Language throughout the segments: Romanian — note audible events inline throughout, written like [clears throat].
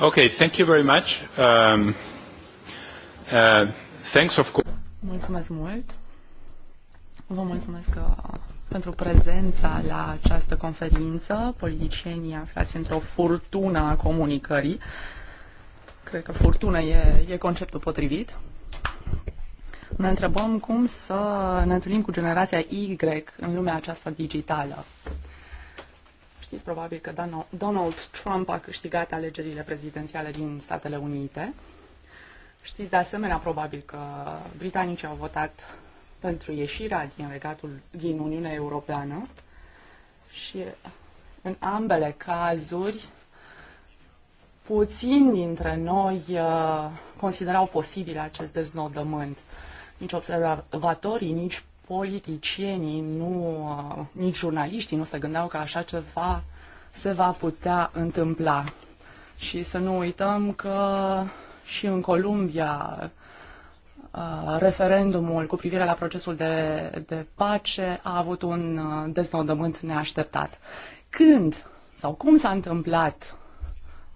Okay, thank you very much. Um, uh, thanks of course. Mulțumesc mult. Vă mulțumesc că uh, pentru prezența la această conferință. Politicienii aflați într-o furtună a comunicării. Cred că furtună e, e conceptul potrivit. Ne întrebăm cum să ne întâlnim cu generația Y în lumea aceasta digitală. Știți probabil că Donald Trump a câștigat alegerile prezidențiale din Statele Unite. Știți de asemenea probabil că britanicii au votat pentru ieșirea din regatul din Uniunea Europeană și în ambele cazuri puțin dintre noi uh, considerau posibil acest deznodământ. Nici observatorii, nici politicienii, nu, uh, nici jurnaliștii nu se gândeau că așa ceva se va putea întâmpla. Și să nu uităm că și în Columbia uh, referendumul cu privire la procesul de, de pace a avut un uh, deznodământ neașteptat. Când sau cum s-a întâmplat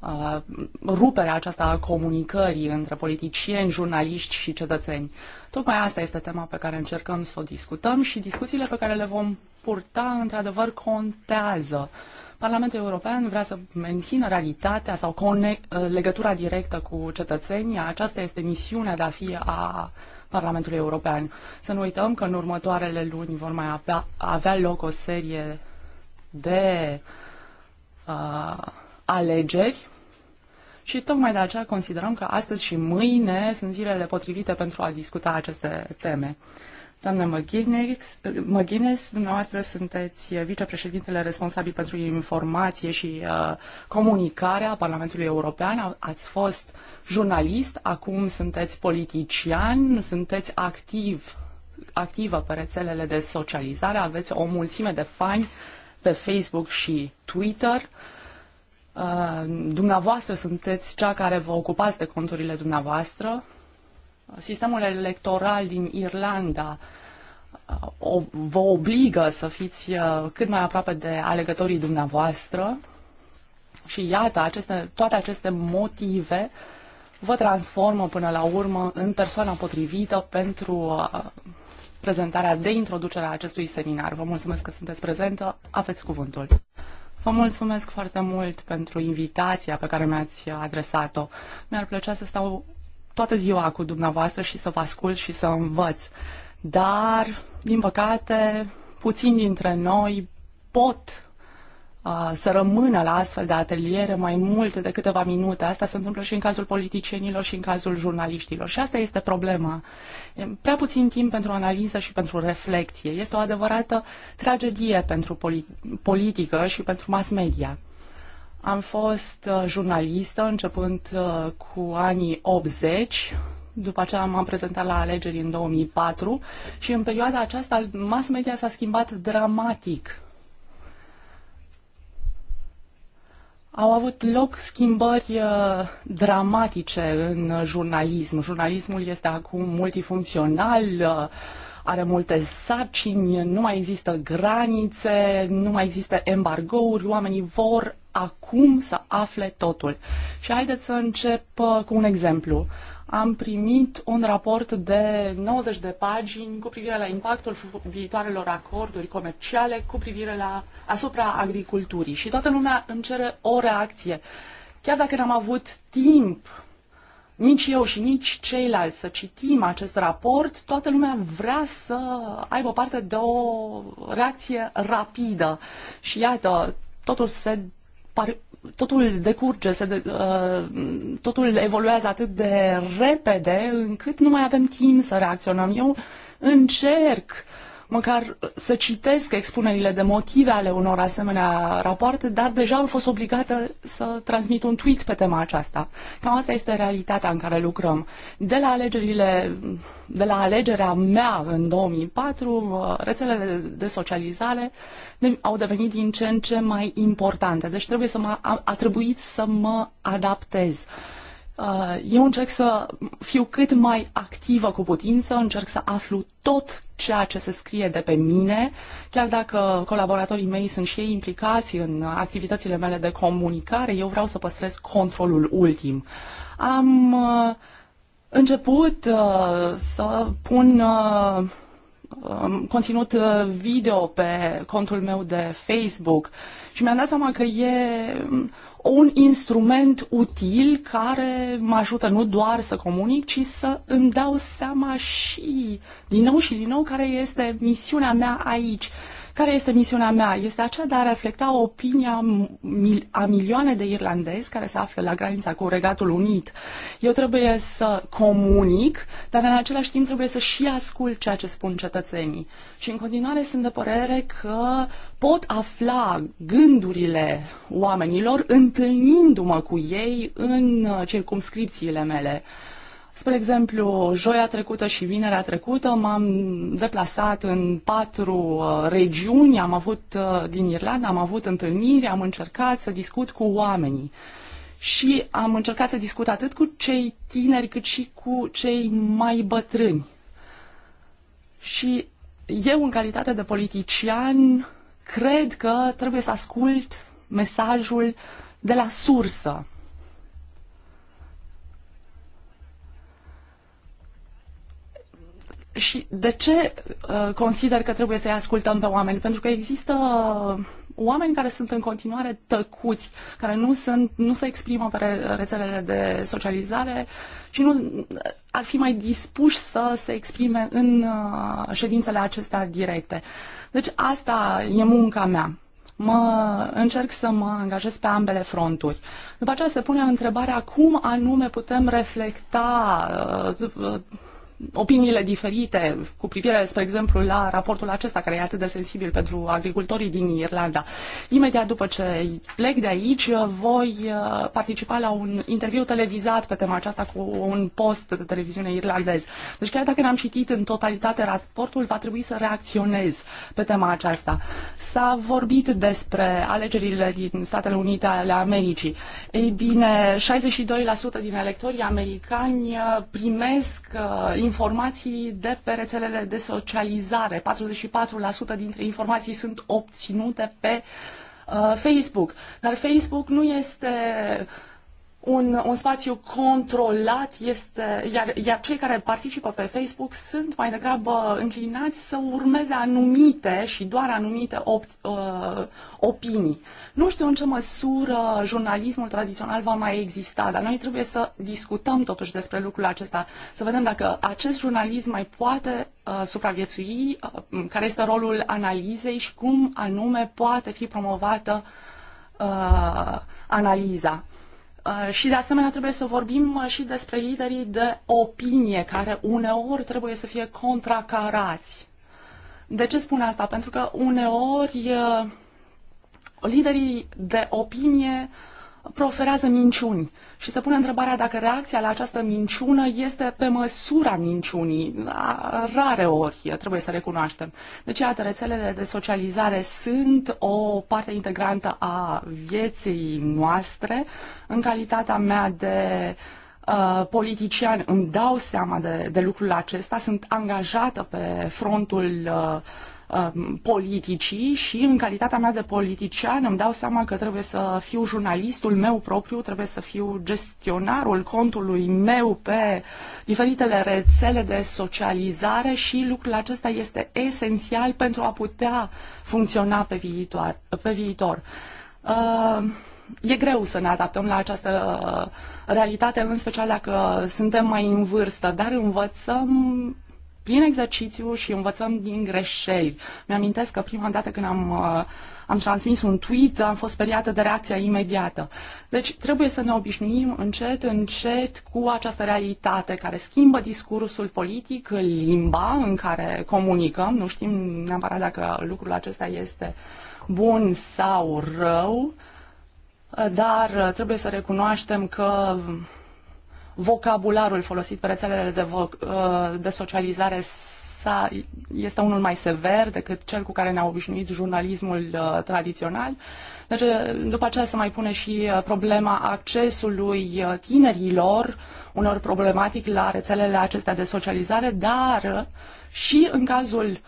Uh, ruperea aceasta a comunicării între politicieni, jurnaliști și cetățeni. Tocmai asta este tema pe care încercăm să o discutăm și discuțiile pe care le vom purta, într-adevăr, contează. Parlamentul European vrea să mențină realitatea sau uh, legătura directă cu cetățenii. Aceasta este misiunea de a fi a Parlamentului European. Să nu uităm că în următoarele luni vor mai avea, avea loc o serie de uh, alegeri și tocmai de aceea considerăm că astăzi și mâine sunt zilele potrivite pentru a discuta aceste teme. Doamna McGuinness, dumneavoastră sunteți vicepreședintele responsabil pentru informație și uh, comunicare a Parlamentului European. Ați fost jurnalist, acum sunteți politician, sunteți activ, activă pe rețelele de socializare, aveți o mulțime de fani pe Facebook și Twitter. Uh, Uh, dumneavoastră sunteți cea care vă ocupați de conturile dumneavoastră. Sistemul electoral din Irlanda uh, o, vă obligă să fiți uh, cât mai aproape de alegătorii dumneavoastră. Și iată, aceste, toate aceste motive vă transformă până la urmă în persoana potrivită pentru prezentarea de introducere a acestui seminar. Vă mulțumesc că sunteți prezentă. Aveți cuvântul. Vă mulțumesc foarte mult pentru invitația pe care mi-ați adresat-o. Mi-ar plăcea să stau toată ziua cu dumneavoastră și să vă ascult și să învăț. Dar, din păcate, puțini dintre noi pot să rămână la astfel de ateliere mai mult de câteva minute. Asta se întâmplă și în cazul politicienilor și în cazul jurnaliștilor. Și asta este problema. E prea puțin timp pentru analiză și pentru reflexie. Este o adevărată tragedie pentru polit- politică și pentru mass media. Am fost uh, jurnalistă începând uh, cu anii 80, după aceea m-am prezentat la alegeri în 2004 și în perioada aceasta mass media s-a schimbat dramatic Au avut loc schimbări uh, dramatice în jurnalism. Jurnalismul este acum multifuncțional, uh, are multe sarcini, nu mai există granițe, nu mai există embargouri, oamenii vor acum să afle totul. Și haideți să încep uh, cu un exemplu am primit un raport de 90 de pagini cu privire la impactul viitoarelor acorduri comerciale cu privire la asupra agriculturii și toată lumea îmi cere o reacție. Chiar dacă n-am avut timp nici eu și nici ceilalți să citim acest raport, toată lumea vrea să aibă parte de o reacție rapidă. Și iată, totul se totul decurge, se de, uh, totul evoluează atât de repede încât nu mai avem timp să reacționăm. Eu încerc uh, măcar uh, să citesc expunerile de motive ale unor asemenea rapoarte, dar deja am fost obligată să transmit un tweet pe tema aceasta. Cam asta este realitatea în care lucrăm. De la alegerile, de la alegerea mea în 2004, uh, rețelele de socializare au devenit din ce în ce mai importante. Deci trebuie să mă, a, a trebuit să mă adaptez. Uh, Uh, eu încerc să fiu cât mai activă cu putință, încerc să aflu tot ceea ce se scrie de pe mine, chiar dacă colaboratorii mei sunt și ei implicați în activitățile mele de comunicare, eu vreau să păstrez controlul ultim. Am uh, început uh, să pun um, conținut video pe contul meu de Facebook și mi-am dat seama că e un instrument util care mă ajută nu doar să comunic, ci să îmi dau seama și din nou și din nou care este misiunea mea aici. Uh, care este misiunea mea? Este aceea de a reflecta opinia a milioane de irlandezi care se află la granița cu Regatul Unit. Eu trebuie să comunic, dar în același timp trebuie să și ascult ceea ce spun cetățenii. Și în continuare sunt de părere că pot afla gândurile oamenilor întâlnindu-mă cu ei în uh, circumscripțiile mele. Spre exemplu, joia trecută și vinerea trecută m-am deplasat în patru uh, regiuni, am avut uh, din Irlanda, am avut întâlniri, am încercat să discut cu oamenii și am încercat să discut atât cu cei tineri cât și cu cei mai bătrâni. Și eu, în calitate de politician, cred că trebuie să ascult mesajul de la sursă Și de ce uh, consider că trebuie să-i ascultăm pe oameni? Pentru că există uh, oameni care sunt în continuare tăcuți, care nu, sunt, nu se exprimă pe rețelele de socializare și nu uh, ar fi mai dispuși să se exprime în ședințele acestea directe. Deci asta e munca mea. Mă, încerc să mă angajez pe ambele fronturi. După aceea se pune întrebarea cum anume putem reflecta uh, opiniile diferite cu privire, spre exemplu, la raportul acesta care e atât de sensibil pentru agricultorii din Irlanda. Imediat după ce plec de aici, voi uh, participa la un interviu televizat pe tema aceasta cu un post de televiziune irlandez. Deci chiar dacă n-am citit în totalitate raportul, va trebui să reacționez pe tema aceasta. S-a vorbit despre alegerile din Statele Unite ale Americii. Ei bine, 62% din electorii americani uh, primesc uh, informații de pe rețelele de socializare. 44% dintre informații sunt obținute pe uh, Facebook. Dar Facebook nu este uh, un, un spațiu controlat este, iar, iar cei care participă pe Facebook sunt mai degrabă înclinați să urmeze anumite și doar anumite op, uh, opinii. Nu știu în ce măsură jurnalismul tradițional va mai exista, dar noi trebuie să discutăm totuși despre lucrul acesta, să vedem dacă acest jurnalism mai poate uh, supraviețui, uh, care este rolul analizei și cum anume poate fi promovată uh, analiza. Uh, și de asemenea trebuie să vorbim uh, și despre liderii de opinie care uneori trebuie să fie contracarați. De ce spun asta? Pentru că uneori uh, liderii de opinie uh, proferează minciuni și se pune întrebarea dacă reacția la această minciună este pe măsura minciunii. Rare ori, trebuie să recunoaștem. Deci, iată, rețelele de socializare sunt o parte integrantă a vieții noastre. În calitatea mea de uh, politician îmi dau seama de, de lucrul acesta, sunt angajată pe frontul uh, Uh, politicii și în calitatea mea de politician îmi dau seama că trebuie să fiu jurnalistul meu propriu, trebuie să fiu gestionarul contului meu pe diferitele rețele de socializare și lucrul acesta este esențial pentru a putea funcționa pe viitor. Pe viitor. Uh, e greu să ne adaptăm la această realitate, în special dacă suntem mai în vârstă, dar învățăm prin exercițiu și învățăm din greșeli. Mi-amintesc că prima dată când am, uh, am transmis un tweet, am fost speriată de reacția imediată. Deci trebuie să ne obișnuim încet, încet cu această realitate care schimbă discursul politic, limba în care comunicăm. Nu știm neapărat dacă lucrul acesta este bun sau rău, dar trebuie să recunoaștem că vocabularul folosit pe rețelele de, uh, de socializare sa este unul mai sever decât cel cu care ne-a obișnuit jurnalismul uh, tradițional. Deci, după aceea se mai pune și uh, problema accesului uh, tinerilor unor problematic la rețelele acestea de socializare, dar și în cazul uh,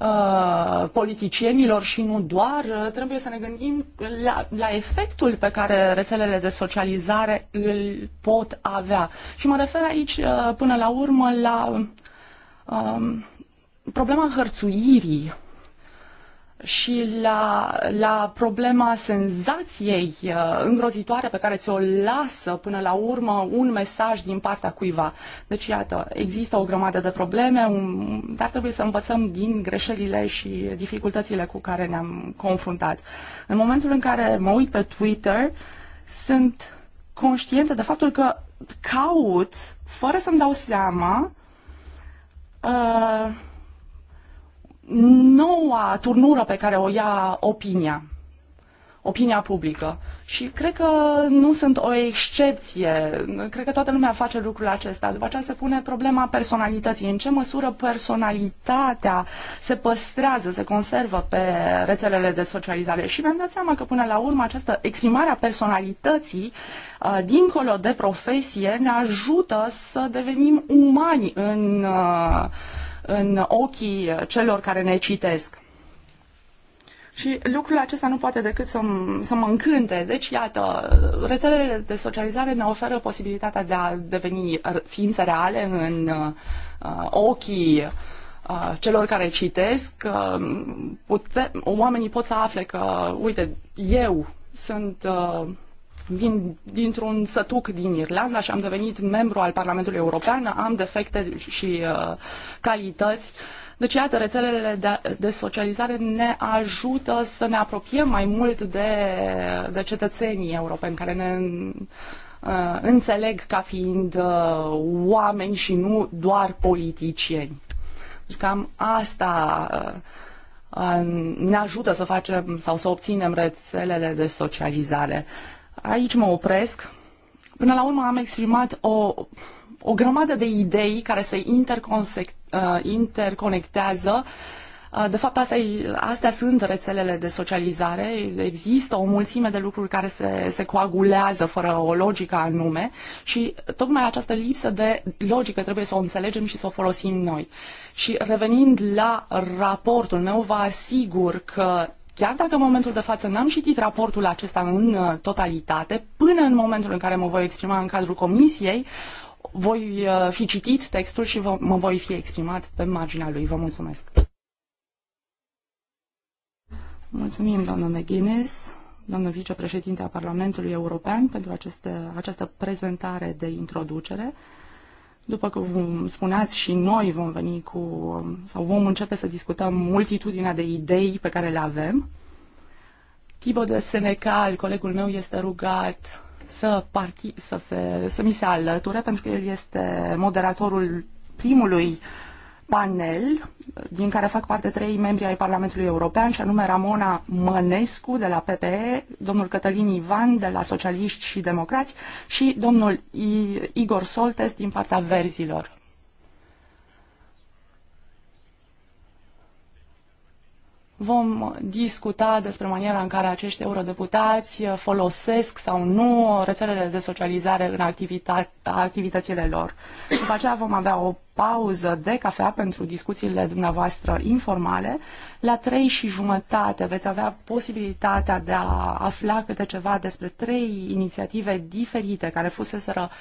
Uh, politicienilor și nu doar, uh, trebuie să ne gândim la, la efectul pe care rețelele de socializare îl pot avea. Și mă refer aici uh, până la urmă la um, problema hărțuirii și la, la problema senzației uh, îngrozitoare pe care ți-o lasă până la urmă un mesaj din partea cuiva. Deci, iată, există o grămadă de probleme, un, um, dar trebuie să învățăm din greșelile și dificultățile cu care ne-am confruntat. În momentul în care mă uit pe Twitter, sunt conștientă de faptul că caut, fără să-mi dau seama, uh, noua turnură pe care o ia opinia, opinia publică. Și cred că nu sunt o excepție. Cred că toată lumea face lucrul acesta. După aceea se pune problema personalității. În ce măsură personalitatea se păstrează, se conservă pe rețelele de socializare? Și mi-am dat seama că până la urmă această exprimare a personalității uh, dincolo de profesie ne ajută să devenim umani în uh, în ochii celor care ne citesc. Și lucrul acesta nu poate decât să, să mă încânte. Deci, iată, rețelele de socializare ne oferă posibilitatea de a deveni ființe reale în uh, ochii uh, celor care citesc, uh, pute, oamenii pot să afle că, uite, eu sunt uh, vin dintr-un sătuc din Irlanda și am devenit membru al Parlamentului European, am defecte și uh, calități. Deci, iată, rețelele de, de socializare ne ajută să ne apropiem mai mult de, de cetățenii europeni care ne uh, înțeleg ca fiind uh, oameni și nu doar politicieni. Deci cam asta uh, ne ajută să facem sau să obținem rețelele de socializare. Aici mă opresc. Până la urmă am exprimat o, o grămadă de idei care se uh, interconectează uh, de fapt, astea, astea sunt rețelele de socializare. Există o mulțime de lucruri care se, se coagulează fără o logică anume și tocmai această lipsă de logică trebuie să o înțelegem și să o folosim noi. Și revenind la raportul meu, vă asigur că Chiar dacă în momentul de față n-am citit raportul acesta în uh, totalitate, până în momentul în care mă voi exprima în cadrul comisiei, voi uh, fi citit textul și mă voi fi exprimat pe marginea lui. Vă mulțumesc! Mulțumim, doamnă McGuinness, doamnă vicepreședinte a Parlamentului European, pentru aceste, această prezentare de introducere. După cum spuneați, și noi vom veni cu, sau vom începe să discutăm multitudinea de idei pe care le avem. Tibo de Senecal, colegul meu, este rugat să, parchi, să, se, să mi se alăture, pentru că el este moderatorul primului uh, panel din care fac parte trei membri ai Parlamentului European, și anume Ramona Mănescu de la PPE, domnul Cătălin Ivan de la Socialiști și Democrați și domnul Igor Soltes din partea Verzilor. vom discuta despre maniera în care acești eurodeputați folosesc sau nu rețelele de socializare în activita- activitățile lor. După aceea vom avea o pauză de cafea pentru discuțiile dumneavoastră informale. La trei și jumătate veți avea posibilitatea de a afla câte ceva despre trei inițiative diferite care fuseseră uh,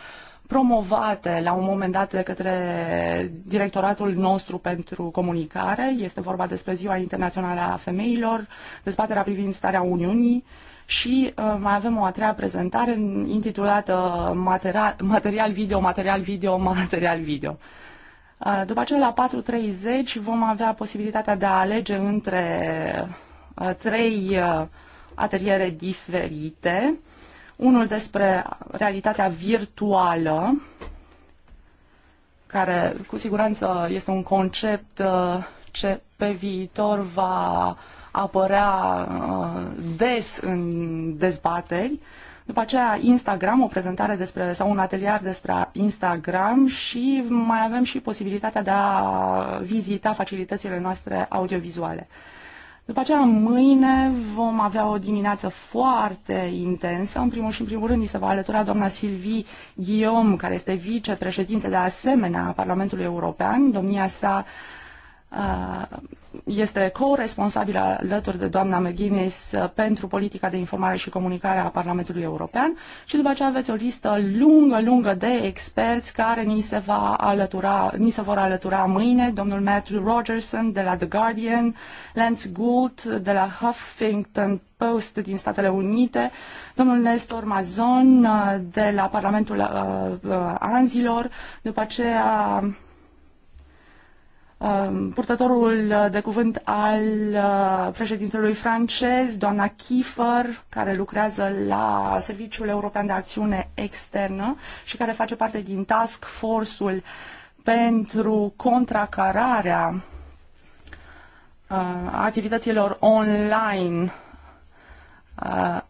promovate la un moment dat de către directoratul nostru pentru comunicare. Este vorba despre Ziua Internațională a Femeilor, dezbaterea privind starea Uniunii și uh, mai avem o a treia prezentare intitulată Material, material video, material video, [laughs] material video. Uh, după aceea, la 4.30 vom avea posibilitatea de a alege între uh, trei uh, ateliere diferite unul despre realitatea virtuală, care cu siguranță este un concept uh, ce pe viitor va apărea uh, des în dezbateri. După aceea Instagram, o prezentare despre, sau un atelier despre Instagram și mai avem și posibilitatea de a vizita facilitățile noastre audiovizuale. vizuale după aceea, mâine vom avea o dimineață foarte intensă. În primul și în primul rând, ni se va alătura doamna Silvie Guillaume, care este vicepreședinte de asemenea a Parlamentului European. Domnia sa Uh, este co-responsabilă alături de doamna McGuinness uh, pentru politica de informare și comunicare a Parlamentului European și după aceea aveți o listă lungă, lungă de experți care ni se, va alătura, ni se vor alătura mâine, domnul Matthew Rogerson de la The Guardian, Lance Gould de la Huffington Post din Statele Unite, domnul Nestor Mazon uh, de la Parlamentul uh, uh, Anzilor, după aceea Um, purtătorul de cuvânt al uh, președintelui francez, doamna Kiefer, care lucrează la Serviciul European de Acțiune Externă și care face parte din task force-ul pentru contracararea uh, activităților online uh,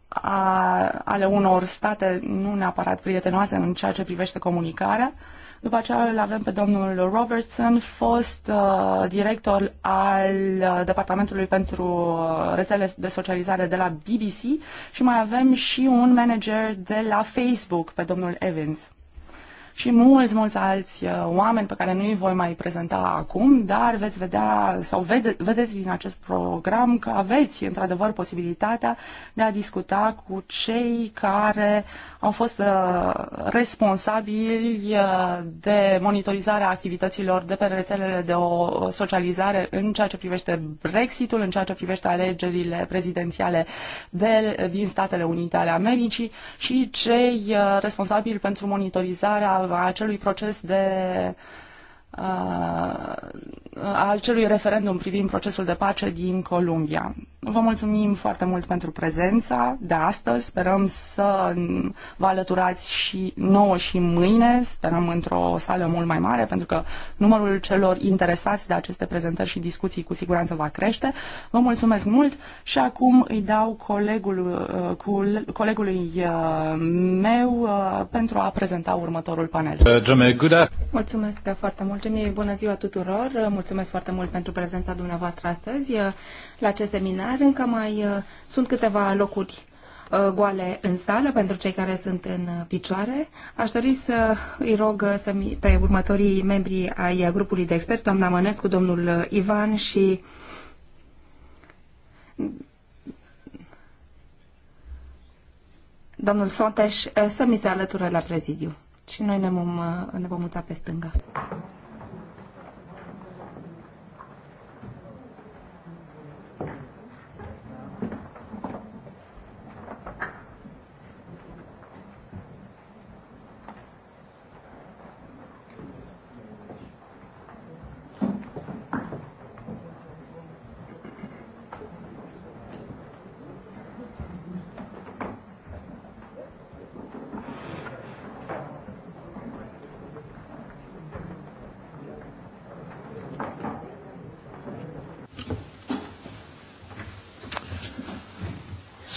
ale unor state nu neapărat prietenoase în ceea ce privește comunicarea. După aceea îl avem pe domnul Robertson, fost uh, director al uh, Departamentului pentru uh, rețele de socializare de la BBC și mai avem și un manager de la Facebook, pe domnul Evans. Și mulți, mulți alți uh, oameni pe care nu îi voi mai prezenta acum, dar veți vedea sau vede, vedeți din acest program că aveți într-adevăr posibilitatea de a discuta cu cei care au fost uh, responsabili uh, de monitorizarea activităților de pe rețelele de o socializare în ceea ce privește Brexitul, în ceea ce privește alegerile prezidențiale de, din Statele Unite ale Americii și cei uh, responsabili pentru monitorizarea acelui proces de Uh, al celui referendum privind procesul de pace din Columbia. Vă mulțumim foarte mult pentru prezența de astăzi. Sperăm să vă alăturați și nouă și mâine. Sperăm într-o sală mult mai mare, pentru că numărul celor interesați de aceste prezentări și discuții cu siguranță va crește. Vă mulțumesc mult și acum îi dau colegul, uh, colegului uh, meu pentru a prezenta următorul panel. Mulțumesc foarte mult Eugenie, bună ziua tuturor! Mulțumesc foarte mult pentru prezența dumneavoastră astăzi uh, la acest seminar. Încă mai uh, sunt câteva locuri uh, goale în sală pentru cei care sunt în picioare. Aș dori să îi rog să mi, pe următorii membri ai grupului de experți, doamna Mănescu, domnul Ivan și domnul Sonteș să mi se alăture la prezidiu. Și noi ne vom, ne vom muta pe stânga.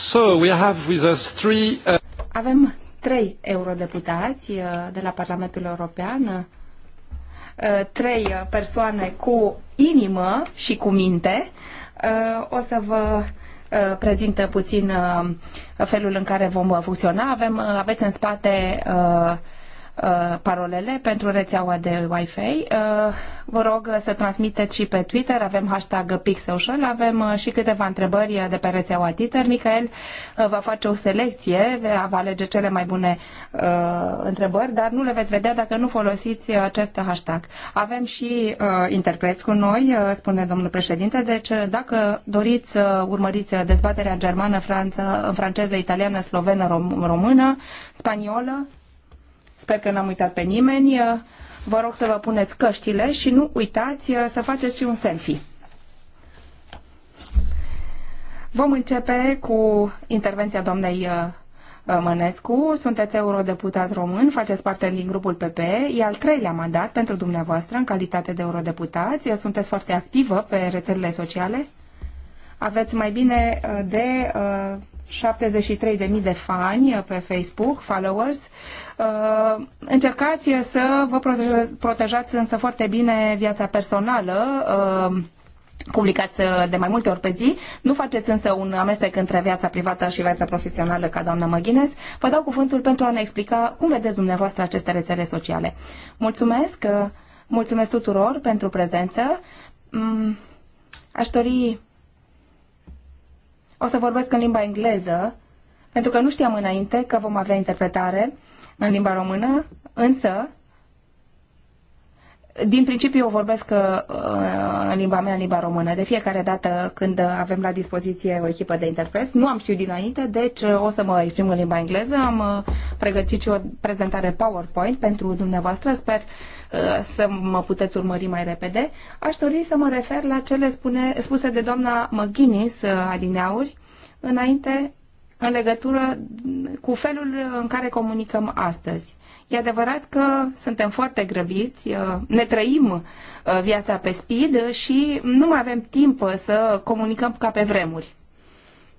So we have with us three, uh... Avem trei eurodeputați uh, de la Parlamentul European, uh, trei persoane cu inimă și cu minte. Uh, o să vă prezintă puțin felul în care vom funcționa. Avem, aveți în spate Uh, parolele pentru rețeaua de Wi-Fi. Uh, vă rog să transmiteți și pe Twitter, avem hashtag PixSocial, avem uh, și câteva întrebări de pe rețeaua Twitter. Michael va face o selecție, va alege cele mai bune întrebări, dar nu le veți vedea dacă nu folosiți acest hashtag. Avem și interpreți cu noi, spune domnul președinte, deci dacă doriți să urmăriți dezbaterea în germană, franță, în franceză, italiană, slovenă, rom- română, spaniolă, Sper că n-am uitat pe nimeni. Uh, vă rog să vă puneți căștile și nu uitați uh, să faceți și un selfie. Vom începe cu intervenția doamnei uh, Mănescu. Sunteți eurodeputat român, faceți parte din grupul PP. E al treilea mandat pentru dumneavoastră în calitate de eurodeputați. Sunteți foarte activă pe rețelele sociale. Aveți mai bine uh, de 73.000 uh, de fani uh, pe Facebook, followers. Încercați să vă protejați însă foarte bine viața personală, publicați de mai multe ori pe zi. Nu faceți însă un amestec între viața privată și viața profesională ca doamna Măghines. Vă dau cuvântul pentru a ne explica cum vedeți dumneavoastră aceste rețele sociale. Mulțumesc! Mulțumesc tuturor pentru prezență. Mm, aș dori o să vorbesc în limba engleză, pentru că nu știam înainte că vom avea interpretare în limba română, însă, din principiu eu vorbesc uh, în limba mea, în limba română. De fiecare dată când avem la dispoziție o echipă de interpreți, nu am știut dinainte, deci uh, o să mă exprim în limba engleză. Am uh, pregătit și o prezentare PowerPoint pentru dumneavoastră. Sper Eh, să mă puteți urmări mai repede, aș dori să mă refer la cele spune, spuse de doamna McGuinness eh, adineauri înainte în legătură cu felul în care comunicăm astăzi. E adevărat că suntem foarte grăbiți, eh, ne trăim viața pe speed și nu mai avem timp să comunicăm ca pe vremuri.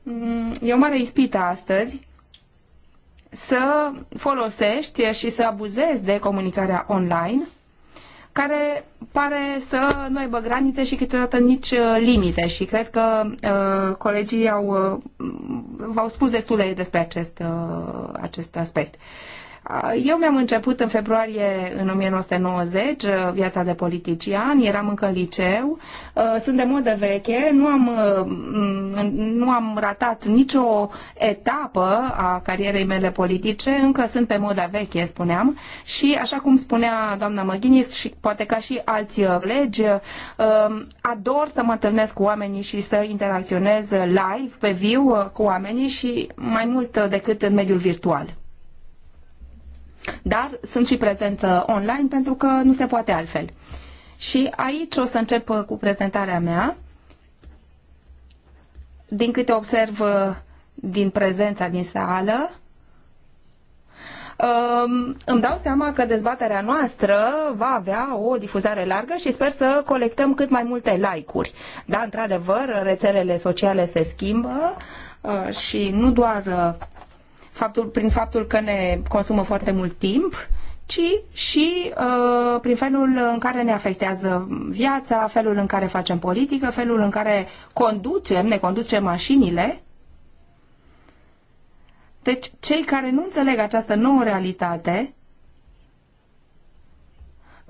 Mm, e o mare ispită astăzi să folosești și să abuzezi de comunicarea online care pare să nu aibă granițe și câteodată nici uh, limite și cred că uh, colegii au, uh, v-au spus destule despre acest, uh, acest aspect. Uh, eu mi-am început în februarie în 1990 uh, viața de politician, eram încă în liceu, uh, sunt de modă veche, nu am, uh, nu am ratat nicio etapă a carierei mele politice, încă sunt pe moda veche, spuneam, și așa cum spunea doamna Măghinis și poate ca și alți colegi, ador să mă întâlnesc cu oamenii și să interacționez live, pe viu, cu oamenii și mai mult decât în mediul virtual dar sunt și prezență online pentru că nu se poate altfel. Și aici o să încep uh, cu prezentarea mea. Din câte observ uh, din prezența din sală, um, îmi dau seama că dezbaterea noastră va avea o difuzare largă și sper să colectăm cât mai multe like-uri. Da, într-adevăr, rețelele sociale se schimbă uh, și nu doar faptul, prin faptul că ne consumă foarte mult timp, ci și uh, prin felul în care ne afectează viața, felul în care facem politică, felul în care conducem, ne conducem mașinile. Deci, cei care nu înțeleg această nouă realitate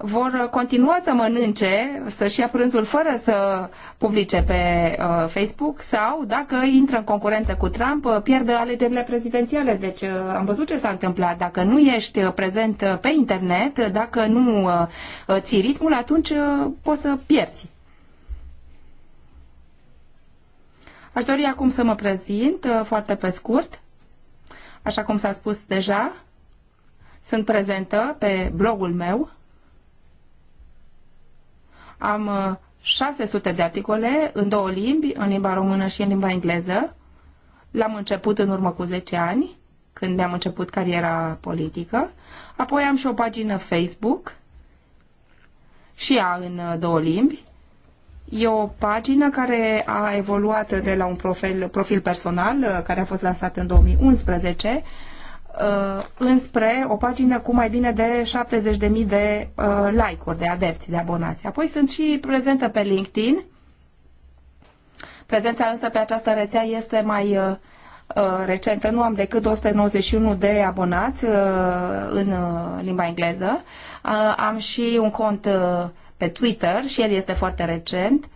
vor continua să mănânce, să-și ia prânzul fără să publice pe uh, Facebook sau dacă intră în concurență cu Trump, uh, pierde alegerile prezidențiale. Deci uh, am văzut ce s-a întâmplat. Dacă nu ești uh, prezent uh, pe internet, dacă nu uh, ții ritmul, atunci uh, poți să pierzi. Aș dori acum să mă prezint uh, foarte pe scurt. Așa cum s-a spus deja, sunt prezentă pe blogul meu am 600 uh, de articole în două limbi, în limba română și în limba engleză. L-am început în urmă cu 10 ani, când mi-am început cariera politică. Apoi am și o pagină Facebook, și ea în uh, două limbi. E o pagină care a evoluat de la un profil, profil personal, uh, care a fost lansat în 2011, Uh, înspre o pagină cu mai bine de 70.000 de uh, like-uri, de adepți, de abonați. Apoi sunt și prezentă pe LinkedIn. Prezența însă pe această rețea este mai uh, recentă. Nu am decât 291 de abonați în limba engleză. Am și un cont pe Twitter și el este foarte recent.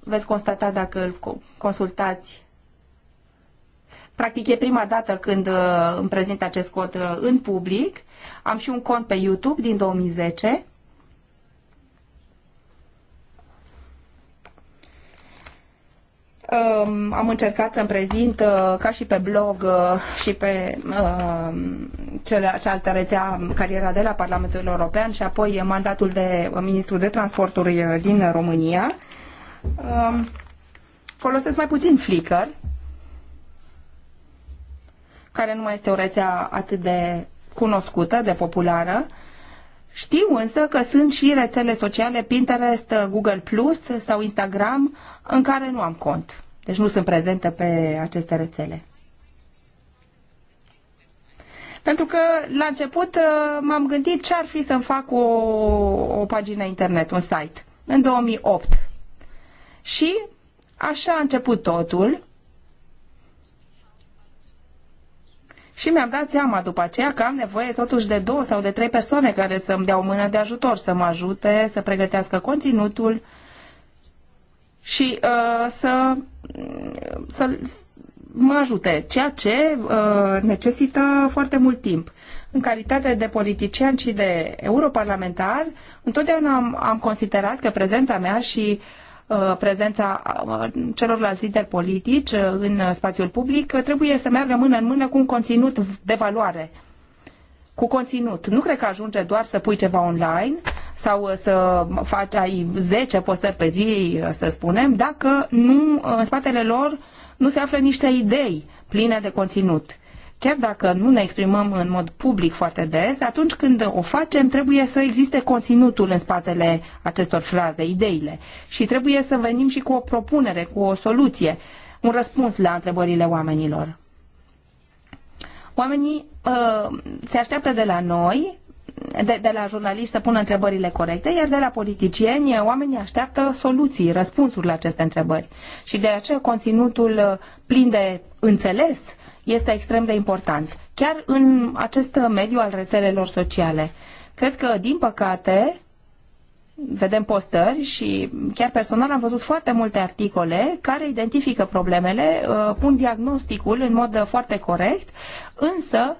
Veți constata dacă îl consultați Practic e prima dată când uh, îmi prezint acest cod uh, în public. Am și un cont pe YouTube din 2010. Um, am încercat să-mi prezint uh, ca și pe blog și pe um, cealaltă rețea cariera de la Parlamentul European și apoi mandatul de ministru de transporturi din România. Um, folosesc mai puțin Flickr care nu mai este o rețea atât de cunoscută, de populară. Știu însă că sunt și rețele sociale Pinterest, Google Plus sau Instagram în care nu am cont. Deci nu sunt prezentă pe aceste rețele. Pentru că la început uh, m-am gândit ce ar fi să-mi fac o, o pagină internet, un site, în 2008. Și așa a început totul. și mi-am dat seama după aceea că am nevoie totuși de două sau de trei persoane care să-mi dea o mână de ajutor, să mă ajute, să pregătească conținutul și uh, să, mm, să mă ajute, ceea ce uh, necesită foarte mult timp. În calitate de politician și de europarlamentar, întotdeauna am, am considerat că prezența mea și uh, Uh, prezența uh, celorlalți lideri politici uh, în spațiul public trebuie să meargă mână în mână cu un conținut de valoare cu conținut. Nu cred că ajunge doar să pui ceva online sau să faci ai 10 postări pe zi, să spunem, dacă nu, în spatele lor nu se află niște idei pline de conținut chiar dacă nu ne exprimăm în mod public foarte des, atunci când o facem, trebuie să existe conținutul în spatele acestor fraze, ideile. Și trebuie să venim și cu o propunere, cu o soluție, un răspuns la întrebările oamenilor. Oamenii uh, se așteaptă de la noi, de, de la jurnaliști să pună întrebările corecte, iar de la politicieni oamenii așteaptă soluții, răspunsuri la aceste întrebări. Și de aceea conținutul uh, plin de înțeles este extrem de important, chiar în acest mediu al rețelelor sociale. Cred că, din păcate, vedem postări și chiar personal am văzut foarte multe articole care identifică problemele, uh, pun diagnosticul în mod foarte corect, însă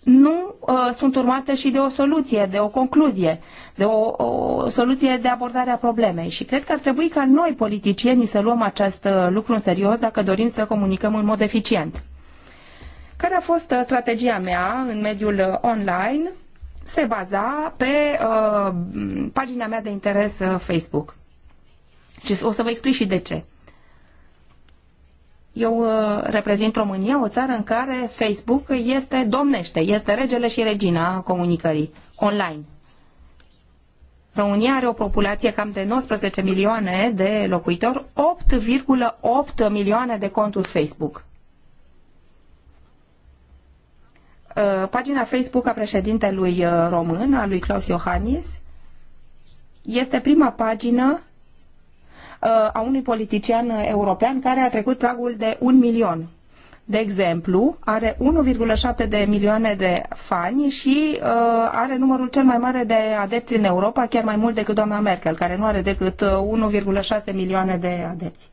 nu uh, sunt urmate și de o soluție, de o concluzie, de o, o soluție de abordare a problemei. Și cred că ar trebui ca noi, politicienii, să luăm acest uh, lucru în serios dacă dorim să comunicăm în mod eficient. Care a fost uh, strategia mea în mediul uh, online? Se baza pe uh, pagina mea de interes uh, Facebook. Și o să vă explic și de ce. Eu reprezint România, o țară în care Facebook este domnește, este regele și regina comunicării online. România are o populație cam de 19 milioane de locuitori, 8,8 milioane de conturi Facebook. Uh, pagina Facebook a președintelui uh, român, a lui Claus Iohannis, este prima pagină uh, a unui politician european care a trecut pragul de un milion. De exemplu, are 1,7 de milioane de fani și uh, are numărul cel mai mare de adepți în Europa, chiar mai mult decât doamna Merkel, care nu are decât 1,6 milioane de adepți.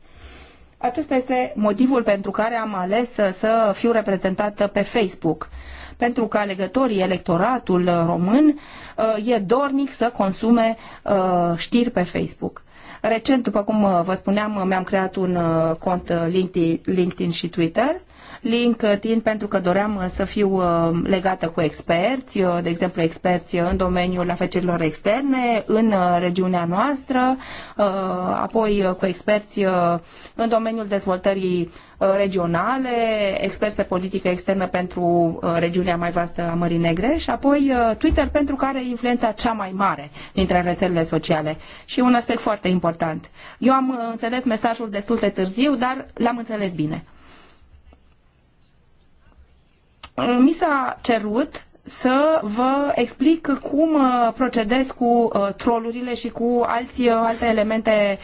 Acesta este motivul pentru care am ales să fiu reprezentată pe Facebook. Uh, pentru că alegătorii, electoratul uh, român uh, e dornic să consume uh, știri pe Facebook. Recent, după cum vă spuneam, mi-am creat un cont LinkedIn și Twitter LinkedIn pentru că doream uh, să fiu uh, legată cu experți, uh, de exemplu experți în domeniul afacerilor externe, în regiunea noastră, apoi cu experți în domeniul dezvoltării regionale, experți pe politică externă pentru regiunea mai vastă a Mării Negre și apoi Twitter pentru că are influența cea mai mare dintre rețelele sociale. Și un aspect foarte important. Eu am înțeles mesajul destul de târziu, dar l-am înțeles bine. Uh, mi s-a cerut să vă explic cum uh, procedez cu uh, trolurile și cu alți, alte elemente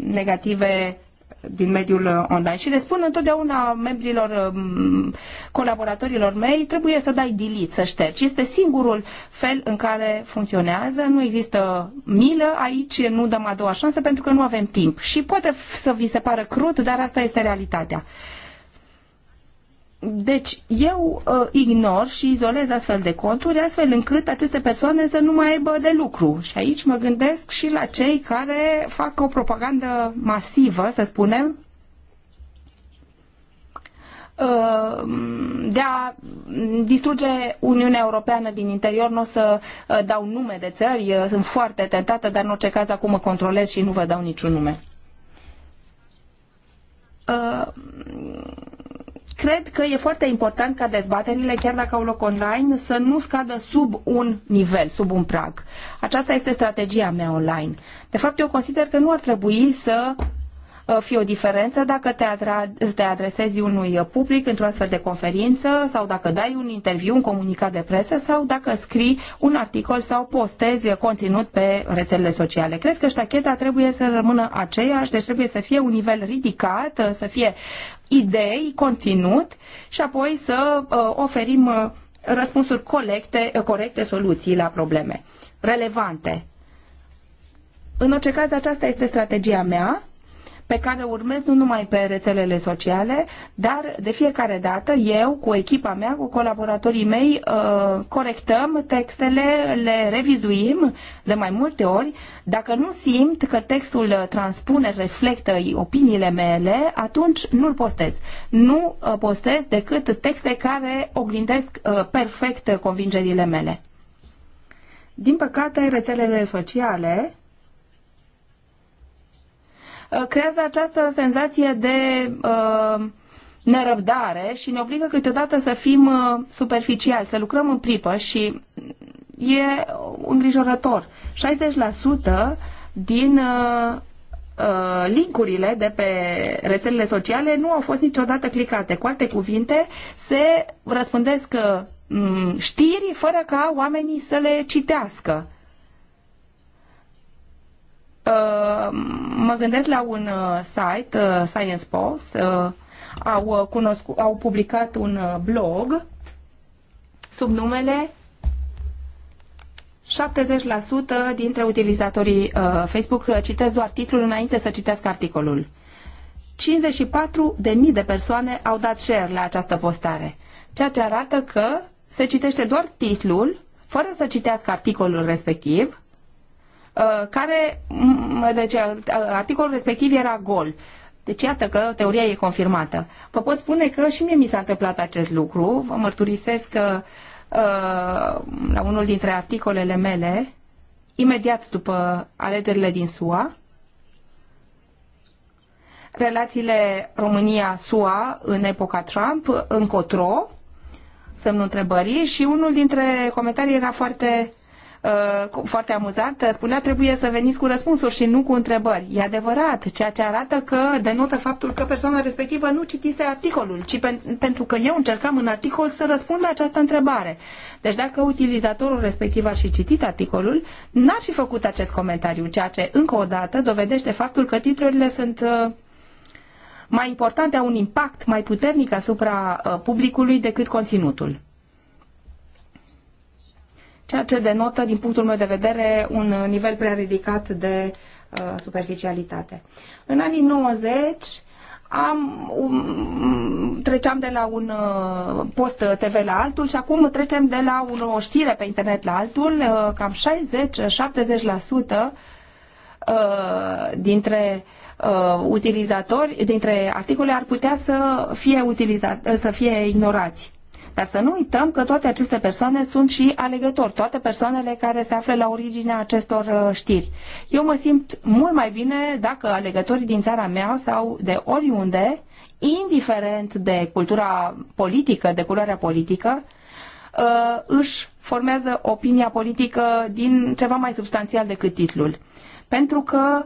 negative din mediul online și le spun întotdeauna membrilor, um, colaboratorilor mei, trebuie să dai delete, să ștergi. Este singurul fel în care funcționează, nu există milă aici, nu dăm a doua șansă pentru că nu avem timp. Și poate să vi se pară crud, dar asta este realitatea. Uh, deci eu uh, ignor și izolez astfel de conturi astfel încât aceste persoane să nu mai aibă de lucru. Și aici mă gândesc și la cei care fac o propagandă masivă, să spunem, uh, de a distruge Uniunea Europeană din interior. Nu o să uh, dau nume de țări, uh, sunt foarte tentată, dar în orice caz acum mă controlez și nu vă dau niciun nume. Cred că e foarte important ca dezbaterile, chiar dacă au loc online, să nu scadă sub un nivel, sub un prag. Aceasta este strategia mea online. De fapt, eu consider că nu ar trebui să Uh, fi o diferență dacă te, te adresezi unui uh, public într-o astfel de conferință sau dacă dai un interviu, un comunicat de presă sau dacă scrii un articol sau postezi conținut pe rețelele sociale. Cred că ștacheta trebuie să rămână aceeași, deci trebuie să fie un nivel ridicat, uh, să fie idei, conținut și apoi să oferim răspunsuri colecte, corecte soluții la probleme relevante. În orice caz, aceasta este strategia mea pe care o urmez nu numai pe rețelele sociale, dar de fiecare dată eu, cu echipa mea, cu colaboratorii mei, uh, corectăm textele, le revizuim de mai multe ori. Dacă nu simt că textul transpune, reflectă opiniile mele, atunci nu-l postez. Nu uh, postez decât texte care oglindesc uh, perfect convingerile mele. Din păcate, rețelele sociale Uh, creează această senzație de uh, nerăbdare și ne obligă câteodată să fim uh, superficiali, să lucrăm în pripă și e îngrijorător. 60% din linkurile de pe rețelele sociale nu au fost niciodată clicate. Cu alte cuvinte, se răspândesc știri fără ca oamenii să le citească. Uh, mă gândesc la un uh, site, uh, Science Post, au, cunoscu, au publicat un blog sub numele 70% dintre utilizatorii uh, Facebook citesc doar titlul înainte să citească articolul. 54.000 de, de persoane au dat share la această postare, ceea ce arată că se citește doar titlul, fără să citească articolul respectiv Uh, care, deci uh, articolul respectiv era gol. Deci iată că teoria e confirmată. Vă pot spune că și mie mi s-a întâmplat acest lucru. Vă mărturisesc că uh, la unul dintre articolele mele, imediat după alegerile din SUA, relațiile România-SUA în epoca Trump, încotro, semnul întrebării, și unul dintre comentarii era foarte Uh, foarte amuzant, uh, spunea trebuie să veniți cu răspunsuri și nu cu întrebări. E adevărat, ceea ce arată că denotă faptul că persoana respectivă nu citise articolul, ci pen, pentru că eu încercam în articol să răspund la această întrebare. Deci dacă utilizatorul respectiv ar fi citit articolul, n-ar fi făcut acest comentariu, ceea ce încă o dată dovedește faptul că titlurile sunt uh, mai importante, au un impact mai puternic asupra publicului decât conținutul ceea ce denotă, din punctul meu de vedere, un nivel prea ridicat de uh, superficialitate. În anii 90 am, um, treceam de la un uh, post TV la altul și acum trecem de la un, o știre pe internet la altul, uh, cam 60-70% uh, dintre uh, utilizatori, dintre articole ar putea să fie, utilizat, să fie ignorați. Dar să nu uităm că toate aceste persoane sunt și alegători, toate persoanele care se află la originea acestor uh, știri. Eu mă simt mult mai bine dacă alegătorii din țara mea sau de oriunde, indiferent de cultura politică, de culoarea politică, uh, își formează opinia politică din ceva mai substanțial decât titlul. Pentru că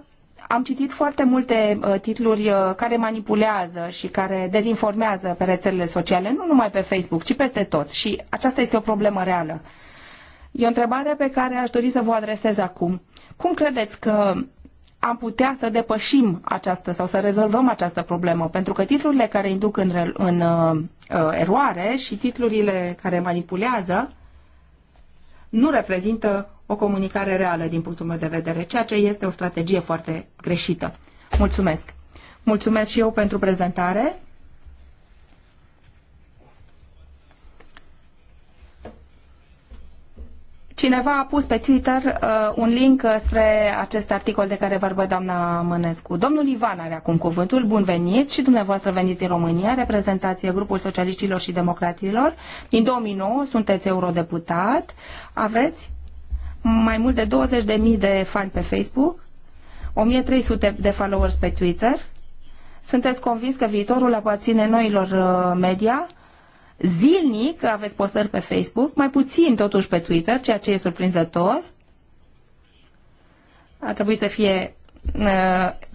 am citit foarte multe uh, titluri uh, care manipulează și care dezinformează pe rețelele sociale, nu numai pe Facebook, ci peste tot. Și aceasta este o problemă reală. E o întrebare pe care aș dori să vă adresez acum. Cum credeți că am putea să depășim această sau să rezolvăm această problemă, pentru că titlurile care induc în, în uh, uh, eroare și titlurile care manipulează nu reprezintă o comunicare reală din punctul meu de vedere, ceea ce este o strategie foarte greșită. Mulțumesc! Mulțumesc și eu pentru prezentare. Cineva a pus pe Twitter uh, un link uh, spre acest articol de care vorbă doamna Mănescu. Domnul Ivan are acum cuvântul, bun venit și dumneavoastră veniți din România, reprezentați grupul socialiștilor și democratilor. Din 2009 sunteți eurodeputat, aveți mai mult de 20.000 de fani pe Facebook, 1300 de followers pe Twitter. Sunteți convins că viitorul aparține noilor uh, media? Zilnic aveți postări pe Facebook, mai puțin totuși pe Twitter, ceea ce e surprinzător. Ar trebui să fie uh,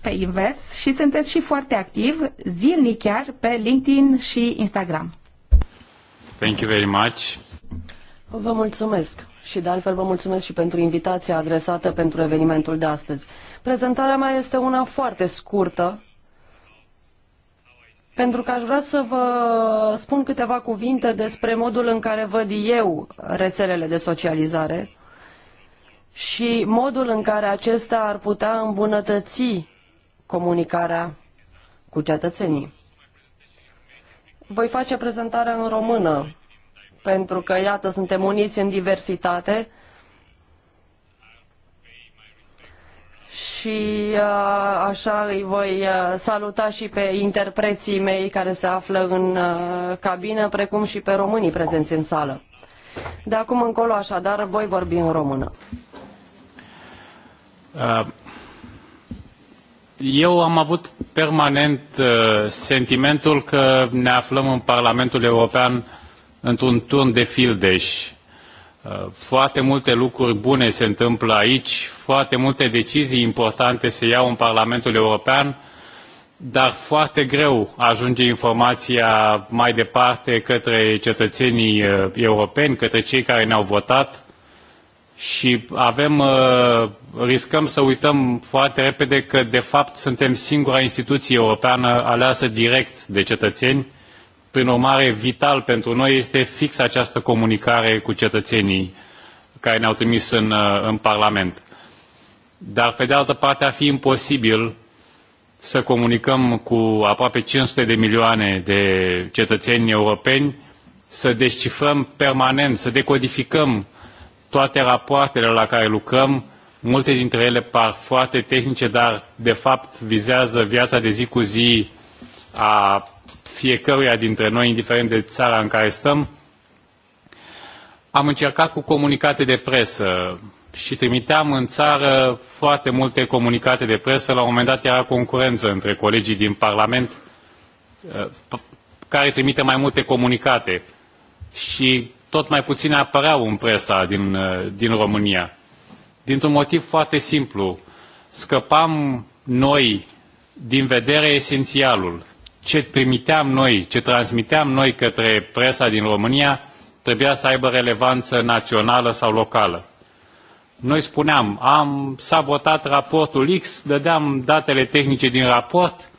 pe invers și sunteți și foarte activ, zilnic chiar, pe LinkedIn și Instagram. Thank you very much. Vă mulțumesc și de altfel vă mulțumesc și pentru invitația adresată pentru evenimentul de astăzi. Prezentarea mea este una foarte scurtă, pentru că aș vrea să vă spun câteva cuvinte despre modul în care văd eu rețelele de socializare și modul în care acestea ar putea îmbunătăți comunicarea cu cetățenii. Voi face prezentarea în română, pentru că, iată, suntem uniți în diversitate și uh, așa îi voi uh, saluta și pe interpreții mei care se află în uh, cabină, precum și pe românii prezenți în sală. De acum încolo, așadar, voi vorbi în română. Eu am avut permanent sentimentul că ne aflăm în Parlamentul European într-un turn de fildeș. Uh, foarte multe lucruri bune se întâmplă aici, foarte multe decizii importante se iau în Parlamentul European, dar foarte greu ajunge informația mai departe către cetățenii uh, europeni, către cei care ne-au votat și avem, uh, riscăm să uităm foarte repede că de fapt suntem singura instituție europeană aleasă direct de cetățeni prin urmare, vital pentru noi este fix această comunicare cu cetățenii care ne-au trimis în, uh, în Parlament. Dar, pe de altă parte, ar fi imposibil să comunicăm cu aproape 500 de milioane de cetățeni europeni, să descifrăm permanent, să decodificăm toate rapoartele la care lucrăm, multe dintre ele par foarte tehnice, dar de fapt vizează viața de zi cu zi a fiecăruia dintre noi, indiferent de țara în care stăm. Am încercat cu comunicate de presă și trimiteam în țară foarte multe comunicate de presă. La un moment dat era concurență între colegii din Parlament uh, care trimite mai multe comunicate și tot mai puține apăreau în presa din, uh, din România. Dintr-un motiv foarte simplu, scăpam noi din vedere esențialul, ce trimiteam noi, ce transmiteam noi către presa din România, trebuia să aibă relevanță națională sau locală. Noi spuneam, am sabotat raportul X, dădeam datele tehnice din raport.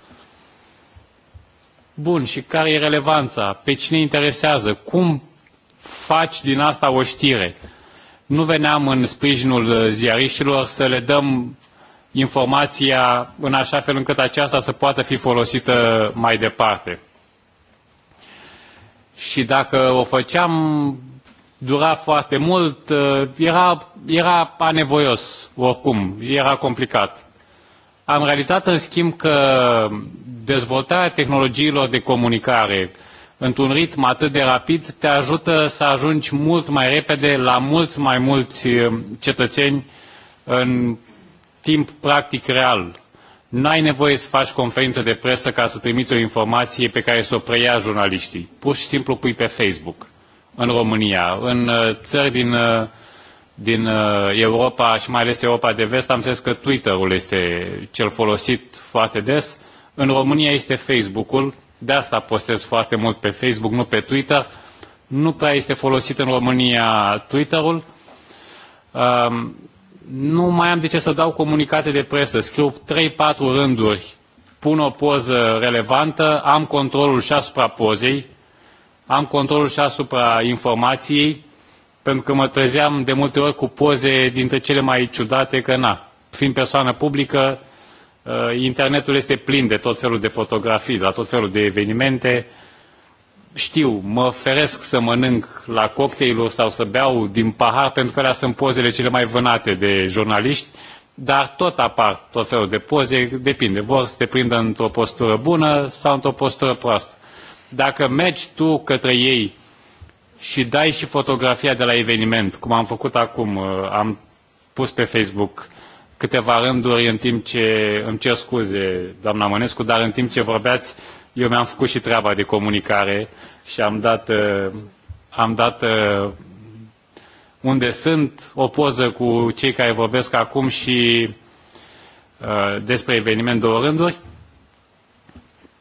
Bun, și care e relevanța? Pe cine interesează? Cum faci din asta o știre? Nu veneam în sprijinul uh, ziariștilor să le dăm informația în așa fel încât aceasta să poată fi folosită mai departe. Și dacă o făceam, dura foarte mult, uh, era, era anevoios oricum, era complicat. Am realizat în schimb că dezvoltarea tehnologiilor de comunicare într-un ritm atât de rapid te ajută să ajungi mult mai repede la mulți mai mulți uh, cetățeni în timp practic real. N-ai nevoie să faci conferință de presă ca să trimiți o informație pe care să o preia jurnaliștii. Pur și simplu pui pe Facebook în România, în uh, țări din, uh, din uh, Europa și mai ales Europa de vest, am zis că Twitter-ul este cel folosit foarte des. În România este Facebook-ul, de asta postez foarte mult pe Facebook, nu pe Twitter. Nu prea este folosit în România Twitter-ul. Um, nu mai am de ce să dau comunicate de presă, scriu 3-4 rânduri, pun o poză relevantă, am controlul și asupra pozei, am controlul și asupra informației, pentru că mă trezeam de multe ori cu poze dintre cele mai ciudate, că na, fiind persoană publică, ă, internetul este plin de tot felul de fotografii, la tot felul de evenimente, uh, știu, mă feresc să mănânc la cocktailuri sau să beau din pahar, pentru că alea sunt pozele cele mai vânate de jurnaliști, dar tot apar tot felul de poze, depinde, vor să te prindă într-o postură bună sau într-o postură proastă. Dacă mergi tu către ei și dai și fotografia de la eveniment, cum am făcut acum, uh, am pus pe Facebook câteva rânduri în timp ce, îmi cer scuze, doamna Mănescu, dar în timp ce vorbeați, eu mi-am făcut și treaba de comunicare și am dat, uh, am dat uh, unde sunt o poză cu cei care vorbesc acum și uh, despre eveniment două rânduri.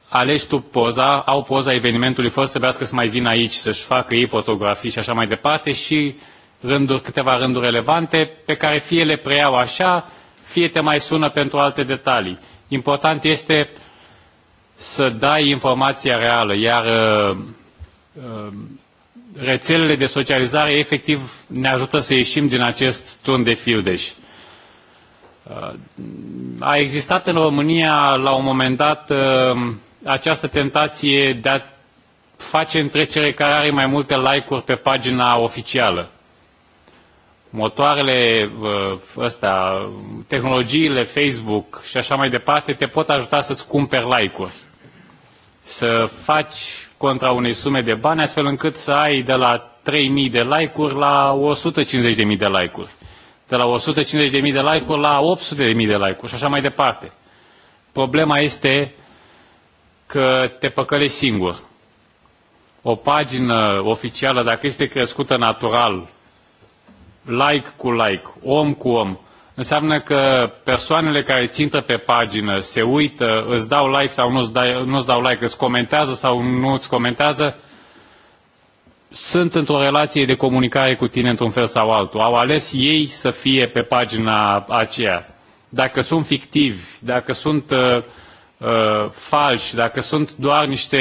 Alegi tu poza, au poza evenimentului fără să trebuiască să mai vină aici să-și facă ei fotografii și așa mai departe și rânduri, câteva rânduri relevante pe care fie le preiau așa, fie te mai sună pentru alte detalii. Important este uh, să dai informația reală, iar uh, uh, rețelele de socializare efectiv ne ajută să ieșim din acest turn de fildeș. Uh, a existat în România la un moment dat această tentație de a face întrecere care are mai multe like-uri pe pagina oficială. Motoarele astea, tehnologiile Facebook și așa mai departe te pot ajuta să-ți cumperi like-uri să faci contra unei sume de bani, astfel încât să ai de la 3.000 de like-uri la 150.000 de like-uri, de la 150.000 de like-uri la 800.000 de like-uri și așa mai departe. Problema este că te păcălești singur. O pagină oficială, dacă este crescută natural, like cu like, om cu om, înseamnă că persoanele care țintă pe pagină, se uită, îți dau like sau nu-ți, dai, nu-ți dau like, îți comentează sau nu-ți comentează, sunt într-o relație de comunicare cu tine într-un fel sau altul. Au ales ei să fie pe pagina aceea. Dacă sunt fictivi, dacă sunt uh, uh, falși, dacă sunt doar niște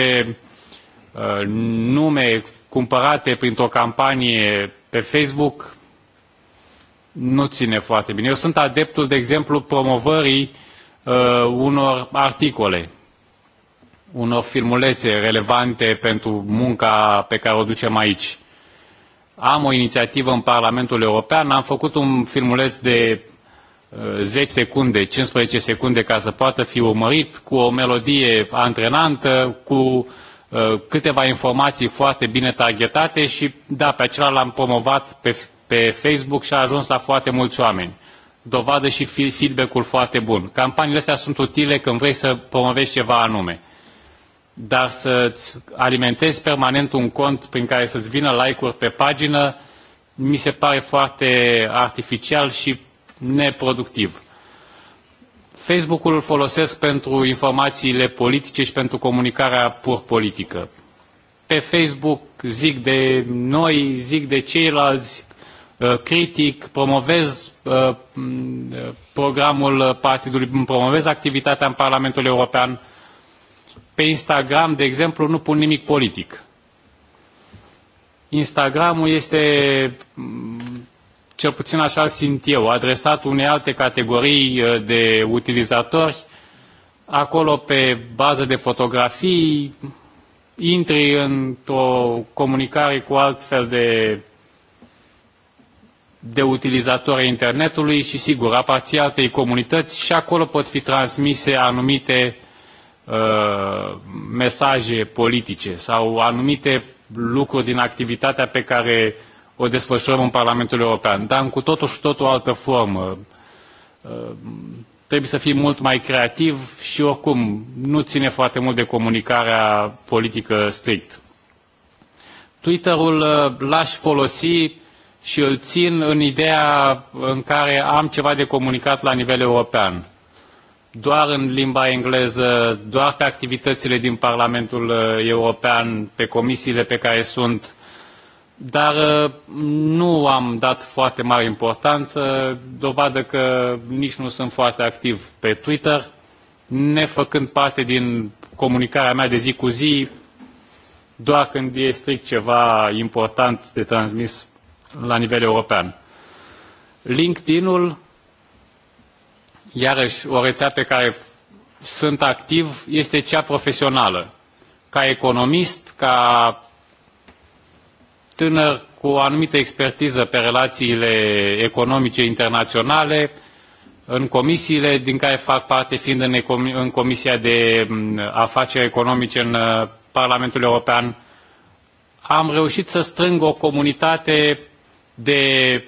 uh, nume cumpărate printr-o campanie pe Facebook, nu ține foarte bine. Eu sunt adeptul, de exemplu, promovării uh, unor articole, unor filmulețe relevante pentru munca pe care o ducem aici. Am o inițiativă în Parlamentul European, am făcut un filmuleț de uh, 10 secunde, 15 secunde ca să poată fi urmărit, cu o melodie antrenantă, cu uh, câteva informații foarte bine targetate și, da, pe acela l-am promovat pe pe Facebook și a ajuns la foarte mulți oameni. Dovadă și feedback-ul foarte bun. Campaniile astea sunt utile când vrei să promovezi ceva anume. Dar să-ți alimentezi permanent un cont prin care să-ți vină like-uri pe pagină, mi se pare foarte artificial și neproductiv. Facebook-ul îl folosesc pentru informațiile politice și pentru comunicarea pur politică. Pe Facebook zic de noi, zic de ceilalți, Uh, critic, promovez uh, programul partidului, promovez activitatea în Parlamentul European. Pe Instagram, de exemplu, nu pun nimic politic. Instagramul este, cel puțin așa simt eu, adresat unei alte categorii uh, de utilizatori. Acolo, pe bază de fotografii, intri într-o comunicare cu alt fel de de utilizatori internetului și, sigur, aparții altei comunități și acolo pot fi transmise anumite uh, mesaje politice sau anumite lucruri din activitatea pe care o desfășurăm în Parlamentul European, dar în cu totul și totul altă formă. Uh, trebuie să fii mult mai creativ și oricum nu ține foarte mult de comunicarea politică strict. Twitter-ul uh, l-aș folosi și îl țin în ideea în care am ceva de comunicat la nivel european. Doar în limba engleză, doar pe activitățile din Parlamentul uh, European, pe comisiile pe care sunt, dar uh, nu am dat foarte mare importanță, dovadă că nici nu sunt foarte activ pe Twitter, nefăcând parte din comunicarea mea de zi cu zi, doar când e strict ceva important de transmis la nivel european. LinkedIn-ul, iarăși o rețea pe care sunt activ, este cea profesională. Ca economist, ca tânăr cu o anumită expertiză pe relațiile economice internaționale, în comisiile din care fac parte, fiind în, în Comisia de Afaceri Economice în uh, Parlamentul European, am reușit să strâng o comunitate de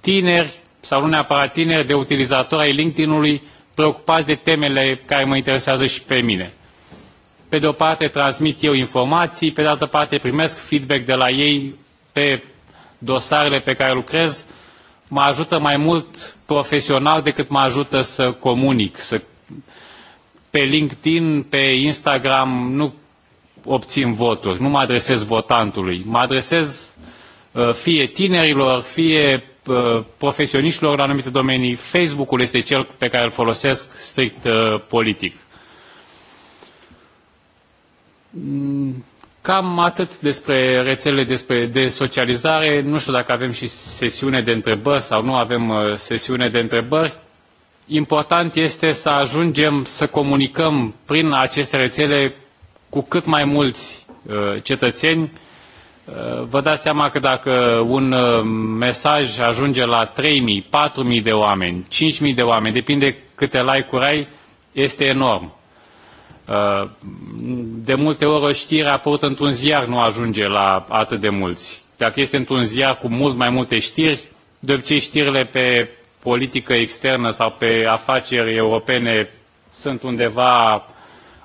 tineri sau nu neapărat tineri, de utilizatori ai LinkedIn-ului preocupați de temele care mă interesează și pe mine. Pe de o parte transmit eu informații, pe de altă parte primesc feedback de la ei pe dosarele pe care lucrez, mă ajută mai mult profesional decât mă ajută să comunic. Să... Pe LinkedIn, pe Instagram nu obțin voturi, nu mă adresez votantului, mă adresez Uh, fie tinerilor, fie uh, profesioniștilor în anumite domenii. Facebook-ul este cel pe care îl folosesc strict uh, politic. Mm, cam atât despre rețelele despre, de socializare. Nu știu dacă avem și sesiune de întrebări sau nu avem sesiune de întrebări. Important este să ajungem să comunicăm prin aceste rețele cu cât mai mulți cetățeni Vă dați seama că dacă un uh, mesaj ajunge la 3.000, 4.000 de oameni, 5.000 de oameni, depinde câte like-uri ai, este enorm. Uh, de multe ori o știre apărută într-un ziar nu ajunge la atât de mulți. Dacă este într-un ziar cu mult mai multe știri, de obicei știrile pe politică externă sau pe afaceri europene sunt undeva,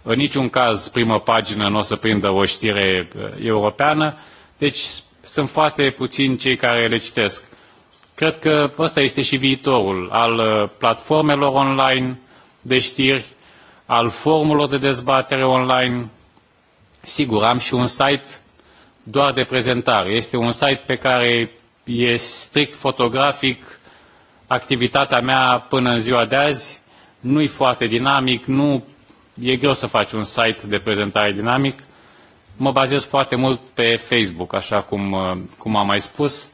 în niciun caz, primă pagină nu o să prindă o știre uh, europeană. Deci sunt foarte puțini cei care le citesc. Cred că ăsta este și viitorul al uh, platformelor online de știri, al formulor de dezbatere online. Sigur, am și un site doar de prezentare. Este un site pe care e strict fotografic activitatea mea până în ziua de azi. Nu e foarte dinamic, nu e greu să faci un site de prezentare dinamic Mă bazez foarte mult pe Facebook, așa cum, uh, cum am mai spus,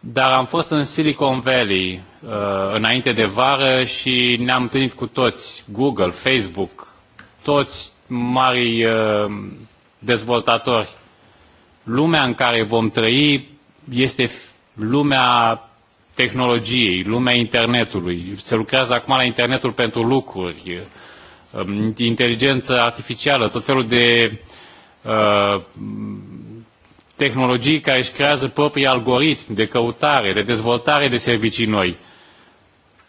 dar am fost în Silicon Valley uh, înainte de vară și ne-am întâlnit cu toți, Google, Facebook, toți mari uh, dezvoltatori. Lumea în care vom trăi este lumea tehnologiei, lumea internetului. Se lucrează acum la internetul pentru lucruri, uh, inteligență artificială, tot felul de Uh, tehnologii care își creează proprii algoritmi de căutare, de dezvoltare de servicii noi.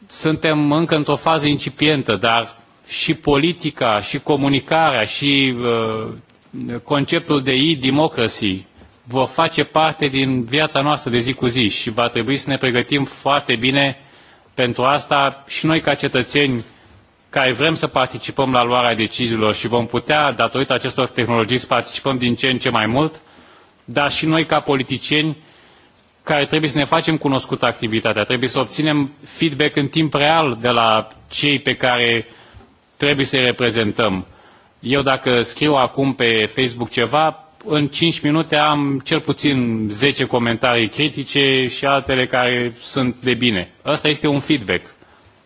Suntem încă într-o fază incipientă, dar și politica, și comunicarea, și uh, conceptul de e-democracy vor face parte din viața noastră de zi cu zi și va trebui să ne pregătim foarte bine pentru asta și noi ca cetățeni care vrem să participăm la luarea deciziilor și vom putea, datorită acestor tehnologii, să participăm din ce în ce mai mult, dar și noi ca politicieni care trebuie să ne facem cunoscută activitatea, trebuie să obținem feedback în timp real de la cei pe care trebuie să-i reprezentăm. Eu dacă scriu acum pe Facebook ceva, în cinci minute am cel puțin zece comentarii critice și altele care sunt de bine. Asta este un feedback.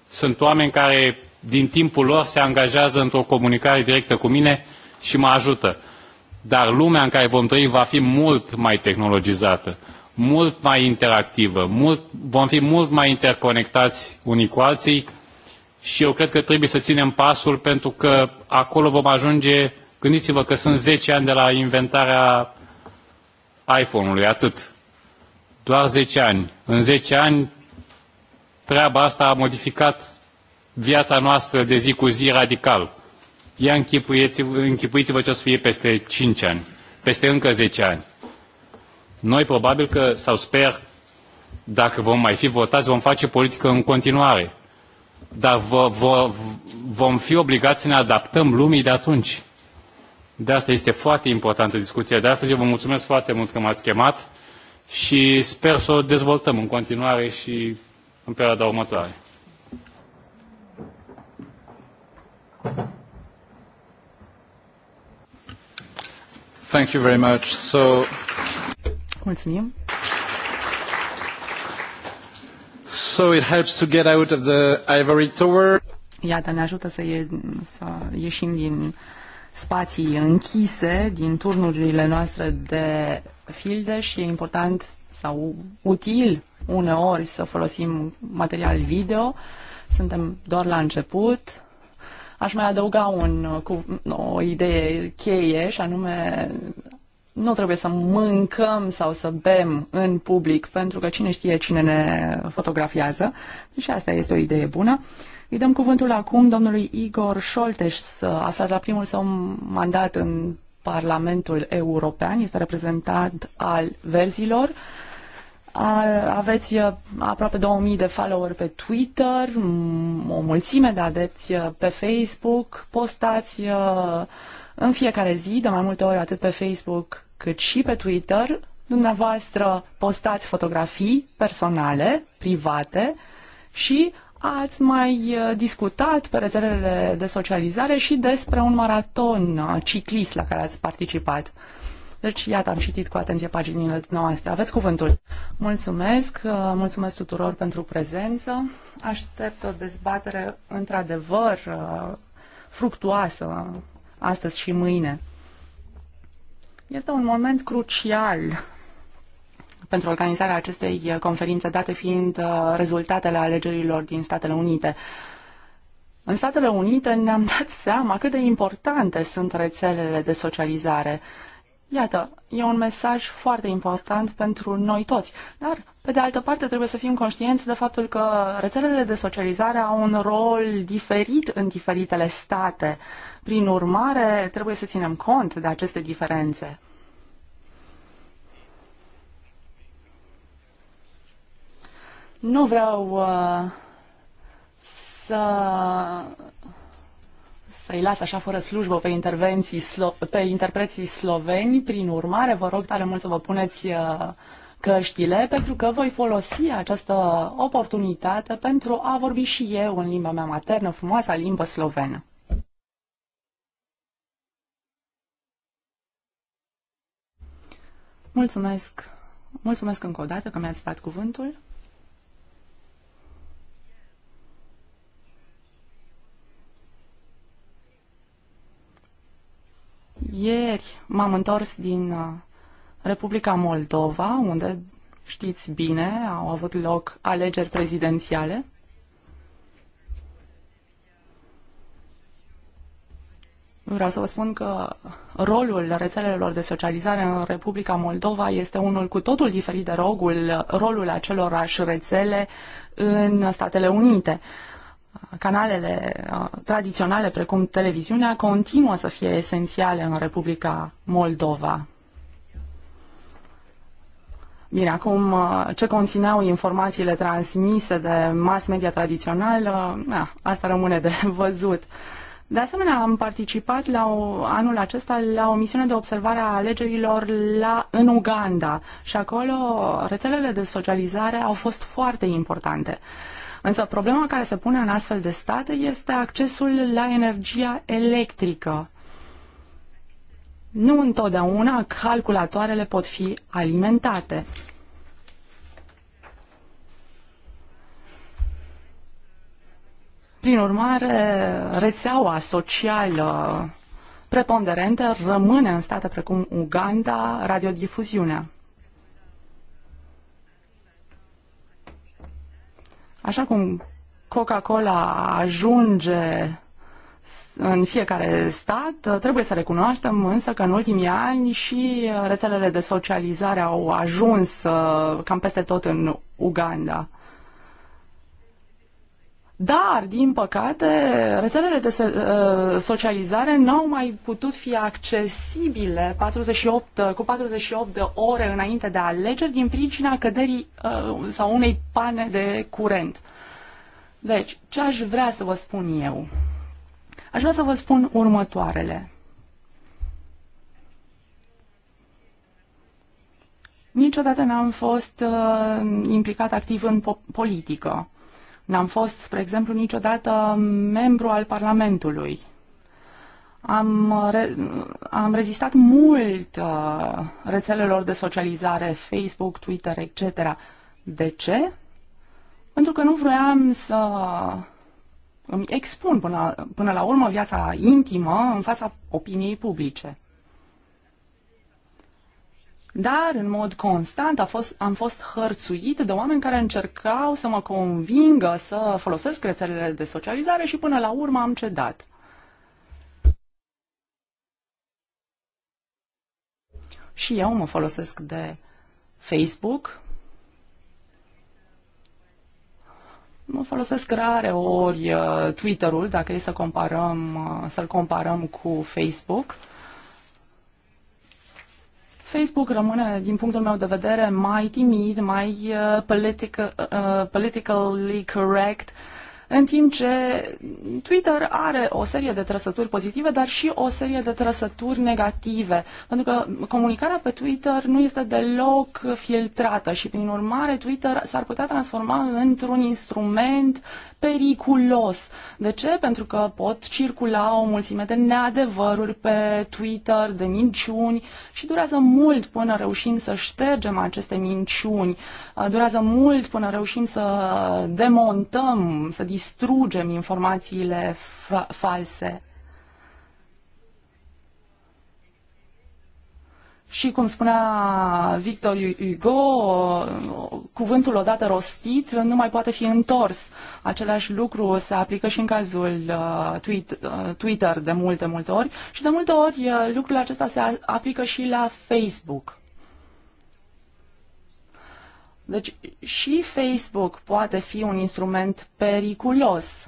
Sunt oameni care din timpul lor se angajează într-o comunicare directă cu mine și mă ajută. Dar lumea în care vom trăi va fi mult mai tehnologizată, mult mai interactivă, mult, vom fi mult mai interconectați unii cu alții și eu cred că trebuie să ținem pasul pentru că acolo vom ajunge, gândiți-vă că sunt 10 ani de la inventarea iPhone-ului, atât. Doar 10 ani. În 10 ani treaba asta a modificat viața noastră de zi cu zi radical. Ia închipuiți-vă, închipuiți ce o să fie peste 5 ani, peste încă 10 ani. Noi probabil că, sau sper, dacă vom mai fi votați, vom face politică în continuare. Dar vă, vă, vom fi obligați să ne adaptăm lumii de atunci. De asta este foarte importantă discuția de astăzi. Eu vă mulțumesc foarte mult că m-ați chemat și sper să o dezvoltăm în continuare și în perioada următoare. Thank you very much. So... Mulțumim. So it helps to get out of the ivory tower. Iată, ne ajută să, ie- să ieșim din spații închise, din turnurile noastre de filde și e important sau util uneori să folosim material video. Suntem doar la început, Aș mai adăuga un, cu, o idee cheie și anume nu trebuie să mâncăm sau să bem în public pentru că cine știe cine ne fotografiază. Și asta este o idee bună. Îi dăm cuvântul acum domnului Igor Șolteș, aflat la primul său mandat în Parlamentul European, este reprezentant al verzilor. Aveți uh, aproape 2000 de follower pe Twitter, o mulțime de adepți uh, pe Facebook, postați uh, în fiecare zi, de mai multe ori, atât pe Facebook cât și pe Twitter. Dumneavoastră postați fotografii personale, private și ați mai discutat pe rețelele de socializare și despre un maraton ciclist la care ați participat. Deci, iată, am citit cu atenție paginile noastre. Aveți cuvântul. Mulțumesc, uh, mulțumesc tuturor pentru prezență. Aștept o dezbatere într-adevăr uh, fructuoasă astăzi și mâine. Este un moment crucial pentru organizarea acestei conferințe, date fiind uh, rezultatele alegerilor din Statele Unite. În Statele Unite ne-am [laughs] dat seama cât de importante sunt rețelele de socializare. Iată, e un mesaj foarte important pentru noi toți, dar pe de altă parte trebuie să fim conștienți de faptul că rețelele de socializare au un rol diferit în diferitele state. Prin urmare, trebuie să ținem cont de aceste diferențe. Nu vreau uh, să să-i las așa fără slujbă pe, intervenții slo- pe interpreții sloveni. Prin urmare, vă rog tare mult să vă puneți uh, căștile, pentru că voi folosi această oportunitate pentru a vorbi și eu în limba mea maternă, frumoasa limbă slovenă. Mulțumesc, mulțumesc încă o dată că mi-ați dat cuvântul. Ieri m-am întors din uh, Republica Moldova, unde, știți bine, au avut loc alegeri prezidențiale. Vreau să vă spun că rolul rețelelor de socializare în Republica Moldova este unul cu totul diferit de rolul, rolul acelorași rețele în Statele Unite. Uh, canalele uh, tradiționale precum televiziunea continuă să fie esențiale în Republica Moldova. Bine, acum uh, ce conțineau informațiile transmise de mass media tradițională, na, uh, ah, asta rămâne de [laughs] văzut. De asemenea, am participat la o, anul acesta la o misiune de observare a alegerilor la, în Uganda și acolo rețelele de socializare au fost foarte importante. Uh, Însă problema care se pune în astfel de state este accesul la energia electrică. Nu întotdeauna calculatoarele pot fi alimentate. Prin urmare, rețeaua socială preponderentă rămâne în state precum Uganda radiodifuziunea. Așa cum Coca-Cola ajunge în fiecare stat, trebuie să recunoaștem însă că în ultimii ani și rețelele de socializare au ajuns uh, cam peste tot în Uganda. Dar, din păcate, rețelele de uh, socializare n-au mai putut fi accesibile 48, cu 48 de ore înainte de alegeri din pricina căderii uh, sau unei pane de curent. Deci, ce aș vrea să vă spun eu? Aș vrea să vă spun următoarele. Niciodată n-am fost uh, implicat activ în po- politică. N-am fost, spre exemplu, niciodată membru al Parlamentului. Am, re- am rezistat mult uh, rețelelor de socializare, Facebook, Twitter, etc. De ce? Pentru că nu vroiam să îmi expun până, până la urmă viața intimă în fața opiniei publice dar în mod constant a fost, am fost hărțuit de oameni care încercau să mă convingă să folosesc rețelele de socializare și până la urmă am cedat. Și eu mă folosesc de Facebook, mă folosesc rare ori uh, Twitter-ul, dacă e să comparăm, uh, să-l comparăm cu Facebook. Facebook rămâne, din punctul meu de vedere, mai timid, mai uh, politic, uh, uh, politically correct, în timp ce Twitter are o serie de trăsături pozitive, dar și o serie de trăsături negative, pentru că comunicarea pe Twitter nu este deloc filtrată și, prin urmare, Twitter s-ar putea transforma într-un instrument periculos. De ce? Pentru că pot circula o mulțime de neadevăruri pe Twitter, de minciuni și durează mult până reușim să ștergem aceste minciuni. Uh, durează mult până reușim să demontăm, să distrugem informațiile false. Și cum spunea Victor Hugo, cuvântul odată rostit nu mai poate fi întors. Același lucru se aplică și în cazul uh, uh, Twitter de multe, multe ori și de multe ori uh, lucrul acesta se aplică și la Facebook. Deci și Facebook poate fi un instrument periculos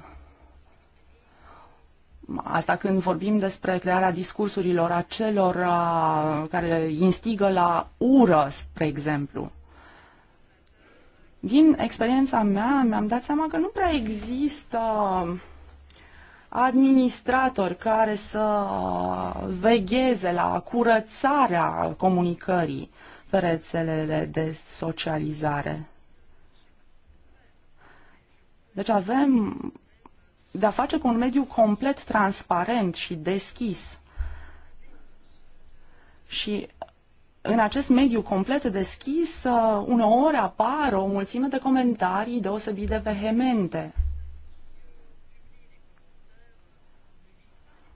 Asta când vorbim despre crearea discursurilor acelor care instigă la ură, spre exemplu. Din experiența mea mi-am dat seama că nu prea există administratori care să vegheze la curățarea comunicării pe rețelele de socializare. Deci avem de-a face cu un mediu complet transparent și deschis. Și în acest mediu complet deschis, uh, uneori apar o mulțime de comentarii deosebit de vehemente.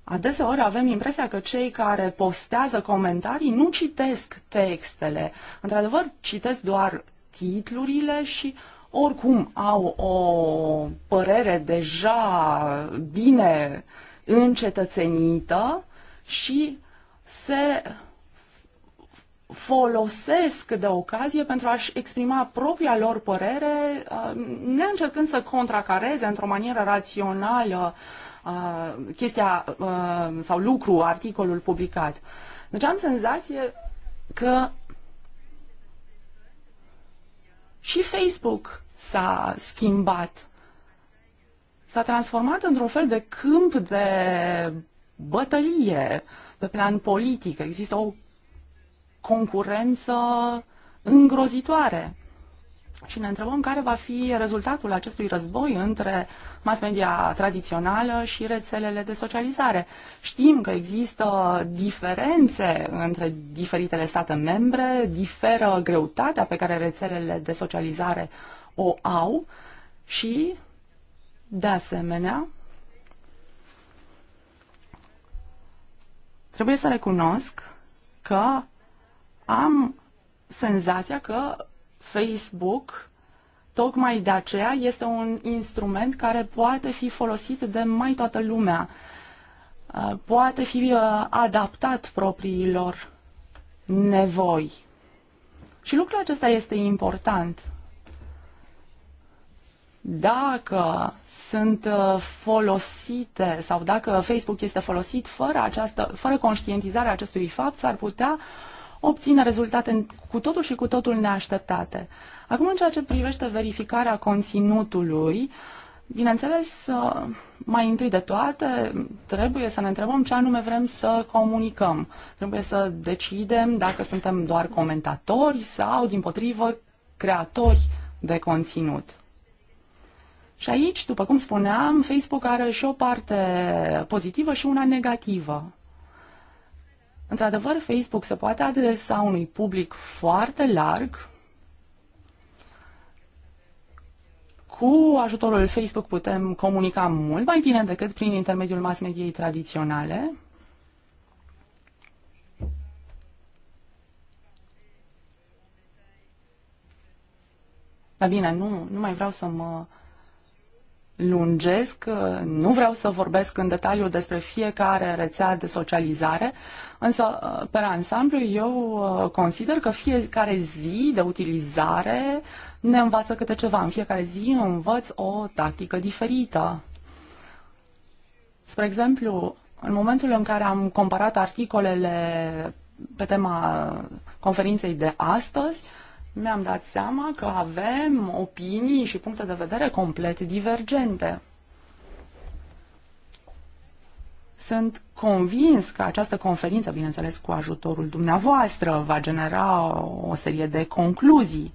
Adeseori avem impresia că cei care postează comentarii nu citesc textele. Într-adevăr, citesc doar titlurile și oricum au o părere deja bine încetățenită și se folosesc de ocazie pentru a-și exprima propria lor părere, uh, neîncercând să contracareze într-o manieră rațională uh, chestia uh, sau lucru, articolul publicat. Deci am senzație că și Facebook s-a schimbat. S-a transformat într-un fel de câmp de bătălie pe plan politic. Există o concurență îngrozitoare și ne întrebăm care va fi rezultatul acestui război între mass media tradițională și rețelele de socializare. Știm că există diferențe între diferitele state membre, diferă greutatea pe care rețelele de socializare o au și, de asemenea, trebuie să recunosc că am senzația că Facebook, tocmai de aceea este un instrument care poate fi folosit de mai toată lumea. Uh, poate fi uh, adaptat propriilor nevoi. Și lucrul acesta este important. Dacă sunt uh, folosite sau dacă Facebook este folosit fără, această, fără conștientizarea acestui fapt, s-ar putea uh, obține rezultate cu totul și cu totul neașteptate. Acum, în ceea ce privește verificarea conținutului, bineînțeles, ă, mai întâi de toate, trebuie să ne întrebăm ce anume vrem să comunicăm. Trebuie să decidem dacă suntem doar comentatori sau, din potrivă, creatori de conținut. Și aici, după cum spuneam, Facebook are și o parte pozitivă și una negativă. Într-adevăr, Facebook se poate adresa unui public foarte larg. Cu ajutorul Facebook putem comunica mult mai bine decât prin intermediul mass mediei tradiționale. Dar bine, nu, nu mai vreau să mă uh, lungesc, nu vreau să vorbesc în detaliu despre fiecare rețea de socializare, însă, pe ansamblu, eu uh, consider că fiecare zi de utilizare ne învață câte ceva. În fiecare zi învăț o tactică diferită. Spre exemplu, în momentul în care am comparat articolele pe tema conferinței de astăzi, uh, mi-am dat seama că avem opinii și puncte de vedere complet divergente. Sunt convins că această conferință, bineînțeles cu ajutorul dumneavoastră, va genera o serie de concluzii.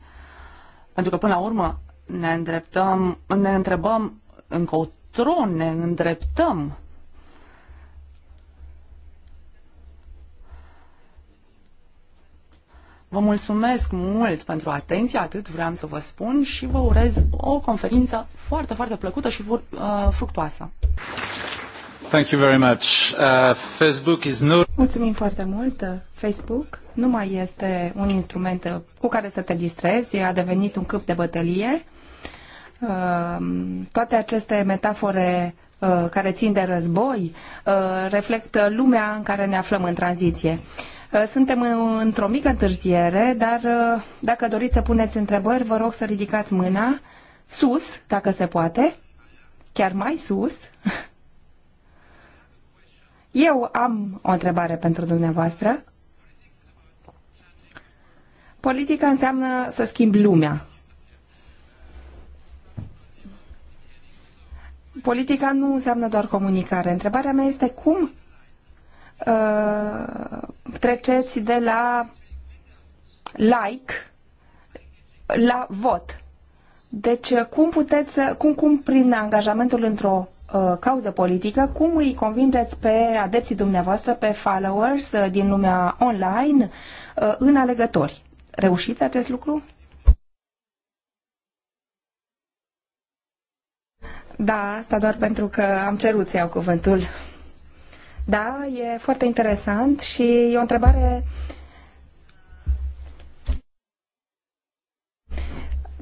Pentru că, până la urmă, ne, îndreptăm, ne întrebăm încotro ne îndreptăm Vă mulțumesc mult pentru atenție, atât vreau să vă spun și vă urez o conferință foarte, foarte plăcută și uh, fructoasă. Thank you very much. Uh, Facebook is no... Mulțumim foarte mult. Facebook nu mai este un instrument uh, cu care să te distrezi, a devenit un câmp de bătălie. Uh, toate aceste metafore uh, care țin de război uh, reflectă lumea în care ne aflăm în tranziție. Uh, suntem într-o mică întârziere, dar uh, dacă doriți să puneți întrebări, vă rog să ridicați mâna sus, dacă se poate, chiar mai sus. [laughs] Eu am o întrebare pentru dumneavoastră. Politica înseamnă să schimbi lumea. Politica nu înseamnă doar comunicare. Întrebarea mea este cum Uh, treceți de la like la vot. Deci, uh, cum puteți, cum, cum prin angajamentul într-o uh, cauză politică, cum îi convingeți pe adepții dumneavoastră, pe followers uh, din lumea online, uh, în alegători? Reușiți acest lucru? Da, asta doar pentru că am cerut să iau cuvântul. Da, e foarte interesant și e o întrebare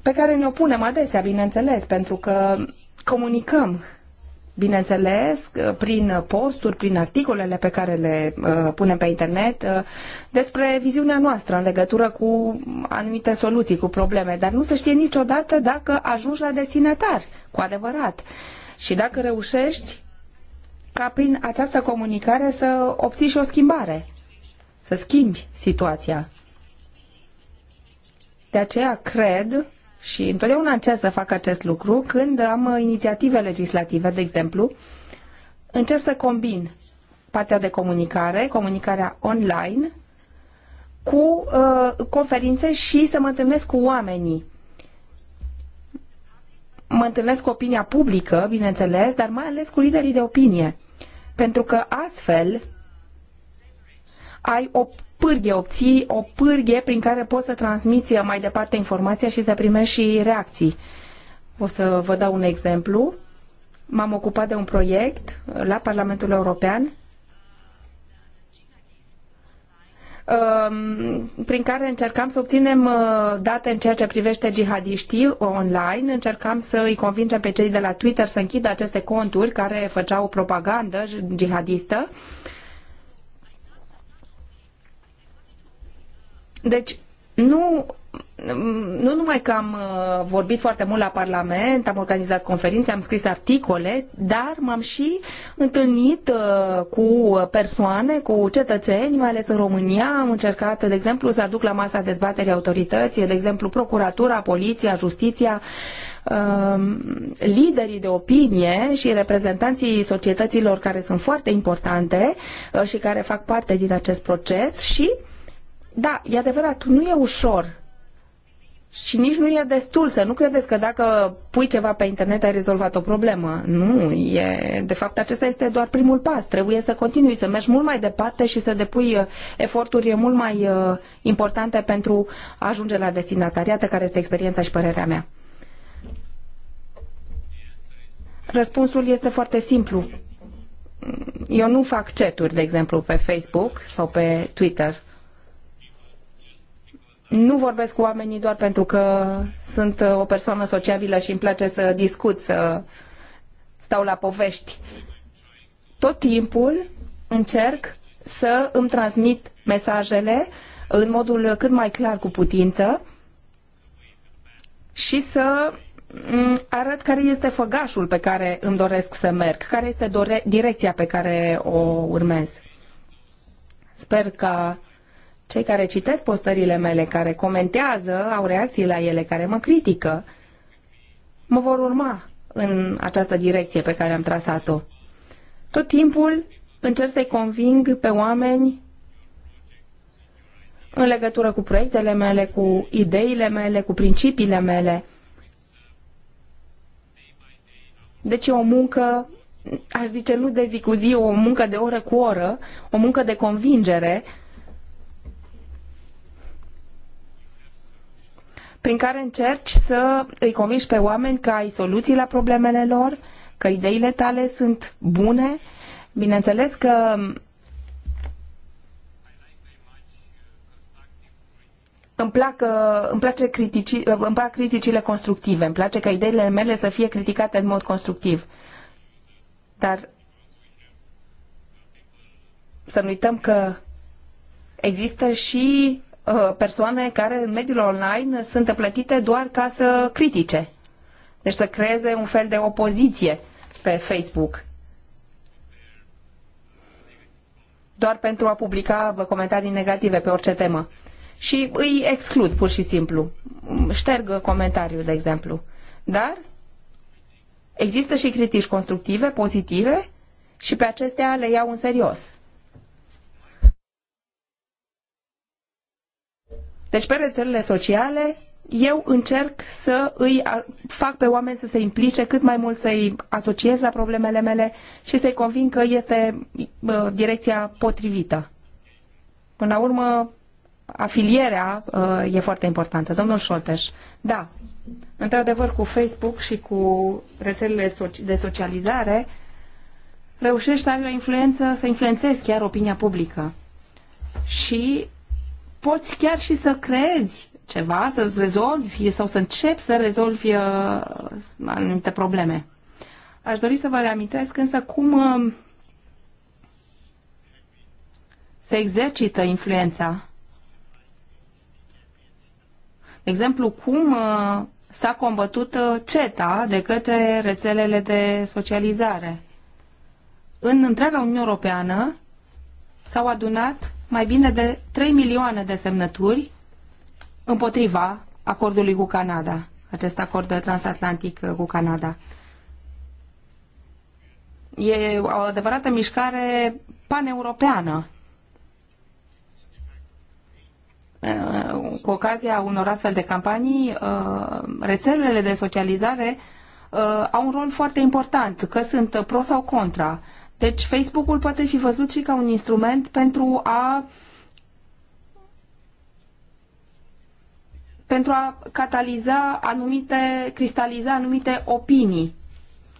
pe care ne-o punem adesea, bineînțeles, pentru că comunicăm bineînțeles, prin posturi, prin articolele pe care le uh, punem pe internet, uh, despre viziunea noastră în legătură cu anumite soluții, cu probleme, dar nu se știe niciodată dacă ajungi la destinatar, cu adevărat. Și dacă reușești ca prin această comunicare să obții și o schimbare, să schimbi situația. De aceea cred și întotdeauna încerc să fac acest lucru când am inițiative legislative, de exemplu, încerc să combin partea de comunicare, comunicarea online, cu uh, conferințe și să mă întâlnesc cu oamenii. Mă întâlnesc cu opinia publică, bineînțeles, dar mai ales cu liderii de opinie pentru că astfel ai o pârghie, obții o pârghie prin care poți să transmiți mai departe informația și să primești și reacții. O să vă dau un exemplu. M-am ocupat de un proiect la Parlamentul European Um, prin care încercam să obținem uh, date în ceea ce privește jihadiștii online, încercam să îi convingem pe cei de la Twitter să închidă aceste conturi care făceau propagandă jihadistă. Deci, nu nu numai că am uh, vorbit foarte mult la Parlament, am organizat conferințe, am scris articole, dar m-am și întâlnit uh, cu persoane, cu cetățeni, mai ales în România. Am încercat, de exemplu, să aduc la masa dezbaterii autorității, de exemplu, procuratura, poliția, justiția, um, liderii de opinie și reprezentanții societăților care sunt foarte importante uh, și care fac parte din acest proces și da, e adevărat, nu e ușor și nici nu e destul să nu credeți că dacă pui ceva pe internet ai rezolvat o problemă. Nu, e, de fapt acesta este doar primul pas. Trebuie să continui, să mergi mult mai departe și să depui uh, eforturi mult mai uh, importante pentru a ajunge la destinatariată, care este experiența și părerea mea. Răspunsul este foarte simplu. Eu nu fac ceturi, de exemplu, pe Facebook sau pe Twitter nu vorbesc cu oamenii doar pentru că sunt uh, o persoană sociabilă și îmi place să discut, să stau la povești. Tot timpul încerc să îmi transmit mesajele în modul cât mai clar cu putință și să mm, arăt care este făgașul pe care îmi doresc să merg, care este direcția pe care o urmez. Sper ca cei care citesc postările mele, care comentează, au reacții la ele, care mă critică, mă vor urma în această direcție pe care am trasat-o. Tot timpul încerc să-i conving pe oameni în legătură cu proiectele mele, cu ideile mele, cu principiile mele. Deci e o muncă, aș zice, nu de zi cu zi, o muncă de oră cu oră, o muncă de convingere, prin care încerci să îi convingi pe oameni că ai soluții la problemele lor, că ideile tale sunt bune. Bineînțeles că îmi, plac, îmi, place critici, îmi plac criticile constructive, îmi place ca ideile mele să fie criticate în mod constructiv. Dar să nu uităm că există și Uh, persoane care în mediul online sunt plătite doar ca să critique. Deci să creeze un fel de opoziție pe Facebook. Doar pentru a publica comentarii negative pe orice temă. Și îi exclud pur și simplu. Șterg comentariul, de exemplu. Dar există și critici constructive, pozitive și pe acestea le iau în serios. Deci pe rețelele sociale eu încerc să îi fac pe oameni să se implice, cât mai mult să-i asociez la problemele mele și să-i convin că este uh, direcția potrivită. Până la urmă, afilierea uh, e foarte importantă. Domnul Șolteș, da, într-adevăr cu Facebook și cu rețelele de socializare reușești să ai o influență, să influențezi chiar opinia publică. Și poți chiar și să crezi ceva, să-ți rezolvi sau să începi să rezolvi uh, anumite probleme. Aș dori să vă reamintesc însă cum uh, se exercită influența. De exemplu, cum uh, s-a combătut uh, CETA de către rețelele de socializare. În întreaga Uniune Europeană s-au adunat mai bine de 3 milioane de semnături împotriva acordului cu Canada, acest acord transatlantic uh, cu Canada. E o adevărată mișcare paneuropeană. Uh, cu ocazia unor astfel de campanii, uh, rețelele de socializare au un rol foarte important, că sunt pro sau contra deci Facebook-ul poate fi văzut și ca un instrument pentru a pentru a cataliza anumite, cristaliza anumite opinii.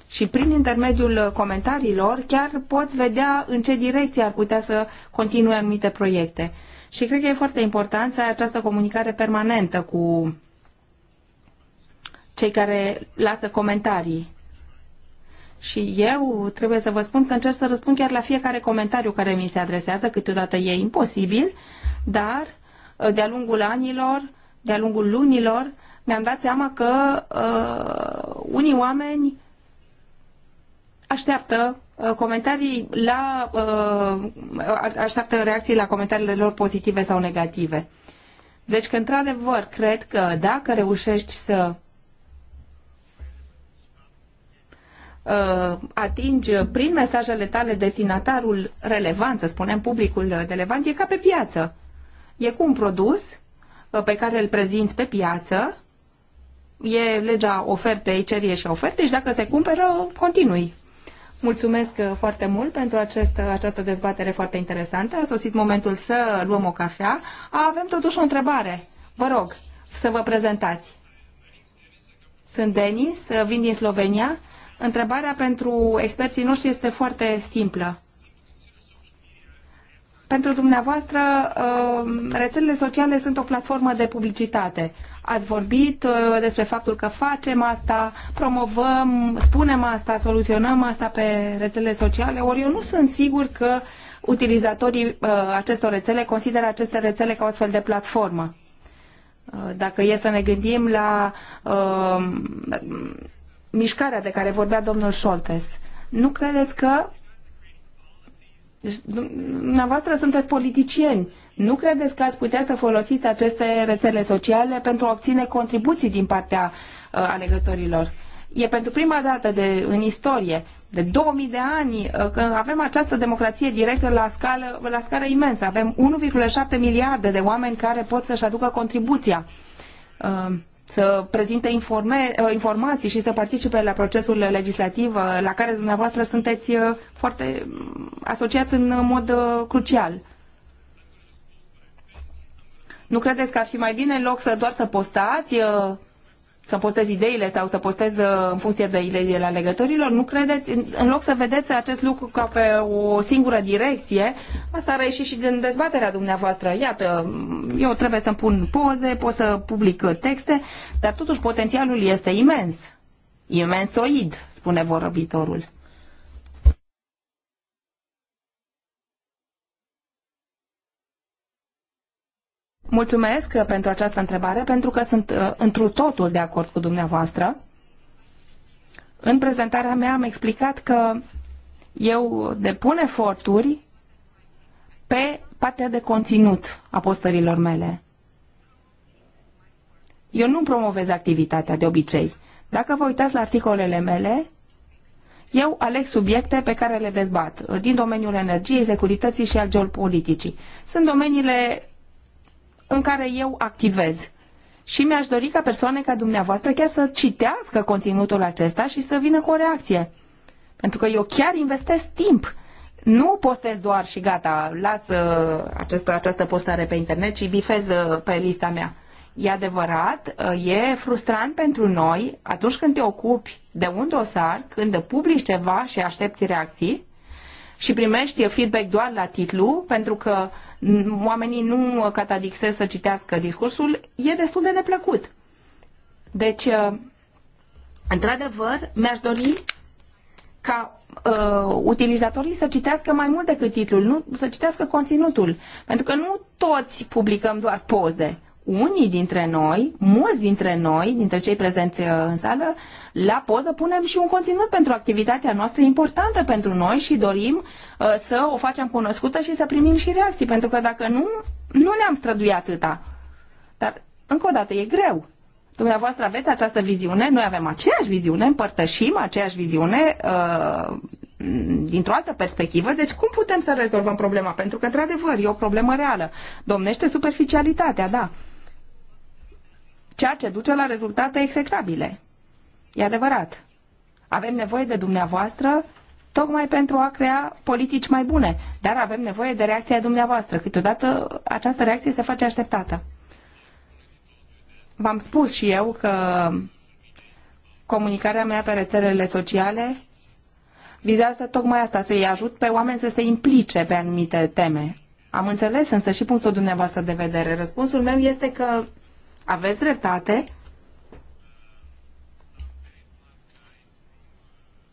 Și prin intermediul comentariilor chiar poți vedea în ce direcție ar putea să continue anumite proiecte. Și cred că e foarte important să ai această comunicare permanentă cu cei care lasă comentarii și eu trebuie să vă spun că încerc să răspund chiar la fiecare comentariu care mi se adresează, câteodată e imposibil, dar uh, de-a lungul anilor, de-a lungul lunilor, mi-am dat seama că uh, unii oameni așteaptă uh, comentarii la uh, așteaptă reacții la comentariile lor pozitive sau negative. Deci că într-adevăr cred că dacă reușești să Uh, atingi prin mesajele tale destinatarul relevant, să spunem publicul relevant, uh, e ca pe piață. E cu un produs uh, pe care îl prezinți pe piață, e legea ofertei, cerie și ofertei și dacă se cumpără, continui. Mulțumesc foarte mult pentru acest, această dezbatere foarte interesantă. A sosit momentul să luăm o cafea. Avem totuși o întrebare. Vă rog să vă prezentați. Sunt Denis, vin din Slovenia Întrebarea pentru experții noștri este foarte simplă. Pentru dumneavoastră, uh, rețelele sociale sunt o platformă de publicitate. Ați vorbit uh, despre faptul că facem asta, promovăm, spunem asta, soluționăm asta pe rețelele sociale, ori eu nu sunt sigur că utilizatorii uh, acestor rețele consideră aceste rețele ca o astfel de platformă. Dacă e să ne gândim la uh, mișcarea de care vorbea domnul Scholtes. Nu credeți că dumneavoastră sunteți politicieni. Nu credeți că ați putea să folosiți aceste rețele sociale pentru a obține contribuții din partea uh, alegătorilor? E pentru prima dată de, în istorie, de 2000 de ani, uh, că avem această democrație directă la scară, la scară imensă. Avem 1,7 miliarde de oameni care pot să-și aducă contribuția. Uh, să prezinte informe, uh, informații și să participe la procesul legislativ uh, la care dumneavoastră sunteți uh, foarte mm, asociați în mod crucial. Nu credeți că ar fi mai bine în loc să doar să postați să postez ideile sau să postez uh, în funcție de ideile alegătorilor, nu credeți? În loc să vedeți acest lucru ca pe o singură direcție, asta a reieșit și din dezbaterea dumneavoastră. Iată, mm, eu trebuie să-mi pun poze, pot să public texte, dar totuși potențialul este imens. Imensoid, spune vorbitorul. Mulțumesc pentru această întrebare, pentru că sunt uh, întru totul de acord cu dumneavoastră. În prezentarea mea am explicat că eu depun eforturi pe partea de conținut a postărilor mele. Eu nu promovez activitatea de obicei. Dacă vă uitați la articolele mele, eu aleg subiecte pe care le dezbat uh, din domeniul energiei, securității și al geopoliticii. Sunt domeniile în care eu activez. Și mi-aș dori ca persoane ca dumneavoastră chiar să citească conținutul acesta și să vină cu o reacție. Pentru că eu chiar investesc timp. Nu postez doar și gata, las uh, această, această postare pe internet și bifez uh, pe lista mea. E adevărat, uh, e frustrant pentru noi atunci când te ocupi de un dosar, când publici ceva și aștepți reacții și primești feedback doar la titlu, pentru că oamenii nu catadixez să citească discursul, e destul de neplăcut. Deci, uh, într-adevăr, mi-aș dori ca uh, utilizatorii să citească mai mult decât titlul, nu să citească conținutul. Pentru că nu toți publicăm doar poze unii dintre noi, mulți dintre noi, dintre cei prezenți uh, în sală, la poză punem și un conținut pentru activitatea noastră importantă pentru noi și dorim uh, să o facem cunoscută și să primim și reacții, pentru că dacă nu, nu ne-am străduit atâta. Dar, încă o dată, e greu. Dumneavoastră aveți această viziune, noi avem aceeași viziune, împărtășim aceeași viziune uh, dintr-o altă perspectivă, deci cum putem să rezolvăm problema? Pentru că, într-adevăr, e o problemă reală. Domnește superficialitatea, da ceea ce duce la rezultate execrabile. E adevărat. Avem nevoie de dumneavoastră tocmai pentru a crea politici mai bune, dar avem nevoie de reacția dumneavoastră. Câteodată această reacție se face așteptată. V-am spus și eu că comunicarea mea pe rețelele sociale vizează tocmai asta, să-i ajut pe oameni să se implice pe anumite teme. Am înțeles însă și punctul dumneavoastră de vedere. Răspunsul meu este că aveți dreptate,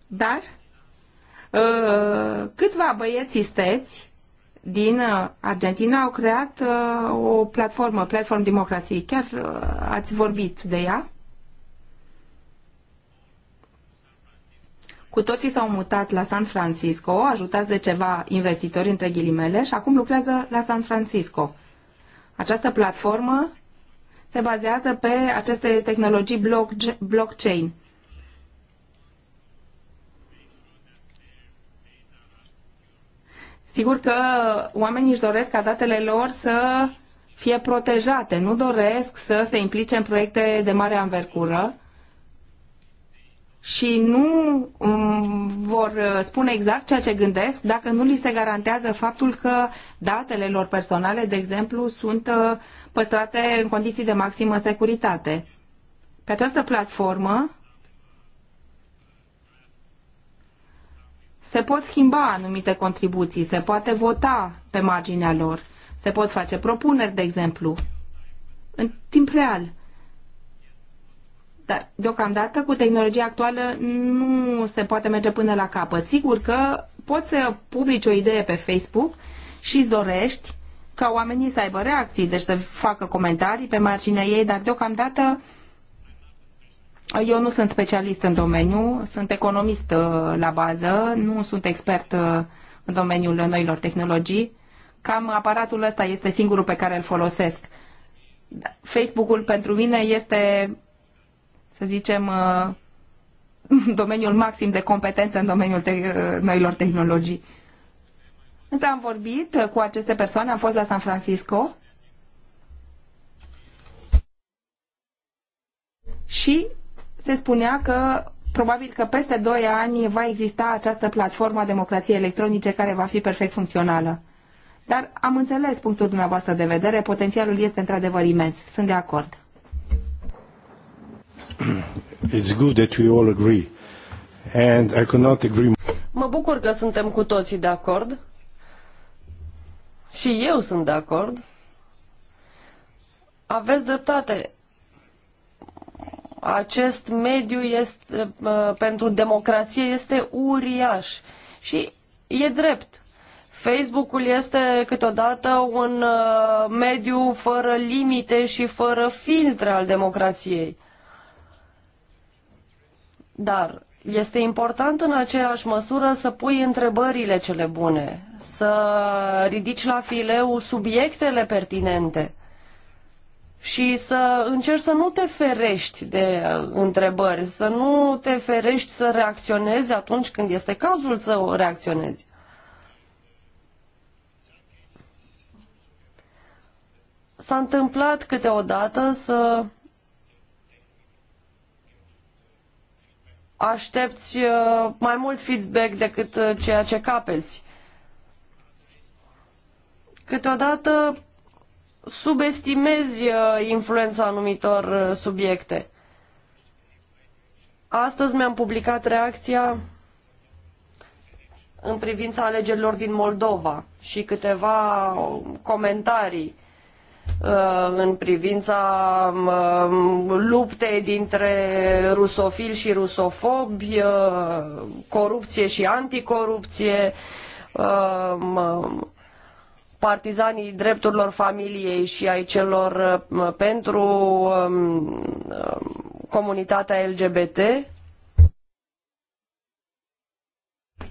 dar uh, câțiva băieți isteți din uh, Argentina au creat uh, o platformă, Platform Democracy. Chiar ați vorbit de ea? Cu toții s-au mutat la San Francisco, ajutați de ceva investitori între ghilimele și acum lucrează la San Francisco. Această platformă se bazează pe aceste tehnologii blockchain. Sigur că oamenii își doresc ca datele lor să fie protejate, nu doresc să se implice în proiecte de mare anvergură și nu um, vor spune exact ceea ce gândesc dacă nu li se garantează faptul că datele lor personale, de exemplu, sunt uh, păstrate în condiții de maximă securitate. Pe această platformă se pot schimba anumite contribuții, se poate vota pe marginea lor, se pot face propuneri, de exemplu, în timp real. Dar, deocamdată, cu tehnologia actuală nu se poate merge până la capăt. Sigur că poți să publici o idee pe Facebook și îți dorești ca oamenii să aibă reacții, deci să facă comentarii pe marginea ei, dar deocamdată eu nu sunt specialist în domeniu, sunt economist uh, la bază, nu sunt expert uh, în domeniul noilor tehnologii. Cam aparatul ăsta este singurul pe care îl folosesc. Facebook-ul pentru mine este, să zicem, uh, [laughs] domeniul maxim de competență în domeniul te- noilor tehnologii. Însă am vorbit cu aceste persoane, am fost la San Francisco și se spunea că probabil că peste 2 ani va exista această platformă a democrației electronice care va fi perfect funcțională. Dar am înțeles punctul dumneavoastră de vedere, potențialul este într-adevăr imens. Sunt de acord. [clears throat] It's good that we all agree. And I could not agree. Mă bucur că suntem cu toții de acord și eu sunt de acord. Aveți dreptate. Acest mediu este, pentru democrație este uriaș. Și e drept. Facebook-ul este câteodată un ă, mediu fără limite și fără filtre al democrației. Dar este important în aceeași măsură să pui întrebările cele bune, să ridici la fileu subiectele pertinente și să încerci să nu te ferești de uh, întrebări, să nu te ferești să reacționezi atunci când este cazul să reacționezi. S-a întâmplat câteodată să aștepți uh, mai mult feedback decât uh, ceea ce capeți. Câteodată subestimezi uh, influența anumitor subiecte. Astăzi mi-am publicat reacția în privința alegerilor din Moldova și câteva comentarii Uh, în privința um, luptei dintre rusofili și rusofobi, uh, corupție și anticorupție, um, partizanii drepturilor familiei și ai celor uh, pentru um, comunitatea LGBT.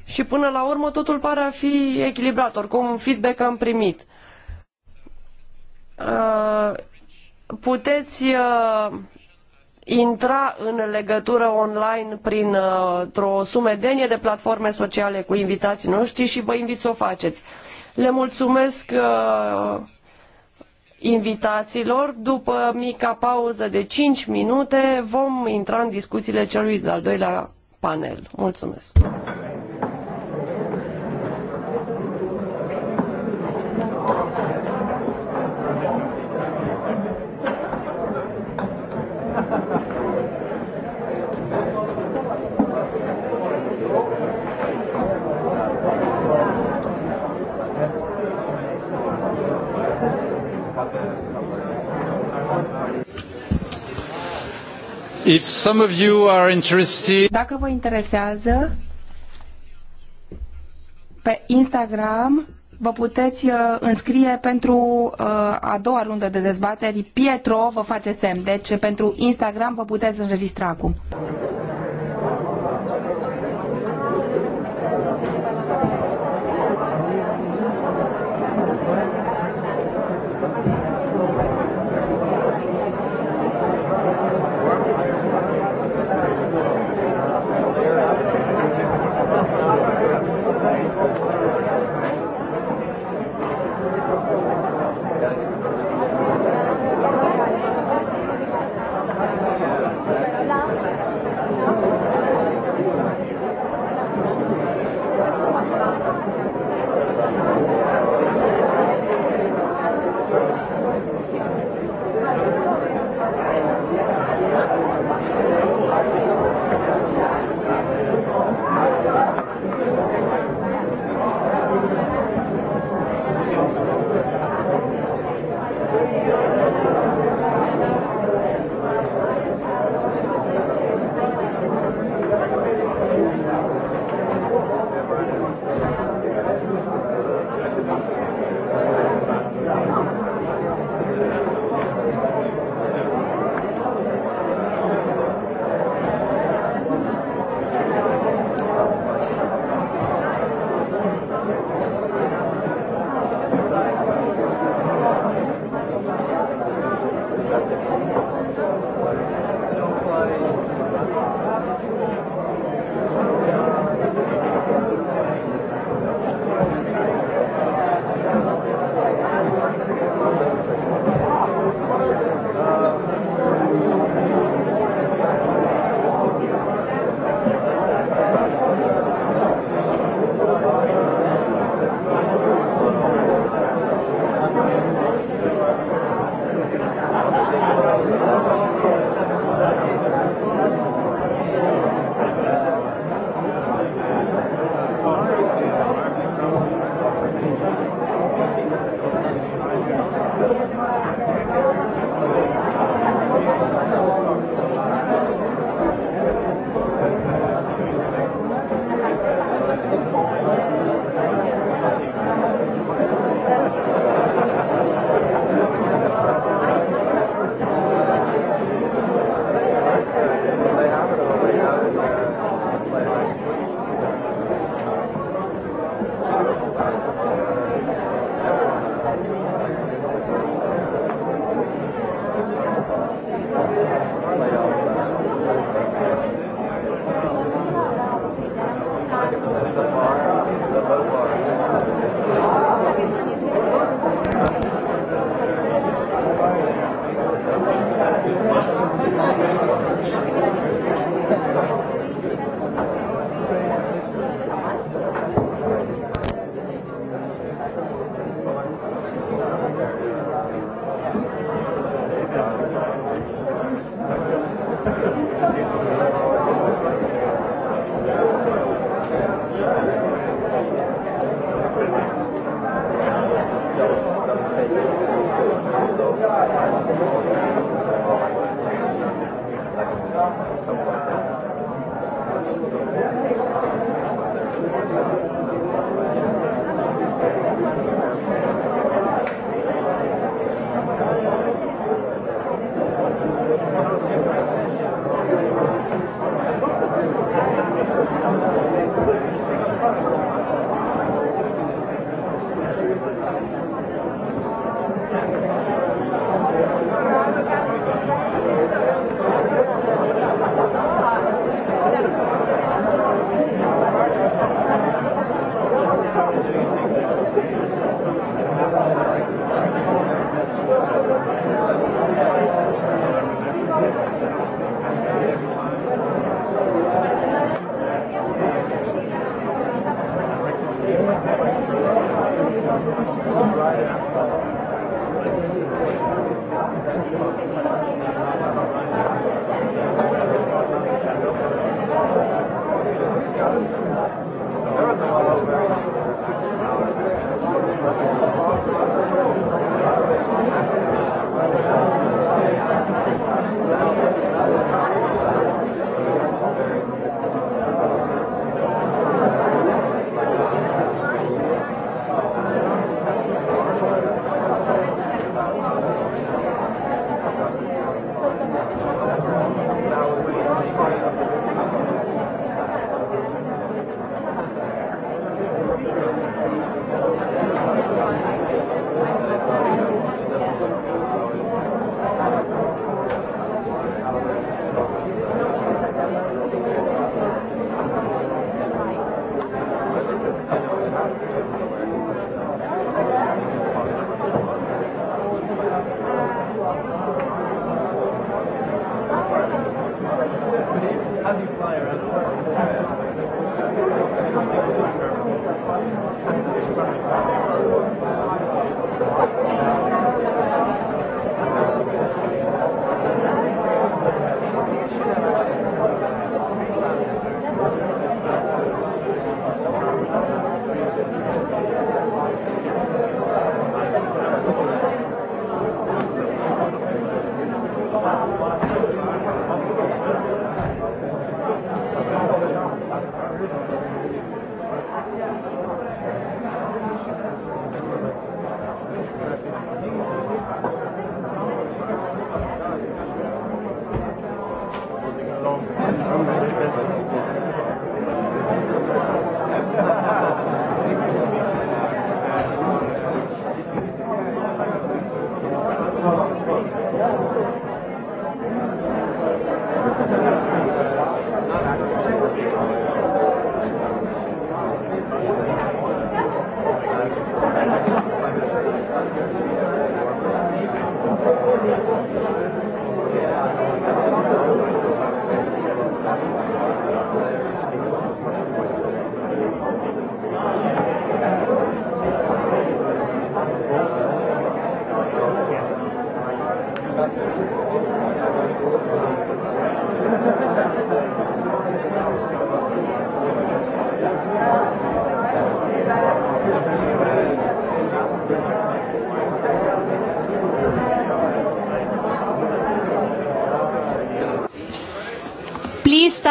Și până la urmă totul pare a fi echilibrat, oricum feedback am primit. Uh, puteți uh, intra în legătură online printr-o uh, sumedenie de platforme sociale cu invitații noștri și vă invit să o faceți. Le mulțumesc invitațiilor. După mica pauză de cinci minute vom intra în discuțiile celui de-al doilea panel. Mulțumesc! If some of you are interested... Dacă vă interesează, pe Instagram vă puteți uh, înscrie pentru uh, a doua rundă de dezbateri. Pietro vă face semn, deci pentru Instagram vă puteți înregistra acum.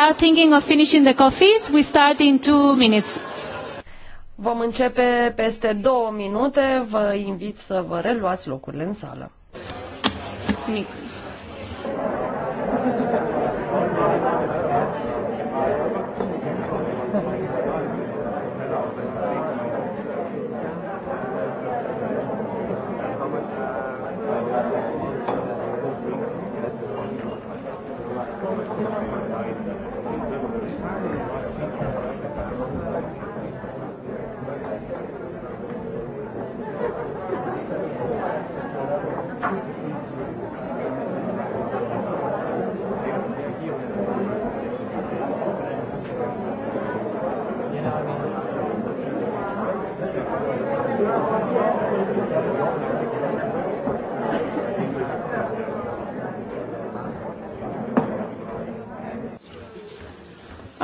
start thinking of finishing the coffees. We start in two minutes. Vom începe peste două minute. Vă invit să vă reluați locurile în sală. Mic.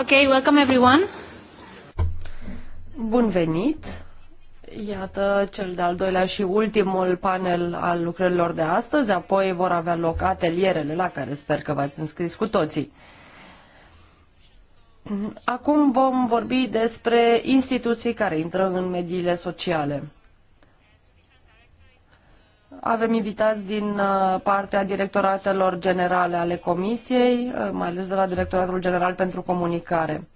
Okay, welcome everyone. Bun venit! Iată cel de-al doilea și ultimul panel al lucrărilor de astăzi, apoi vor avea loc atelierele la care sper că v-ați înscris cu toții. Acum vom vorbi despre instituții care intră în mediile sociale. Avem invitați din uh, partea directoratelor generale ale Comisiei, uh, mai ales de la Directoratul General pentru Comunicare.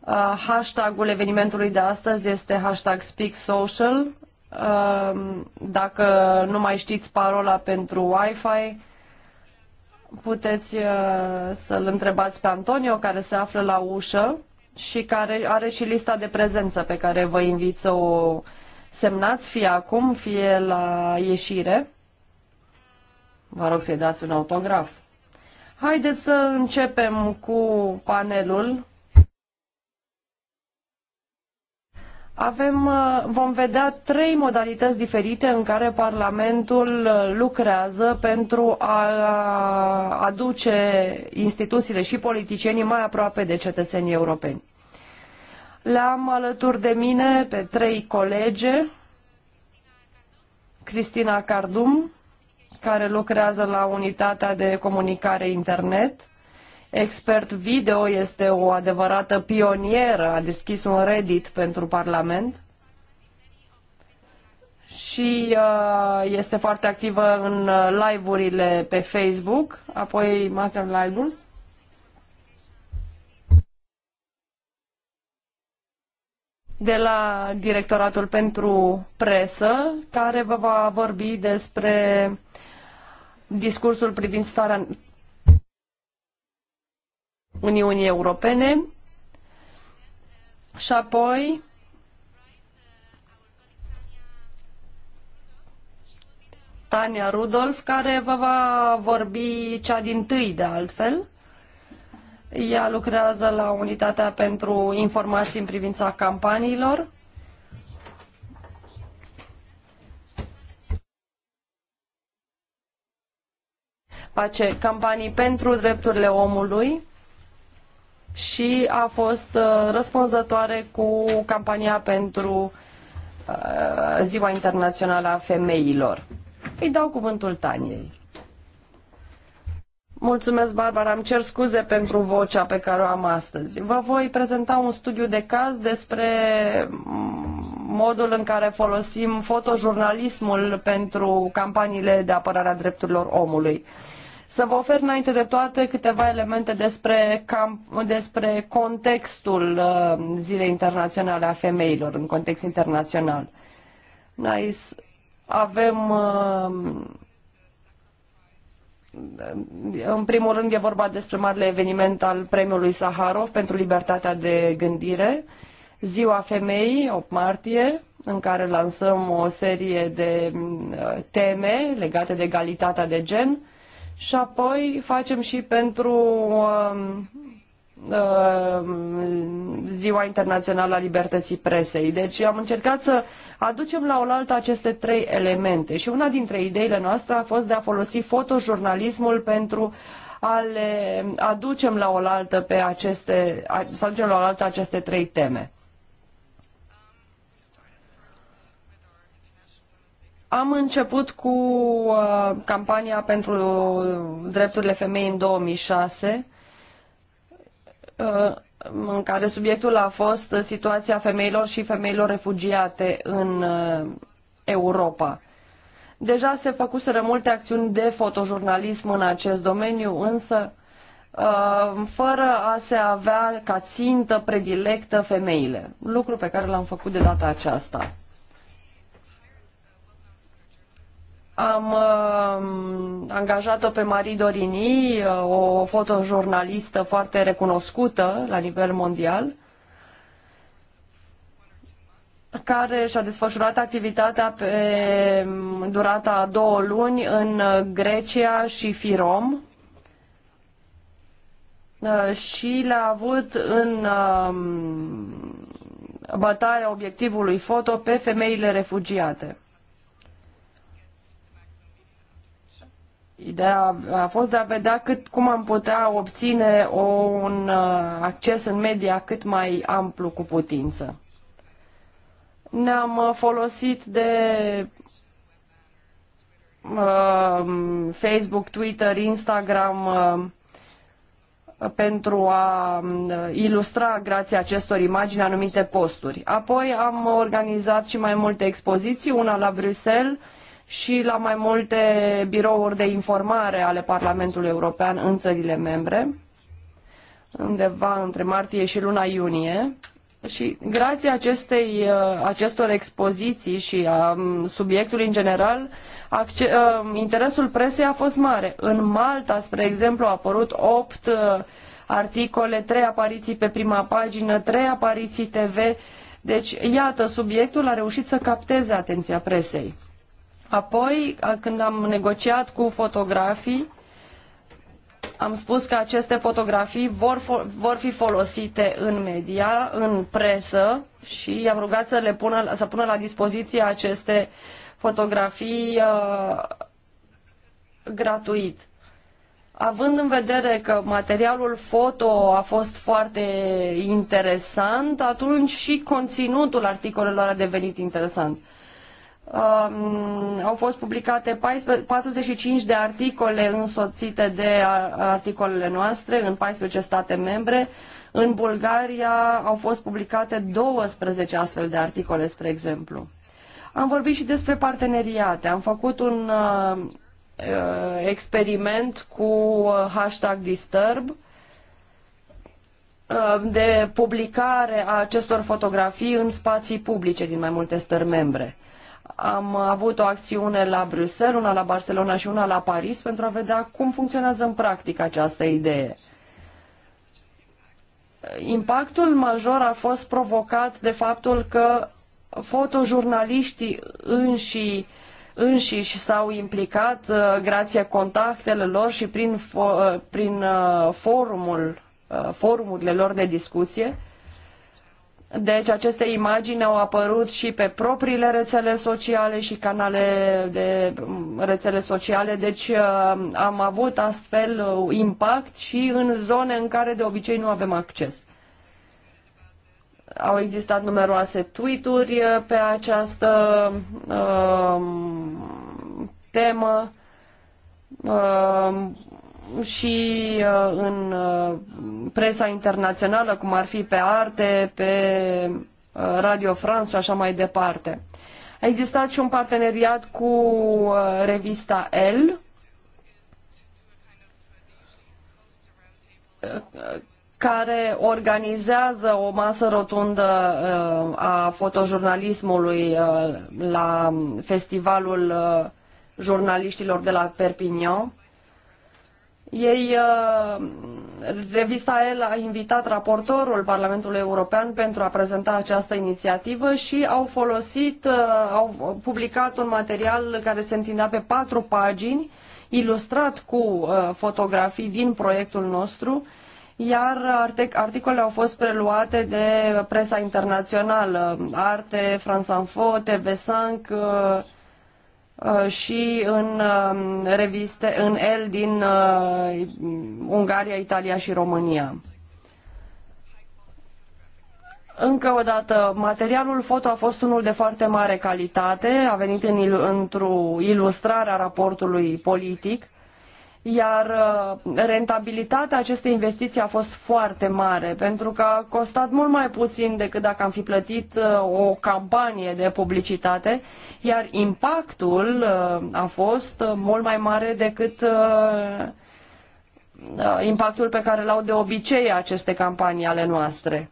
Uh, hashtagul evenimentului de astăzi este hashtag SpeakSocial. Dacă nu mai știți parola pentru Wi-Fi, puteți să-l întrebați pe Antonio, care se află la ușă și care are și lista de prezență pe care vă invit să o semnați fie acum, fie la ieșire. Vă rog să-i dați un autograf. Haideți să începem cu panelul. Avem, uh, vom vedea trei modalități diferite în care Parlamentul uh, lucrează pentru a aduce instituțiile și politicienii mai aproape de cetățenii europeni. Le-am alături de mine pe trei colege, Cristina Cardum, care lucrează la unitatea de comunicare internet. Expert video este o adevărată pionieră, a deschis un Reddit pentru Parlament și uh, este foarte activă în uh, live-urile pe Facebook, apoi Matem Libraries. de la Directoratul pentru Presă, care vă va vorbi despre discursul privind starea Uniunii Europene și apoi Tania Rudolf, care vă va vorbi cea din tâi de altfel, ea lucrează la unitatea pentru informații în privința campaniilor. Face campanii pentru drepturile omului și a fost uh, răspunzătoare cu campania pentru uh, Ziua Internațională a Femeilor. Îi dau cuvântul Taniei. Mulțumesc, Barbara. Îmi cer scuze pentru vocea pe care o am astăzi. Vă voi prezenta un studiu de caz despre modul în care folosim fotojurnalismul pentru campaniile de apărare a drepturilor omului. Să vă ofer înainte de toate câteva elemente despre, camp- despre contextul uh, Zilei Internaționale a Femeilor, în context internațional. Nice. Avem uh, în primul rând e vorba despre marele eveniment al premiului Saharov pentru libertatea de gândire, Ziua Femeii, 8 martie, în care lansăm o serie de uh, teme legate de egalitatea de gen și apoi facem și pentru um, Uh, Ziua Internațională a Libertății Presei. Deci am încercat să aducem la oaltă aceste trei elemente și una dintre ideile noastre a fost de a folosi fotojurnalismul pentru a le aducem la oaltă pe aceste, să aducem la oaltă aceste trei teme. Am început cu uh, campania pentru drepturile femei în 2006 Uh, în care subiectul a fost situația femeilor și femeilor refugiate în uh, Europa. Deja se făcuseră multe acțiuni de fotojurnalism în acest domeniu, însă uh, fără a se avea ca țintă predilectă femeile, lucru pe care l-am făcut de data aceasta. Am uh, angajat-o pe Marie Dorini, uh, o fotojurnalistă foarte recunoscută la nivel mondial, care și-a desfășurat activitatea pe um, durata a două luni în Grecia și Firom uh, și l-a avut în um, bătaia obiectivului foto pe femeile refugiate. Ideea a fost de a vedea cât, cum am putea obține o, un uh, acces în media cât mai amplu cu putință. Ne-am uh, folosit de uh, Facebook, Twitter, Instagram uh, pentru a uh, ilustra, grație acestor imagini, anumite posturi. Apoi am organizat și mai multe expoziții, una la Bruxelles, și la mai multe birouri de informare ale Parlamentului European în țările membre, undeva între martie și luna iunie. Și grație acestei, uh, acestor expoziții și a um, subiectului în general, acce, uh, interesul presei a fost mare. În Malta, spre exemplu, au apărut opt uh, articole, trei apariții pe prima pagină, trei apariții TV. Deci, iată, subiectul a reușit să capteze atenția presei. Apoi, când am negociat cu fotografii, am spus că aceste fotografii vor, vor fi folosite în media, în presă și i-am rugat să, le pună, să pună la dispoziție aceste fotografii uh, gratuit. Având în vedere că materialul foto a fost foarte interesant, atunci și conținutul articolelor a devenit interesant. Uh, um, au fost publicate 14, 45 de articole însoțite de articolele noastre în 14 state membre. În Bulgaria au fost publicate 12 astfel de articole, spre exemplu. Am vorbit și despre parteneriate. Am făcut un uh, uh experiment cu uh, hashtag disturb uh, de publicare a acestor fotografii în spații publice din mai multe stări membre. Am avut o acțiune la Bruxelles, una la Barcelona și una la Paris pentru a vedea cum funcționează în practică această idee. Impactul major a fost provocat de faptul că fotojurnaliștii înși, înșiși s-au implicat uh, grație contactelor lor și prin, uh, prin uh, forumul, forumurile lor de discuție deci aceste imagini au apărut și pe propriile rețele sociale și canale de rețele sociale, deci uh, am avut astfel uh, impact și în zone în care de obicei nu avem acces. Au existat numeroase tweet-uri uh, pe această uh, temă. Uh, și uh, în uh, presa internațională, cum ar fi pe Arte, pe uh, Radio France și așa mai departe. A existat și un parteneriat cu revista Elle, care organizează o masă rotundă a fotojurnalismului la festivalul jurnaliștilor de la Perpignan ei, uh, revista El a invitat raportorul Parlamentului European pentru a prezenta această inițiativă și au folosit, uh, au publicat un material care se întindea pe patru pagini, ilustrat cu uh, fotografii din proiectul nostru, iar articolele au fost preluate de presa internațională, Arte, France Info, TV5, Uh, și în um, reviste, în El din uh, Ungaria, Italia și România. Încă o dată, materialul foto a fost unul de foarte mare calitate, a venit în, într-o ilustrare a raportului politic iar uh, rentabilitatea acestei investiții a fost foarte mare, pentru că a costat mult mai puțin decât dacă am fi plătit uh, o campanie de publicitate, iar impactul uh, a fost mult mai mare decât impactul pe care l-au de obicei aceste campanii ale noastre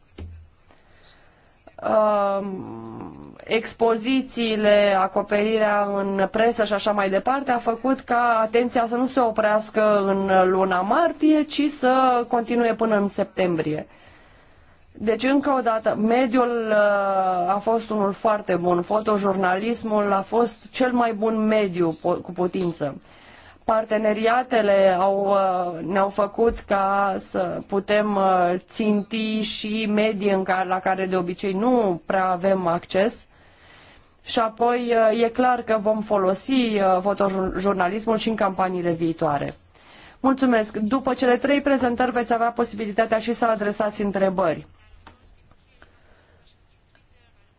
expozițiile, acoperirea în presă și așa mai departe, a făcut ca atenția să nu se oprească în luna martie, ci să continue până în septembrie. Deci, încă o dată, mediul uh, a fost unul foarte bun. Fotojurnalismul a fost cel mai bun mediu cu putință. Parteneriatele au, uh, ne-au făcut ca să putem uh, ținti și medii în care, la care de obicei nu prea avem acces și apoi e clar că vom folosi uh, fotojurnalismul și în campaniile viitoare. Mulțumesc! După cele trei prezentări veți avea posibilitatea și să adresați întrebări.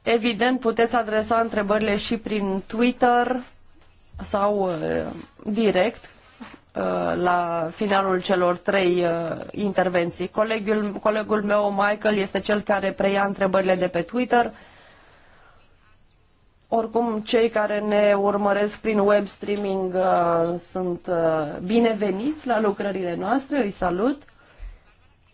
Evident, puteți adresa întrebările și prin Twitter sau uh, direct uh, la finalul celor trei intervenții. Colegul, colegul meu, Michael, este cel care preia întrebările de pe Twitter. Oricum, cei care ne urmăresc prin web streaming uh, sunt uh, bineveniți la lucrările noastre, îi salut.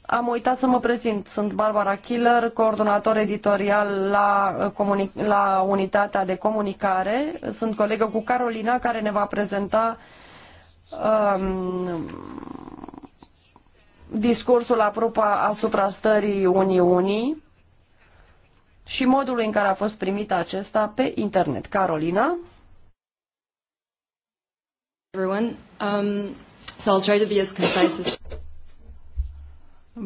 Am uitat să mă prezint. Sunt Barbara Killer, coordonator editorial la, uh, la unitatea de comunicare. Sunt colegă cu Carolina, care ne va prezenta um, discursul asupra stării Uniunii și modul în care a fost primit acesta pe internet. Carolina? Everyone. Um,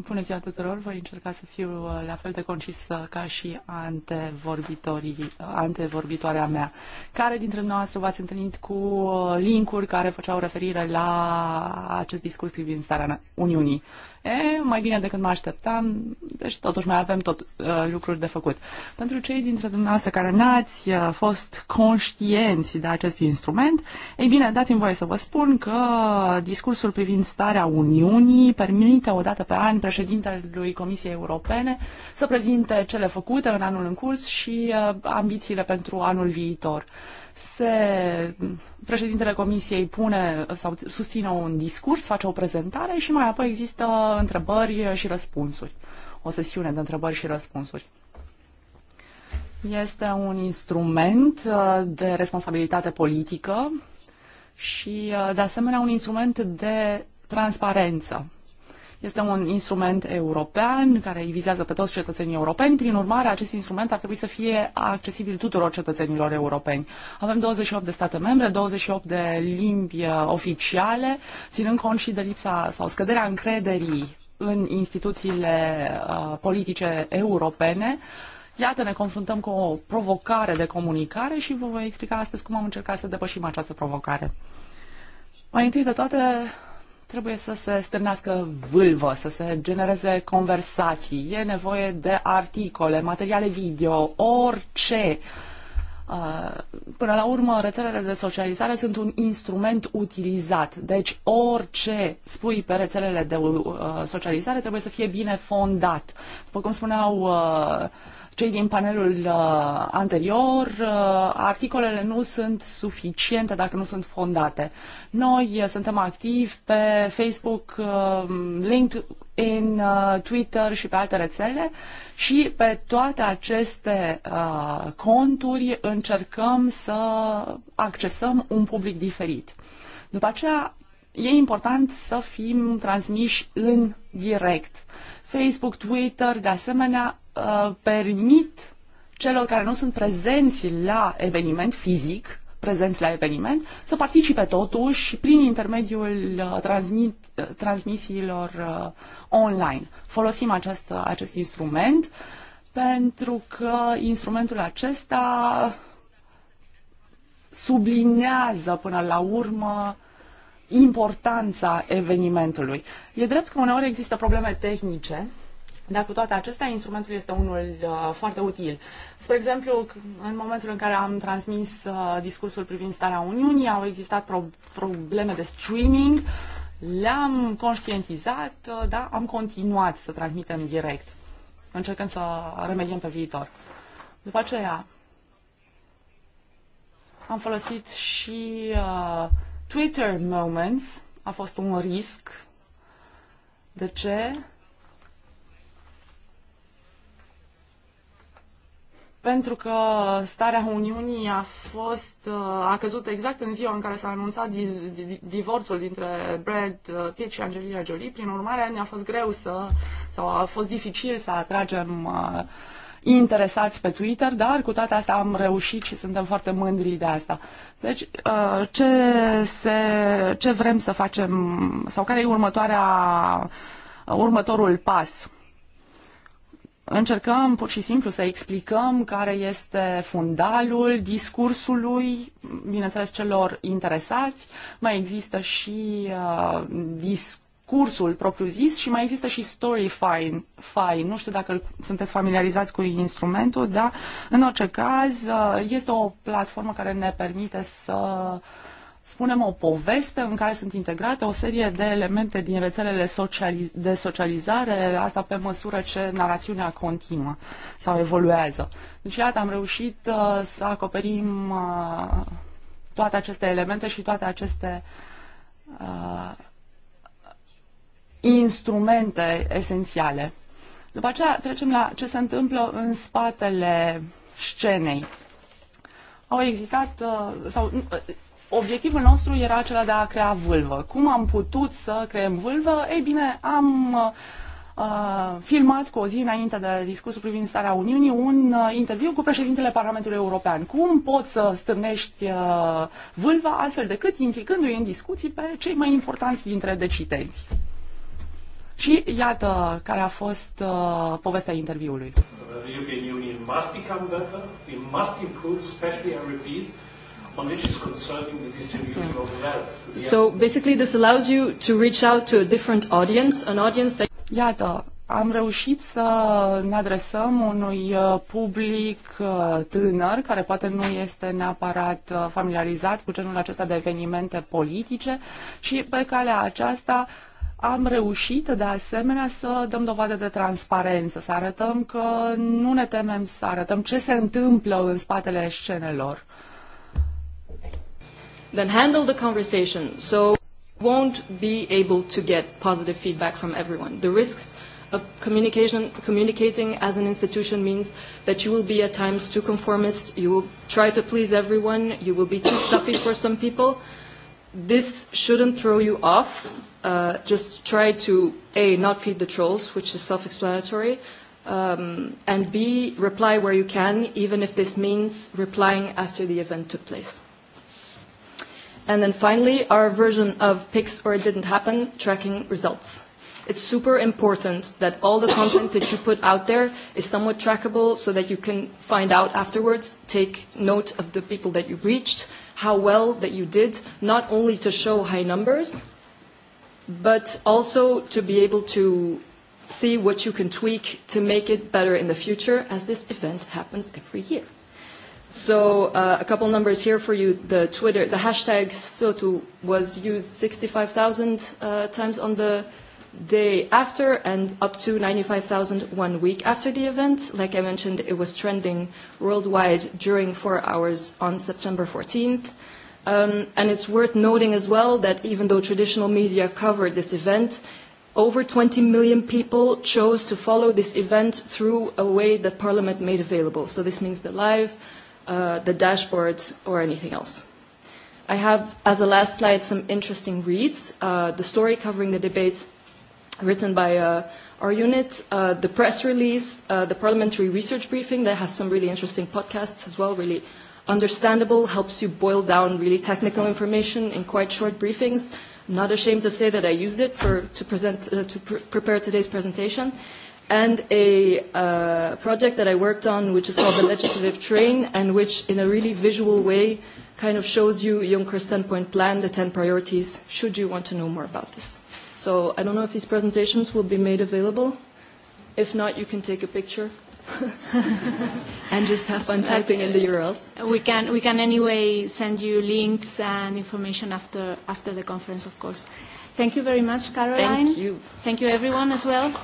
Bună ziua tuturor, voi încerca să fiu uh, la fel de concis ca și antevorbitorii, uh, antevorbitoarea mea. Care dintre noastre v-ați întâlnit cu uh, link-uri care făceau referire la acest discurs privind starea Uniunii? Uh, E, mai bine decât mă așteptam, deci totuși mai avem tot uh, lucruri de făcut. Pentru cei dintre dumneavoastră care n-ați uh, fost conștienți de acest instrument, ei bine, dați-mi voie să vă spun că discursul privind starea Uniunii permite o dată pe an președintelui Comisiei Europene să prezinte cele făcute în anul în curs și uh, ambițiile pentru anul viitor. Uh, se, președintele comisiei pune sau susține un discurs, face o prezentare și mai apoi există întrebări și răspunsuri, o sesiune de întrebări și răspunsuri. Este un instrument uh, de responsabilitate politică și, uh, de asemenea, un instrument de transparență. Este un instrument european care îi vizează pe toți cetățenii europeni. Prin urmare, acest instrument ar trebui să fie accesibil tuturor cetățenilor europeni. Avem 28 de state membre, 28 de limbi uh, oficiale, ținând cont și de lipsa sau scăderea încrederii în instituțiile uh, politice europene. Iată, ne confruntăm cu o provocare de comunicare și vă voi explica astăzi cum am încercat să depășim această provocare. Mai întâi de toate, trebuie să se stârnească vâlvă, să se genereze conversații, e nevoie de articole, materiale video, orice. Uh, până la urmă, rețelele de socializare sunt un instrument utilizat, deci orice spui pe rețelele de uh, socializare trebuie să fie bine fondat. După cum spuneau uh, cei din panelul uh, anterior, uh, articolele nu sunt suficiente dacă nu sunt fondate. Noi uh, suntem activi pe Facebook, uh, LinkedIn, uh, Twitter și pe alte rețele și pe toate aceste uh, conturi încercăm să accesăm un public diferit. După aceea, e important să fim transmiși în direct. Facebook, Twitter, de asemenea, uh, permit celor care nu sunt prezenți la eveniment fizic, prezenți la eveniment, să participe totuși prin intermediul uh, transmit, uh, transmisiilor online. Folosim acest, acest instrument pentru că instrumentul acesta sublinează până la urmă uh, importanța evenimentului. E drept că uneori există probleme tehnice, dar cu toate acestea, instrumentul este unul uh, foarte util. Spre exemplu, în momentul în care am transmis uh, discursul privind starea Uniunii, au existat pro- probleme de streaming, le-am conștientizat, uh, dar am continuat să transmitem direct, încercând să remediem pe viitor. După aceea, am folosit și uh, Twitter Moments a fost un risc. De ce? Pentru că starea Uniunii a fost uh, a căzut exact în ziua în care s-a anunțat divorțul dintre Brad uh, Pitt și Angelina Jolie. Prin urmare, ne-a fost greu să sau a fost dificil să atragem uh, interesați pe Twitter, dar cu toate astea am reușit și suntem foarte mândri de asta. Deci, uh, ce, se, ce vrem să facem sau care e următoarea, următorul pas? Încercăm pur și simplu să explicăm care este fundalul discursului, bineînțeles celor interesați. Mai există și uh, discursul cursul propriu-zis și mai există și Storyfy, Fine. Nu știu dacă sunteți familiarizați cu instrumentul, dar în orice caz uh, este o platformă care ne permite să spunem, o poveste în care sunt integrate o serie de elemente din rețelele sociali- de socializare, asta pe măsură ce narațiunea continuă sau evoluează. Deci, iată, am reușit uh, să acoperim uh, toate aceste elemente și toate aceste uh, instrumente esențiale. După aceea trecem la ce se întâmplă în spatele scenei. Au existat, uh, sau uh, obiectivul nostru era acela de a crea vulvă. Cum am putut să creăm vulvă? Ei bine, am uh, filmat cu o zi înainte de discursul privind starea Uniunii un uh, interviu cu președintele Parlamentului European. Cum poți să stârnești uh, vulva altfel decât implicându-i în discuții pe cei mai importanți dintre decidenți? Și iată care a fost uh, povestea interviului. The So basically this allows you to reach out to a different audience, an audience that... Iată, am reușit să ne adresăm unui uh, public uh, tânăr care poate nu este neapărat uh, familiarizat cu genul acesta de evenimente politice și pe calea aceasta uh, am reușit, de asemenea, să dăm dovadă de transparență, să arătăm că nu ne temem să arătăm ce se întâmplă în spatele scenelor. Then handle the conversation so won't be able to get positive feedback from everyone. The risks of communication, communicating as an institution means that you will be at times too conformist, you will try to please everyone, you will be too stuffy for some people. This shouldn't throw you off Uh, just try to A, not feed the trolls, which is self-explanatory, um, and B, reply where you can, even if this means replying after the event took place. And then finally, our version of "pics or it didn't happen, tracking results. It's super important that all the content that you put out there is somewhat trackable so that you can find out afterwards, take note of the people that you reached, how well that you did, not only to show high numbers, but also to be able to see what you can tweak to make it better in the future as this event happens every year. So uh, a couple numbers here for you. The Twitter, the hashtag SOTU was used 65,000 uh, times on the day after and up to 95,000 one week after the event. Like I mentioned, it was trending worldwide during four hours on September 14th. Um, and it's worth noting as well that even though traditional media covered this event, over 20 million people chose to follow this event through a way that Parliament made available. So this means the live, uh, the dashboard, or anything else. I have, as a last slide, some interesting reads. Uh, the story covering the debate written by uh, our unit, uh, the press release, uh, the parliamentary research briefing. They have some really interesting podcasts as well, really Understandable helps you boil down really technical information in quite short briefings. I'm not ashamed to say that I used it for, to, present, uh, to pr prepare today's presentation. And a uh, project that I worked on, which is called the Legislative Train, and which in a really visual way kind of shows you Juncker's 10-point plan, the 10 priorities, should you want to know more about this. So I don't know if these presentations will be made available. If not, you can take a picture. [laughs] and just have fun typing in the URLs. We can we can anyway send you links and information after after the conference, of course. Thank you very much, Caroline. Thank you. Thank you, everyone, as well. [laughs]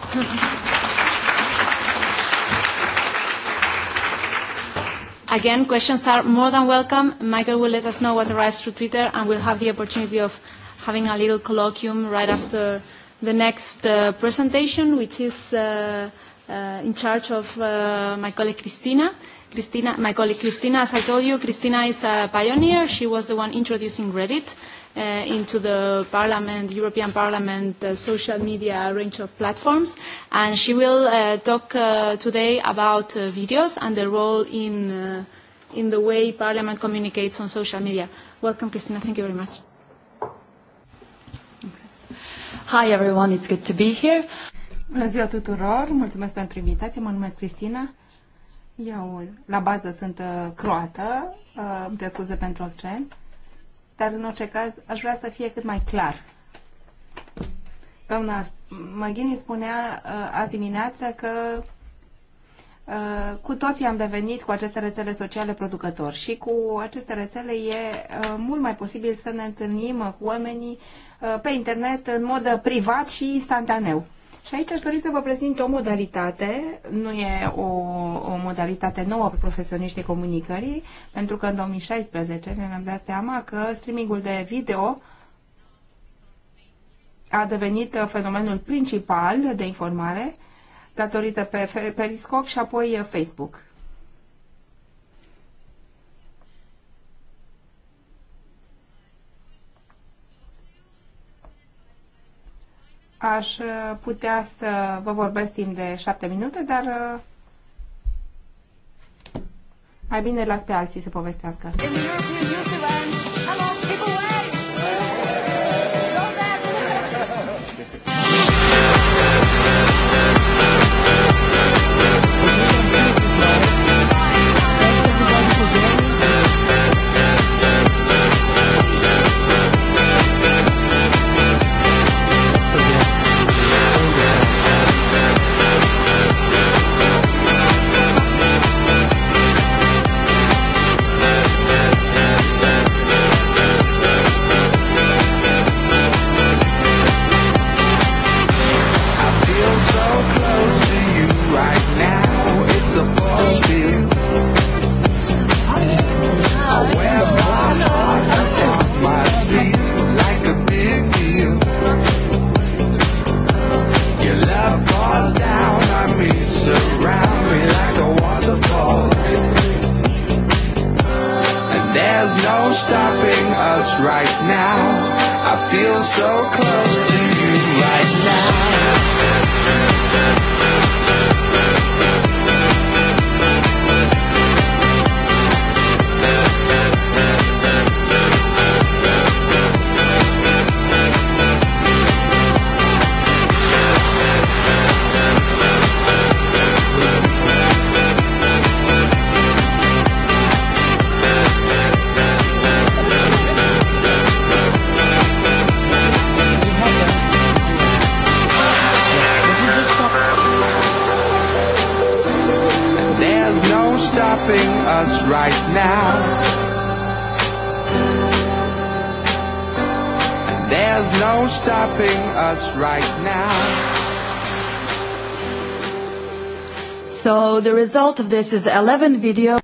Again, questions are more than welcome. Michael will let us know what arrives through Twitter, and we'll have the opportunity of having a little colloquium right after the next uh, presentation, which is. Uh, uh, in charge of uh, my colleague Cristina. Cristina, my colleague Cristina, as I told you, Cristina is a pioneer. She was the one introducing Reddit uh, into the Parliament, European Parliament uh, social media range of platforms. And she will uh, talk uh, today about uh, videos and the role in, uh, in the way Parliament communicates on social media. Welcome, Cristina. Thank you very much. Hi, everyone. It's good to be here. Bună ziua tuturor, mulțumesc pentru invitație, mă numesc Cristina. Eu la bază sunt uh, croată, uh, îmi cer scuze pentru accent, dar în orice caz aș vrea să fie cât mai clar. Doamna Măghini spunea uh, azi dimineață că uh, cu toții am devenit cu aceste rețele sociale producători și cu aceste rețele e uh, mult mai posibil să ne întâlnim cu oamenii uh, pe internet în mod privat și instantaneu. Și aici aș dori să vă prezint o modalitate, nu e o, o modalitate nouă pe profesioniștii comunicării, pentru că în 2016 ne-am dat seama că streamingul de video a devenit fenomenul principal de informare datorită pe Periscope și apoi Facebook. Aș uh, putea să vă vorbesc timp de șapte minute, dar uh, mai bine las pe alții să povestească. no stopping us right now. I feel so close to you right now. us right now. And there's no stopping us right now. So the result of this is 11 video.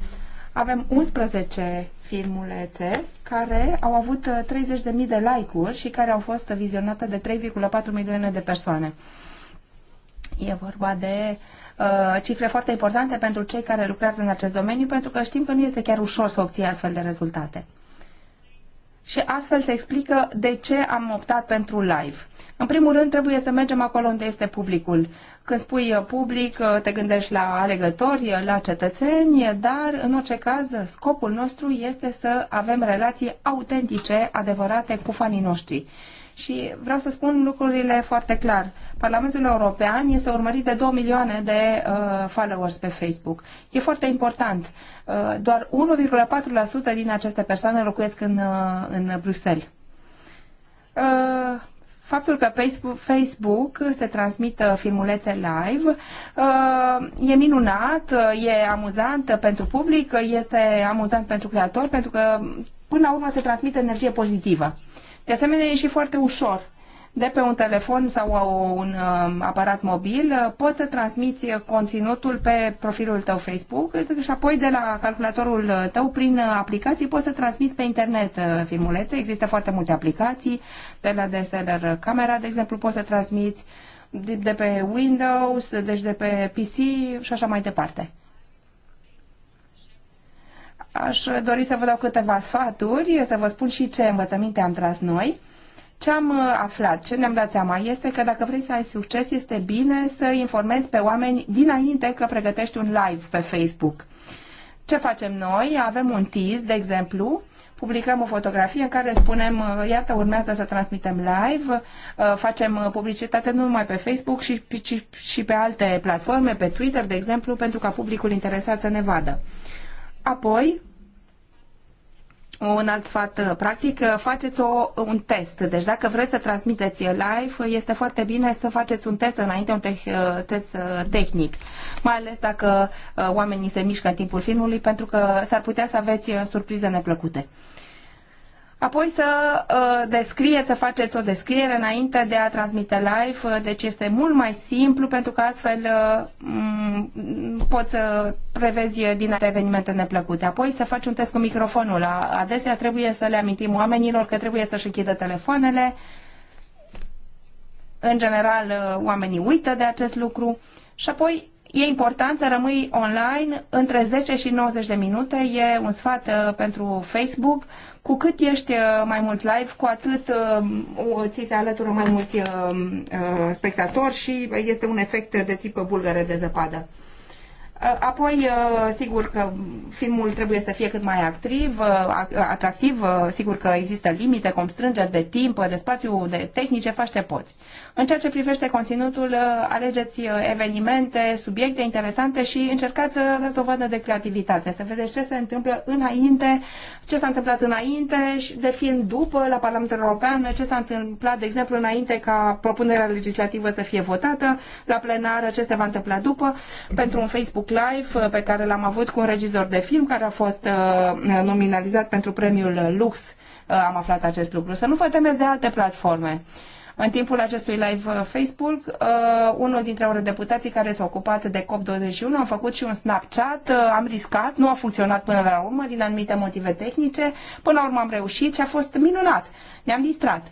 Avem 11 filmulețe care au avut 30.000 uh, de like-uri și care au fost vizionate de 3,4 milioane de persoane. E vorba de uh, Uh, cifre foarte importante pentru cei care lucrează în acest domeniu, pentru că știm că nu este chiar ușor să obții astfel de rezultate. Și astfel se explică de ce am optat pentru live. În primul rând, trebuie să mergem acolo unde este publicul. Când spui uh, public, uh, te gândești la alegători, la cetățeni, dar, în orice caz, scopul nostru este să avem relații autentice, adevărate cu fanii noștri. Și vreau să spun lucrurile foarte clar. Parlamentul European este urmărit de 2 milioane de uh, followers pe Facebook. E foarte important. Uh, doar 1,4% din aceste persoane locuiesc în, uh, în Bruxelles. Uh, faptul că Facebook se transmită uh, filmulețe live uh, e minunat, uh, e amuzant pentru public, este amuzant pentru creator, pentru că până la urmă se transmite energie pozitivă. De asemenea, e și foarte ușor de pe un telefon sau un um, aparat mobil, uh, poți să transmiți conținutul pe profilul tău Facebook și apoi de la calculatorul uh, tău prin uh, aplicații poți să transmiți pe internet filmulețe. Există foarte multe aplicații, de la DSLR camera, de exemplu, poți să transmiți de pe Windows, deci de pe PC și așa mai departe. Aș dori să vă dau câteva sfaturi, să vă spun și ce învățăminte am tras noi. Ce am uh, aflat, ce ne-am dat seama, este că dacă vrei să ai succes, este bine să informezi pe oameni dinainte că pregătești un live pe Facebook. Ce facem noi? Avem un tease, de exemplu, publicăm o fotografie în care spunem, uh, iată, urmează să transmitem live, uh, facem publicitate nu numai pe Facebook, ci, ci și pe alte platforme, pe Twitter, de exemplu, pentru ca publicul interesat să ne vadă. Apoi, un alt sfat uh, practic, uh, faceți o, un test. Deci dacă vreți să transmiteți live, uh, este foarte bine să faceți un test înainte, un te test tehnic, mai ales dacă oamenii se mișcă în timpul filmului, pentru că s-ar putea să aveți surprize neplăcute apoi să uh, descrieți, să faceți o descriere înainte de a transmite live, uh, deci este mult mai simplu pentru că astfel uh, poți să prevezi din alte evenimente neplăcute. Apoi să faci un test cu microfonul. Adesea trebuie să le amintim oamenilor că trebuie să-și închidă telefoanele. În general, oamenii uită de acest lucru. Și apoi E important să rămâi online între 10 și 90 de minute. E un sfat pentru Facebook. Cu cât ești uh, mai mult live, cu atât uh, ți se alătură mai mulți uh, spectatori și este un efect de tip bulgare de zăpadă. Uh, apoi, uh, sigur că filmul trebuie să fie cât mai activ, uh, atractiv, sigur că există limite, constrângeri de timp, de spațiu, de tehnice, faci ce poți. În ceea ce privește conținutul, alegeți evenimente, subiecte interesante și încercați să dați dovadă de creativitate, să vedeți ce se întâmplă înainte, ce s-a întâmplat înainte și de fiind după la Parlamentul European, ce s-a întâmplat, de exemplu, înainte ca propunerea legislativă să fie votată la plenară, ce se va întâmpla după, pentru un Facebook Life pe care l-am avut cu un regizor de film care a fost uh, nominalizat pentru premiul Lux. Uh, am aflat acest lucru. Să nu vă temeți de alte platforme. În timpul acestui live uh, Facebook, unul dintre eurodeputații care s-a ocupat de COP21 am făcut și un Snapchat, am riscat, nu a funcționat până la urmă din anumite motive tehnice, până la urmă am reușit și a fost minunat. Ne-am distrat.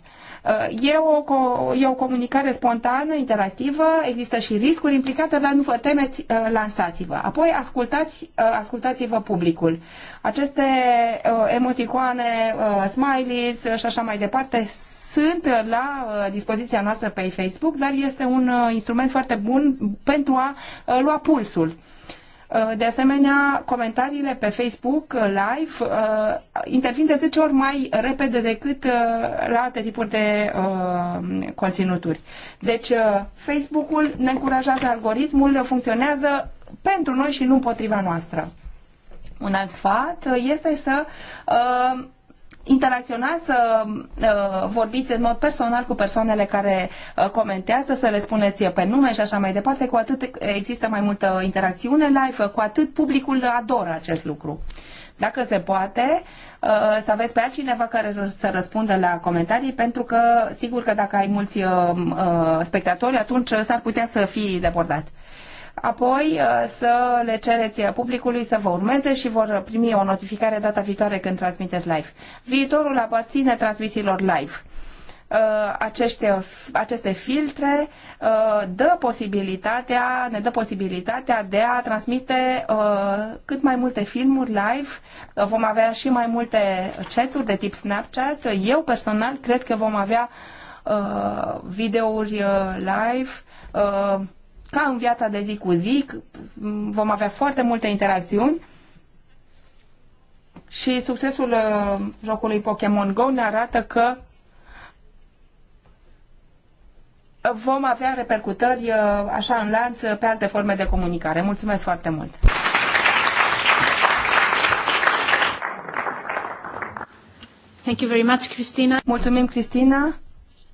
E o, e o comunicare spontană, interactivă, există și riscuri implicate, dar nu vă temeți, uh, lansați-vă. Apoi ascultați, uh, ascultați-vă publicul. Aceste uh, emoticoane, smileys și așa mai departe sunt la dispoziția noastră pe Facebook, dar este un instrument foarte bun pentru a lua pulsul Uh, de asemenea, comentariile pe Facebook uh, live uh, intervin de 10 ori mai repede decât la alte tipuri de conținuturi. Deci, Facebook-ul ne încurajează algoritmul, funcționează pentru noi și nu împotriva noastră. Un alt sfat este să interacționați, să uh, vorbiți în mod personal cu persoanele care uh, comentează, să le spuneți pe nume și așa mai departe, cu atât există mai multă interacțiune live, cu atât publicul adoră acest lucru. Dacă se poate, uh, să aveți pe altcineva care să răspundă la comentarii, pentru că sigur că dacă ai mulți spectatori, atunci s-ar putea să fii deportat apoi uh, să le cereți publicului să vă urmeze și vor primi o notificare data viitoare când transmiteți live. Viitorul aparține transmisiilor live. Uh, aceste, aceste filtre uh, dă posibilitatea, ne dă posibilitatea de a transmite cât mai multe filmuri live. Vom avea și mai multe chaturi de tip Snapchat. Eu personal cred că vom avea videouri live ca în viața de zi cu zi, vom avea foarte multe interacțiuni și succesul uh, jocului Pokémon Go ne arată că vom avea repercutări uh, așa în lanț pe alte forme de comunicare. Mulțumesc foarte mult! Thank you very much, Cristina. Mulțumim, Cristina.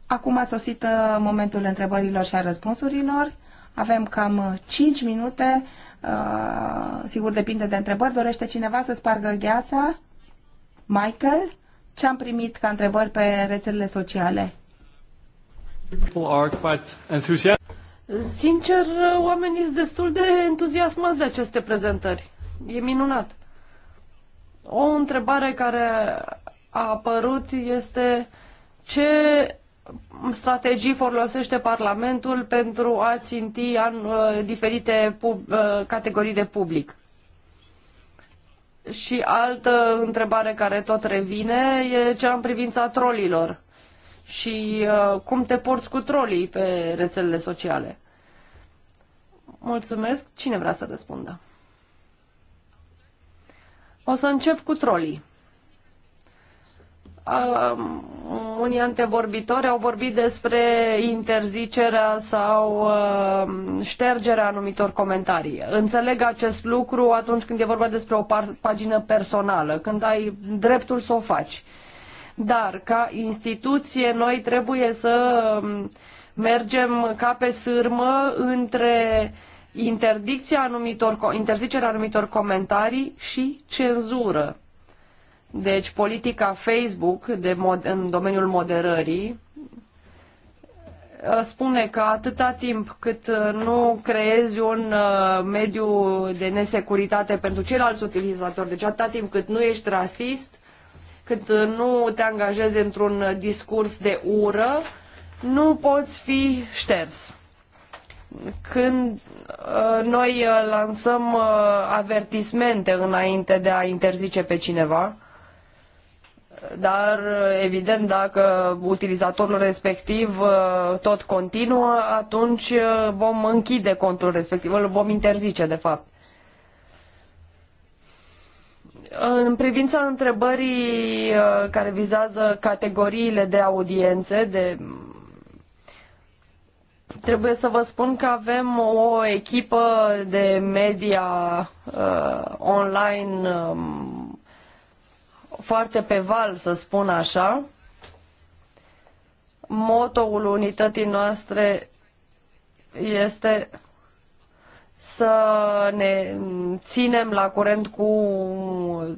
Acum a sosit uh, momentul întrebărilor și a răspunsurilor. Avem cam 5 uh, minute. Uh, sigur, depinde de întrebări. Dorește cineva să spargă gheața? Michael? Ce am primit ca întrebări pe rețelele sociale? Sincer, oamenii sunt destul de entuziasmați de aceste prezentări. E minunat. O întrebare care a apărut este ce strategii folosește Parlamentul pentru a ținti an, uh, diferite pub, uh, categorii de public. Și altă întrebare care tot revine e cea în privința trolilor și uh, cum te porți cu trolii pe rețelele sociale. Mulțumesc. Cine vrea să răspundă? O să încep cu trolii. Um, unii antevorbitori au vorbit despre interzicerea sau uh, ștergerea anumitor comentarii. Înțeleg acest lucru atunci când e vorba despre o pagină personală, când ai dreptul să o faci. Dar, ca instituție, noi trebuie să um, mergem ca pe sârmă între interdicția anumitor, interzicerea anumitor comentarii și cenzură deci politica Facebook de mod, în domeniul moderării uh, spune că atâta timp cât uh, nu creezi un uh, mediu de nesecuritate pentru ceilalți utilizatori, deci atâta timp cât nu ești rasist, cât nu te angajezi într-un discurs de ură, nu poți fi șters. Când noi lansăm avertismente înainte de a interzice pe cineva, dar evident dacă utilizatorul respectiv uh, tot continuă, atunci uh, vom închide contul respectiv, îl vom interzice de fapt. În privința întrebării uh, care vizează categoriile de audiențe, de... trebuie să vă spun că avem o echipă de media uh, online um, foarte pe val, să spun așa. Motoul unității noastre este să ne ținem la curent cu uh,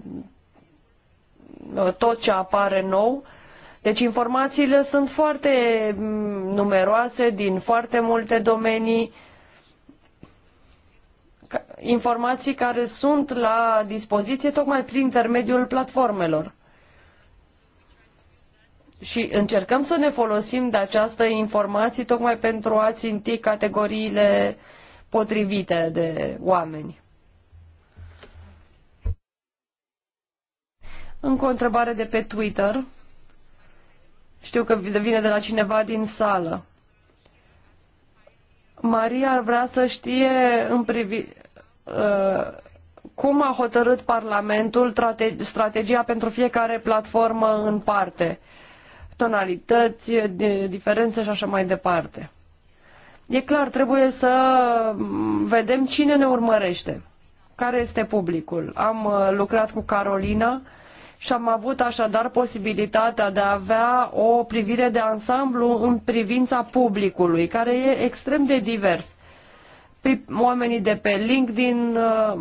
tot ce apare nou. Deci informațiile sunt foarte mm, numeroase din foarte multe domenii informații care sunt la dispoziție tocmai prin intermediul platformelor. Și încercăm să ne folosim de această informație tocmai pentru a ținti categoriile potrivite de oameni. Încă o întrebare de pe Twitter. Știu că vine de la cineva din sală. Maria ar vrea să știe în privi... Uh, cum a hotărât Parlamentul strategia pentru fiecare platformă în parte, tonalități, diferențe și așa mai departe. E clar, trebuie să mm, vedem cine ne urmărește, care este publicul. Am uh, lucrat cu Carolina și am avut așadar posibilitatea de a avea o privire de ansamblu în privința publicului, care e extrem de divers oamenii de pe LinkedIn uh,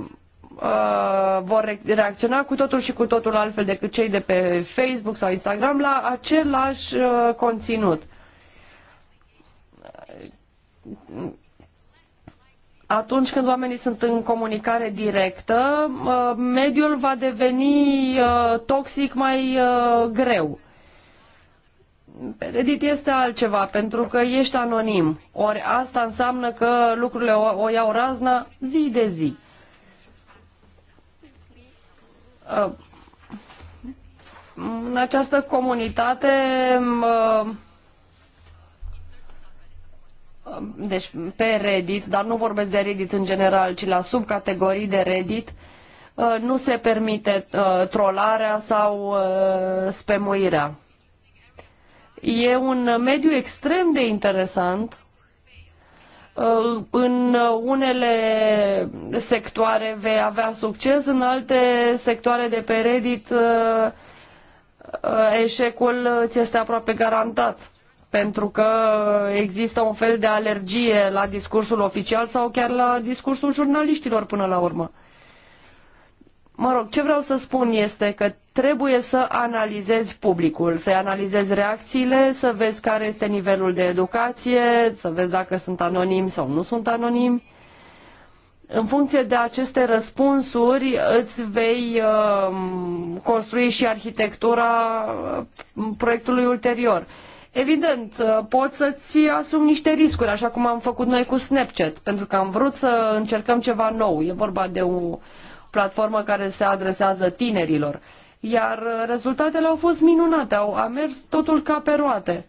uh, vor reacționa cu totul și cu totul altfel decât cei de pe Facebook sau Instagram la același uh, conținut. Atunci când oamenii sunt în comunicare directă, mediul va deveni toxic mai greu. Pe Reddit este altceva, pentru că ești anonim. Ori asta înseamnă că lucrurile o, o iau razna zi de zi. Uh, în această comunitate uh, uh, deci pe Reddit, dar nu vorbesc de Reddit în general, ci la subcategorii de Reddit, nu se permite trolarea sau spemuirea. E un mediu extrem de interesant. Uh, în unele sectoare vei avea succes, în alte sectoare de pe Reddit uh, uh, eșecul ți este aproape garantat pentru că există un fel de alergie la discursul oficial sau chiar la discursul jurnaliștilor până la urmă. Mă rog, ce vreau să spun este că trebuie să analizezi publicul, să-i analizezi reacțiile, să vezi care este nivelul de educație, să vezi dacă sunt anonimi sau nu sunt anonimi. În funcție de aceste răspunsuri îți vei uh, construi și arhitectura uh, proiectului ulterior. Evident, uh, poți să-ți asumi niște riscuri, așa cum am făcut noi cu Snapchat, pentru că am vrut să încercăm ceva nou. E vorba de un platformă care se adresează tinerilor. Iar uh, rezultatele au fost minunate, au a mers totul ca pe roate.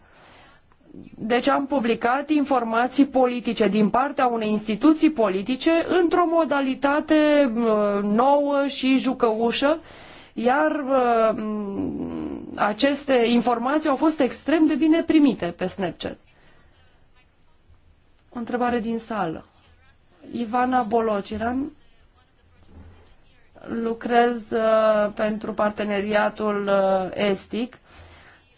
Deci am publicat informații politice din partea unei instituții politice într-o modalitate uh, nouă și jucăușă, iar uh, aceste informații au fost extrem de bine primite pe Snapchat. O întrebare din sală. Ivana Bolociran lucrez uh, pentru parteneriatul uh, estic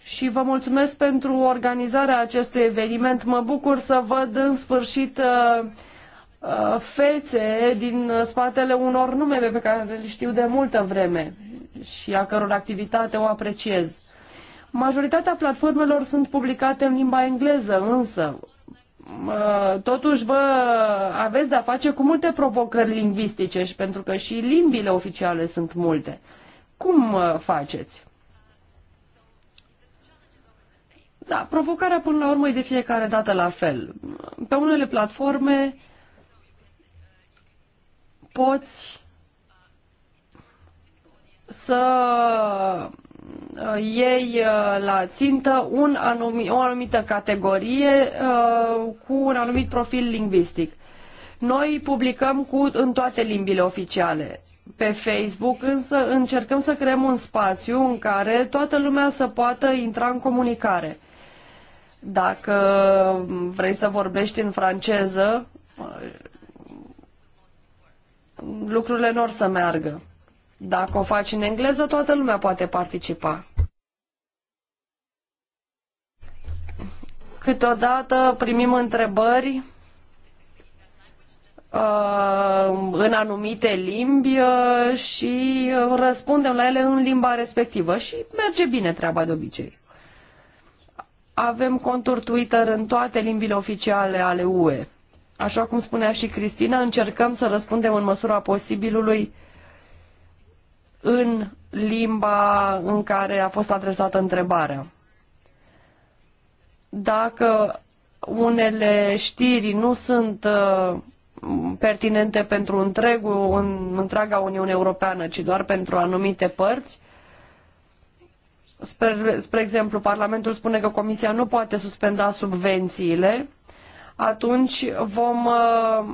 și vă mulțumesc pentru organizarea acestui eveniment. Mă bucur să văd în sfârșit uh, fețe din spatele unor nume pe care le știu de multă vreme și a căror activitate o apreciez. Majoritatea platformelor sunt publicate în limba engleză, însă totuși vă aveți de-a face cu multe provocări lingvistice și pentru că și limbile oficiale sunt multe. Cum faceți? Da, provocarea până la urmă e de fiecare dată la fel. Pe unele platforme poți să iei uh, uh, la țintă un anumit, o anumită categorie uh, cu un anumit profil lingvistic. Noi publicăm cu, în toate limbile oficiale. Pe Facebook însă încercăm să creăm un spațiu în care toată lumea să poată intra în comunicare. Dacă vrei să vorbești în franceză, lucrurile nu or să meargă. Dacă o faci în engleză, toată lumea poate participa. Câteodată primim întrebări uh, în anumite limbi uh, și răspundem la ele în limba respectivă și merge bine treaba de obicei. Avem conturi Twitter în toate limbile oficiale ale UE. Așa cum spunea și Cristina, încercăm să răspundem în măsura posibilului în limba în care a fost adresată întrebarea. Dacă unele știri nu sunt uh, pertinente pentru întregul, în, întreaga Uniune Europeană, ci doar pentru anumite părți, Spre, spre, exemplu, Parlamentul spune că Comisia nu poate suspenda subvențiile, atunci vom uh,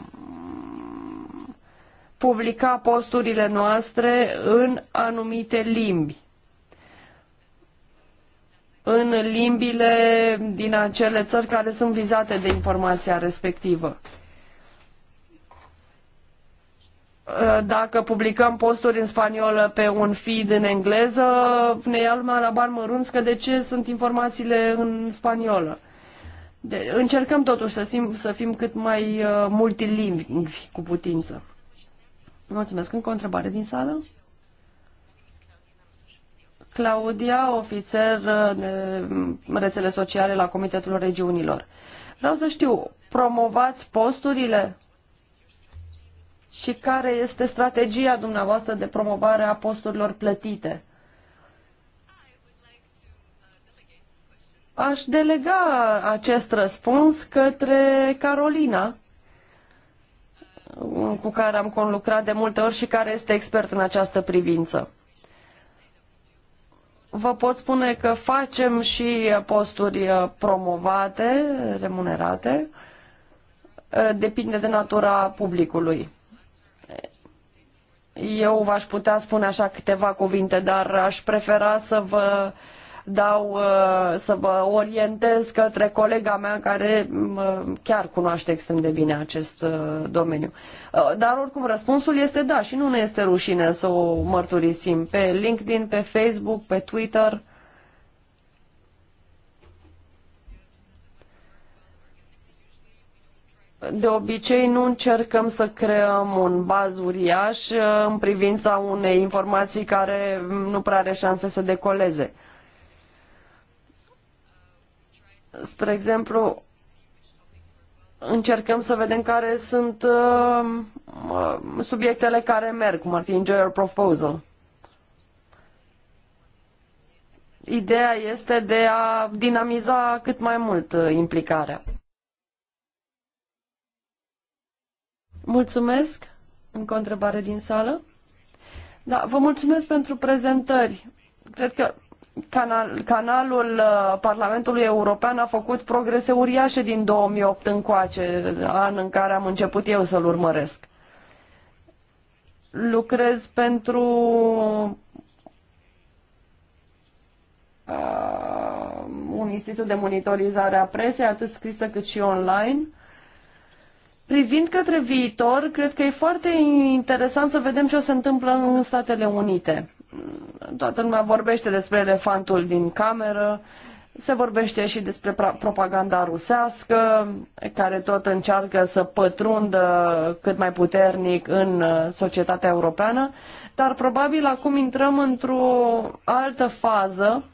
publica posturile noastre în anumite limbi. În limbile din acele țări care sunt vizate de informația respectivă. Dacă publicăm posturi în spaniolă pe un feed în engleză, ne ia lumea la bar mărunți că de ce sunt informațiile în spaniolă. De, încercăm totuși să, sim, să fim cât mai uh, multilingvi cu putință. Mulțumesc. Încă o întrebare din sală? Claudia, ofițer uh, de mm, rețele sociale la Comitetul Regiunilor. Vreau să știu, promovați posturile și care este strategia dumneavoastră de promovare a posturilor plătite? Aș delega acest răspuns către Carolina, cu care am conlucrat de multe ori și care este expert în această privință. Vă pot spune că facem și posturi uh, promovate, remunerate, uh, depinde de natura publicului. Eu v-aș putea spune așa câteva cuvinte, dar aș prefera să vă uh, dau, uh, să vă orientez către colega mea care mm, uh, chiar cunoaște extrem de bine acest uh, domeniu. Dar oricum răspunsul este da și nu ne este rușine să o mărturisim pe LinkedIn, pe Facebook, pe Twitter. De obicei nu încercăm să creăm un baz uriaș în privința unei informații care nu prea are șanse să decoleze. Spre exemplu, încercăm să vedem care sunt uh, subiectele care merg, cum ar fi Enjoy Your Proposal. Ideea este de a dinamiza cât mai mult uh, implicarea. Mulțumesc. Încă o întrebare din sală. Da, vă mulțumesc pentru prezentări. Cred că Canal, canalul uh, Parlamentului European a făcut progrese uriașe din 2008 încoace, an în care am început eu să-l urmăresc. Lucrez pentru uh, un institut de monitorizare a presei, atât scrisă cât și online. Privind către viitor, cred că e foarte interesant să vedem ce o se întâmplă în Statele Unite toată lumea vorbește despre elefantul din cameră, se vorbește și despre propaganda rusească, care tot încearcă să pătrundă cât mai puternic în uh, societatea europeană, dar probabil acum intrăm într-o altă fază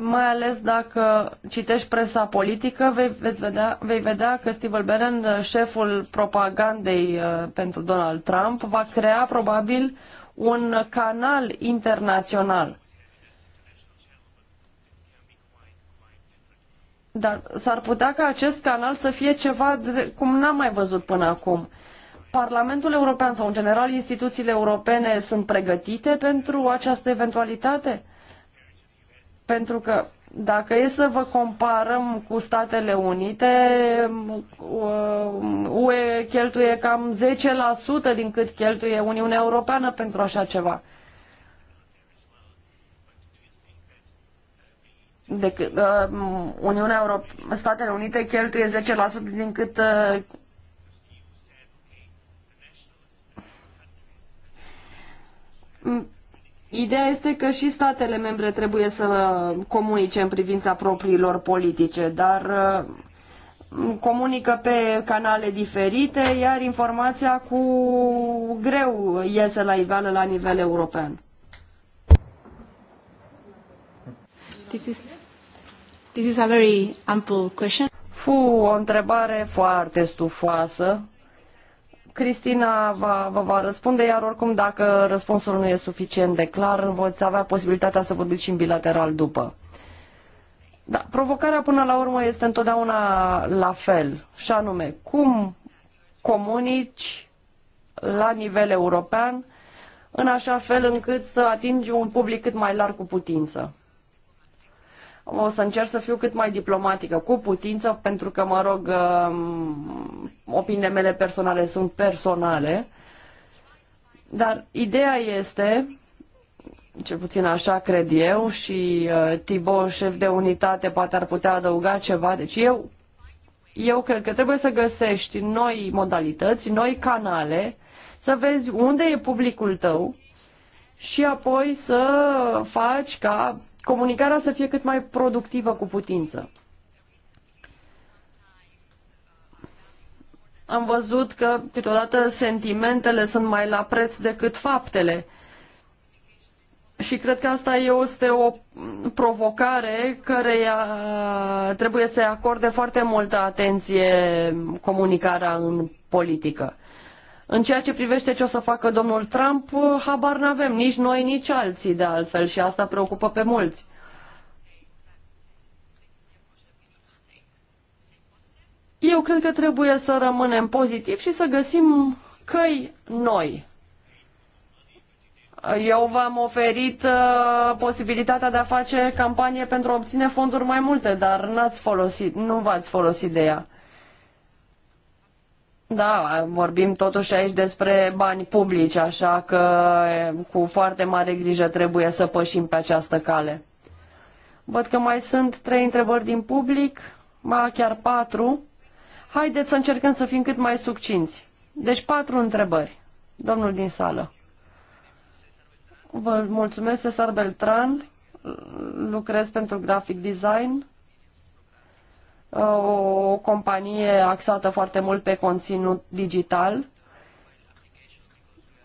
mai ales dacă citești presa politică, vei, veți vedea, vei vedea că Steve Bannon, șeful propagandei uh, pentru Donald Trump, va crea probabil un canal internațional. Dar s-ar putea ca acest canal să fie ceva de, cum n-am mai văzut până acum. Parlamentul European sau, în general, instituțiile europene sunt pregătite pentru această eventualitate? Pentru că dacă e să vă comparăm cu Statele Unite, UE uh, cheltuie cam 10% din cât cheltuie Uniunea Europeană pentru așa ceva. Decât, uh, Uniunea Europe- Statele Unite cheltuie 10% din cât uh, Ideea este că și statele membre trebuie să comunice în privința propriilor politice, dar uh, comunică pe canale diferite, iar informația cu greu iese la iveală la nivel european. This is, this is a very ample question. Fu o întrebare foarte stufoasă. Cristina va, va răspunde, iar oricum dacă răspunsul nu e suficient de clar, voți avea posibilitatea să vorbiți și în bilateral după. Da, provocarea până la urmă este întotdeauna la fel, și anume, cum comunici la nivel european în așa fel încât să atingi un public cât mai larg cu putință. O să încerc să fiu cât mai diplomatică, cu putință, pentru că, mă rog, um, opiniile mele personale sunt personale. Dar ideea este, cel puțin așa cred eu, și uh, Tibo, șef de unitate, poate ar putea adăuga ceva. Deci eu, eu cred că trebuie să găsești noi modalități, noi canale, să vezi unde e publicul tău și apoi să faci ca comunicarea să fie cât mai productivă cu putință. Am văzut că câteodată sentimentele sunt mai la preț decât faptele. Și cred că asta este o provocare care trebuie să acorde foarte multă atenție comunicarea în politică. În ceea ce privește ce o să facă domnul Trump, uh, habar n-avem, nici noi, nici alții de altfel și asta preocupă pe mulți. Eu cred că trebuie să rămânem pozitivi și să găsim căi noi. Eu v-am oferit uh, posibilitatea de a face campanie pentru a obține fonduri mai multe, dar n-ați folosit, nu v-ați folosit de ea. Da, vorbim totuși aici despre bani publici, așa că cu foarte mare grijă trebuie să pășim pe această cale. Văd că mai sunt trei întrebări din public, ba chiar patru. Haideți să încercăm să fim cât mai succinți. Deci patru întrebări. Domnul din sală. Vă mulțumesc, Cesar Beltran. Lucrez pentru graphic design Uh, o companie axată foarte mult pe conținut digital.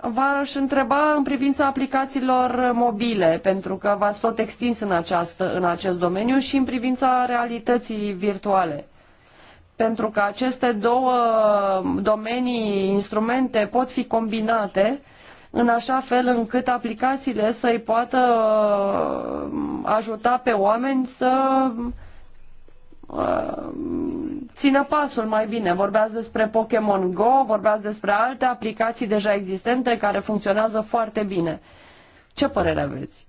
V-aș întreba în privința aplicațiilor mobile, pentru că v-ați tot extins în, această, în acest domeniu și în privința realității virtuale. Pentru că aceste două domenii, instrumente, pot fi combinate în așa fel încât aplicațiile să-i poată uh, ajuta pe oameni să Uh, țină pasul mai bine. Vorbeați despre Pokémon Go, vorbeați despre alte aplicații deja existente care funcționează foarte bine. Ce părere aveți?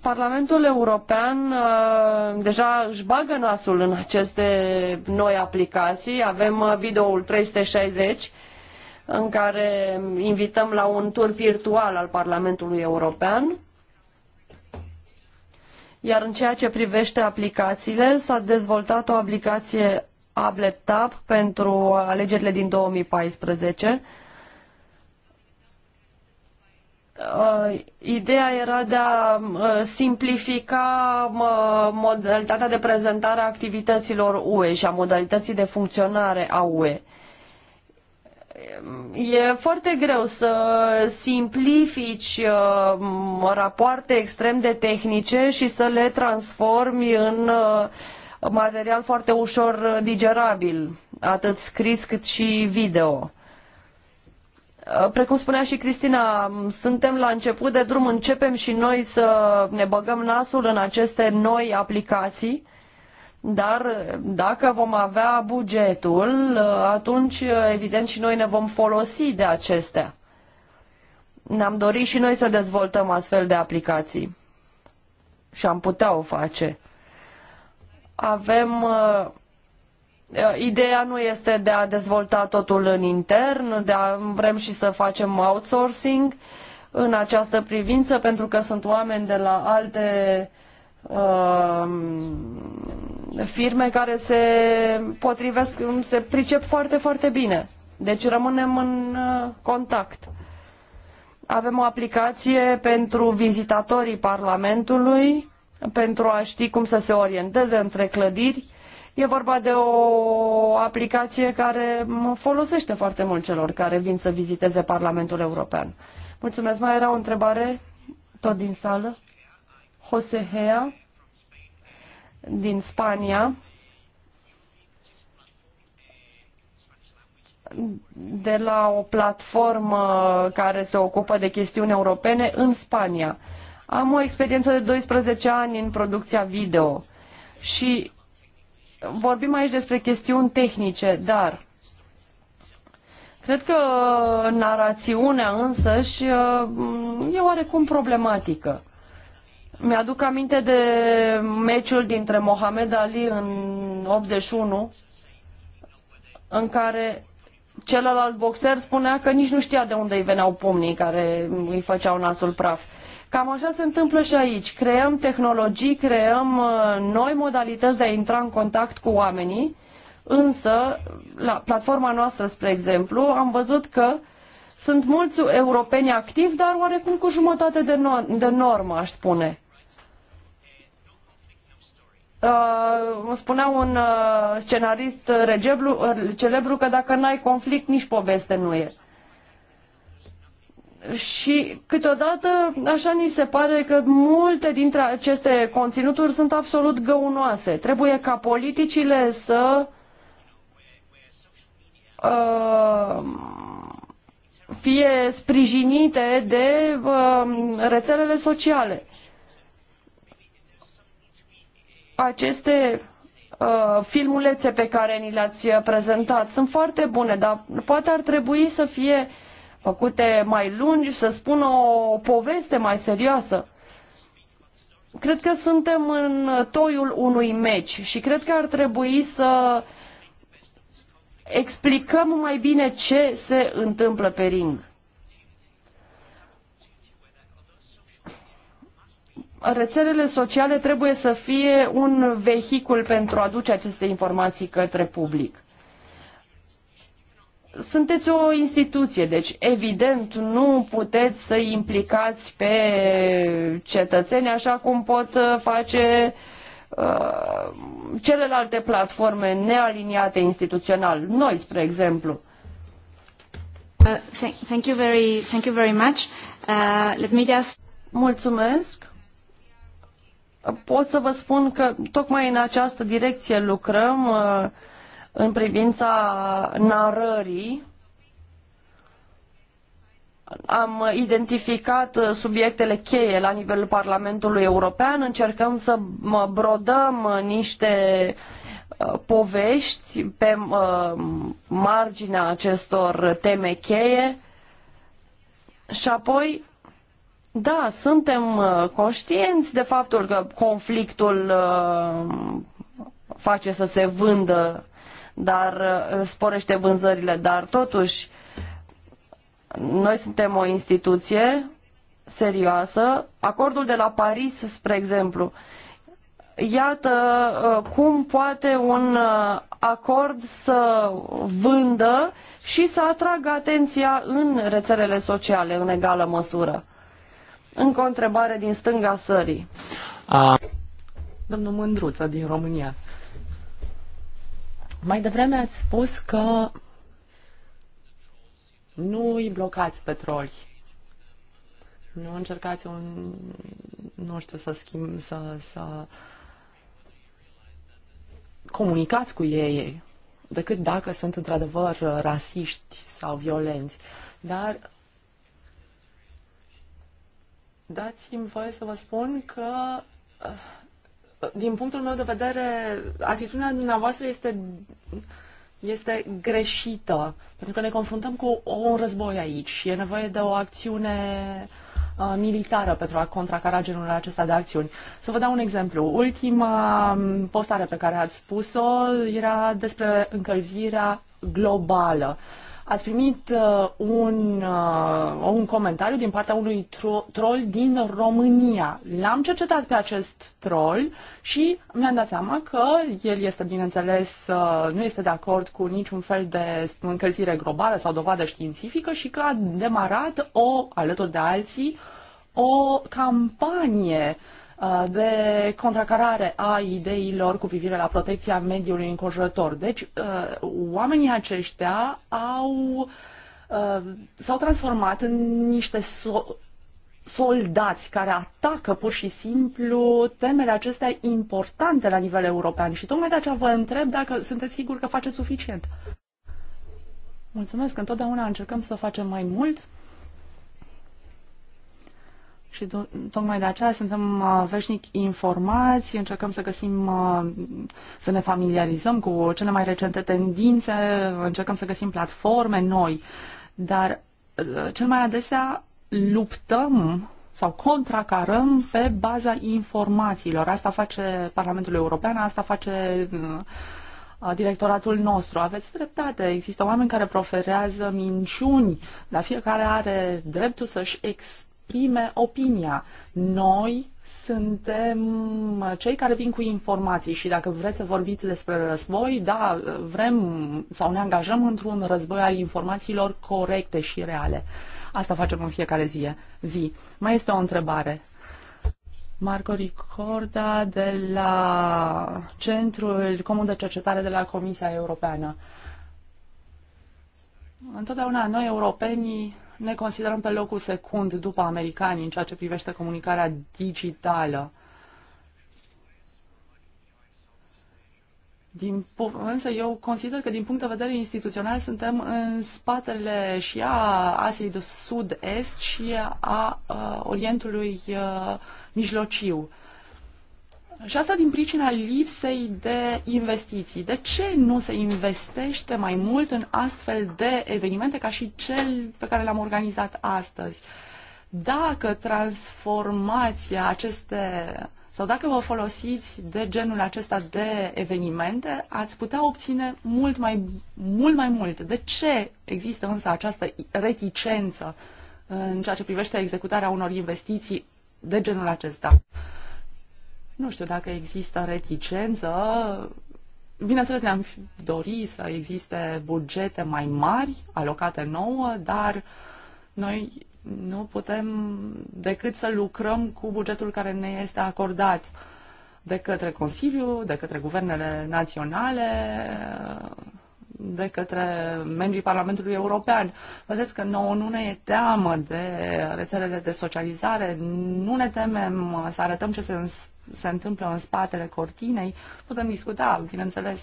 Parlamentul European uh, deja își bagă nasul în aceste noi aplicații. Avem uh, videoul 360 în care invităm la un tur virtual al Parlamentului European iar în ceea ce privește aplicațiile, s-a dezvoltat o aplicație Tab pentru alegerile din 2014. Uh, ideea era de a uh, simplifica uh, modalitatea de prezentare a activităților UE și a modalității de funcționare a UE. E foarte greu să simplifici uh, rapoarte extrem de tehnice și să le transformi în uh, material foarte ușor digerabil, atât scris cât și video. Uh, precum spunea și Cristina, suntem la început de drum, începem și noi să ne băgăm nasul în aceste noi aplicații dar uh, dacă vom avea bugetul, uh, atunci uh, evident și noi ne vom folosi de acestea. Ne-am dorit și noi să dezvoltăm astfel de aplicații și am putea o face. Avem Ideea nu este de a dezvolta totul în intern, de a, vrem și să facem outsourcing în această privință, pentru că sunt oameni de la alte uh, firme care se potrivesc, se pricep foarte, foarte bine. Deci rămânem în uh, contact. Avem o aplicație pentru vizitatorii Parlamentului, pentru a ști cum să se orienteze între clădiri. E vorba de o aplicație care folosește foarte mult celor care vin să viziteze Parlamentul European. Mulțumesc. Mai era o întrebare tot din sală? Jose Hea? din Spania de la o platformă care se ocupă de chestiuni europene în Spania. Am o experiență de 12 ani în producția video și vorbim aici despre chestiuni tehnice, dar cred că narațiunea însăși uh, e oarecum problematică. Mi-aduc aminte de meciul dintre Mohamed Ali în 81, în care celălalt boxer spunea că nici nu știa de unde îi veneau pumnii care îi făceau nasul praf. Cam așa se întâmplă și aici. Creăm tehnologii, creăm uh, noi modalități de a intra în contact cu oamenii, însă la platforma noastră, spre exemplu, am văzut că sunt mulți europeni activi, dar oarecum cu jumătate de, no- de normă, aș spune îmi uh, spunea un uh, scenarist uh, regeblu, celebru că dacă n-ai conflict, nici poveste nu e. Și câteodată așa ni se pare că multe dintre aceste conținuturi sunt absolut găunoase. Trebuie ca politicile să uh, fie sprijinite de uh, rețelele sociale. Uh, aceste uh, filmulețe pe care ni le-ați uh, prezentat sunt foarte bune, dar poate ar trebui să fie făcute mai lungi, să spună o poveste mai serioasă. Cred că suntem în toiul unui meci și cred că ar trebui să explicăm mai bine ce se întâmplă pe ring. rețelele sociale trebuie să fie un vehicul pentru a aduce aceste informații către public. Sunteți o instituție, deci evident nu puteți să implicați pe cetățeni așa cum pot uh, face uh, celelalte platforme nealiniate instituțional, noi, spre exemplu. Uh, thank, you very, thank you very much. Uh, let me just... Mulțumesc pot să vă spun că tocmai în această direcție lucrăm uh, în privința narării. Am identificat uh, subiectele cheie la nivelul Parlamentului European, încercăm să brodăm uh, niște povești pe marginea acestor teme cheie și apoi da, suntem uh, conștienți de faptul că conflictul uh, face să se vândă, dar uh, sporește vânzările, dar totuși noi suntem o instituție serioasă. Acordul de la Paris, spre exemplu, iată cum poate un acord să vândă și să atragă atenția în rețelele sociale în egală măsură. Încă o întrebare din stânga sării. A... Domnul Mândruță din România. Mai devreme ați spus că nu îi blocați troli. Nu încercați un, nu știu, să schimb, să, să comunicați cu ei decât dacă sunt într-adevăr rasiști sau violenți. Dar dați-mi voie să vă spun că uh, din punctul meu de vedere, atitudinea dumneavoastră este, este greșită, pentru că ne confruntăm cu un război aici și e nevoie de o acțiune uh, militară pentru a contracara genul acesta de acțiuni. Să vă dau un exemplu. Ultima um, postare pe care ați spus-o era despre încălzirea globală. Uh, ați primit uh, un, uh, un comentariu din partea unui tro- troll din România. L-am cercetat pe acest troll și mi-am dat seama că el este, bineînțeles, uh, nu este de acord cu niciun fel de încălzire globală sau dovadă științifică și că a demarat o, alături de alții, o campanie uh, Uh, de contracarare a ideilor cu privire la protecția mediului înconjurător. Deci, uh, oamenii aceștia au uh, s-au transformat în niște so- soldați care atacă pur și simplu temele acestea importante la nivel european. Și tocmai de aceea vă întreb dacă sunteți siguri că faceți suficient. Mulțumesc, întotdeauna încercăm să facem mai mult. Și tocmai de aceea suntem uh, veșnic informați, încercăm să găsim, uh, să ne familiarizăm cu cele mai recente tendințe, încercăm să găsim platforme noi, dar uh, cel mai adesea luptăm sau contracarăm pe baza informațiilor. Asta face Parlamentul European, asta face directoratul nostru. Aveți dreptate, există oameni care proferează minciuni, dar fiecare are dreptul să-și exprime exprime opinia. Noi suntem cei care vin cu informații și dacă vreți să vorbiți despre război, da, vrem sau ne angajăm într-un război al informațiilor corecte și reale. Asta facem în fiecare zi. zi. Mai este o întrebare. Marco Ricorda de la Centrul Comun de Cercetare de la Comisia Europeană. Întotdeauna noi, europenii, ne considerăm pe locul secund după americani în ceea ce privește comunicarea digitală. Din, însă eu consider că din punct de vedere instituțional suntem în spatele și a Asiei de Sud-Est și a, a Orientului a, uh, Mijlociu. Și asta din pricina lipsei de investiții. De ce nu se investește mai mult în astfel de evenimente ca și cel pe care l-am organizat astăzi? Dacă transformația aceste sau dacă vă folosiți de genul acesta de evenimente, ați putea obține mult mai, mult mai mult. De ce există însă această reticență în ceea ce privește executarea unor investiții de genul acesta? Nu știu dacă există reticență. Bineînțeles, ne-am dori să existe bugete mai mari alocate nouă, dar noi nu putem decât să lucrăm cu bugetul care ne este acordat de către Consiliu, de către guvernele naționale, de către membrii Parlamentului European. Vedeți că nouă nu ne e teamă de rețelele de socializare, nu ne temem să arătăm ce se, se întâmplă în spatele cortinei. Putem discuta, bineînțeles,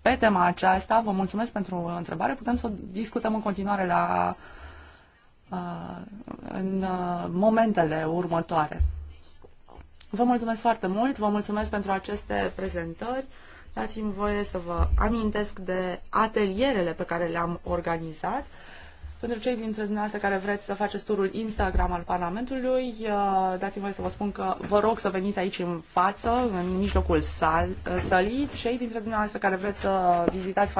pe tema aceasta. Vă mulțumesc pentru întrebare. Putem să o discutăm în continuare la, uh, în uh, momentele următoare. Vă mulțumesc foarte mult, vă mulțumesc pentru aceste prezentări. Dați-mi voie să vă amintesc de atelierele pe care le-am organizat. Pentru cei dintre dumneavoastră care vreți să faceți turul Instagram al Parlamentului, uh, dați-mi voie să vă spun că vă rog să veniți aici în față, în mijlocul sal, uh, sălii. Cei dintre dumneavoastră care vreți să vizitați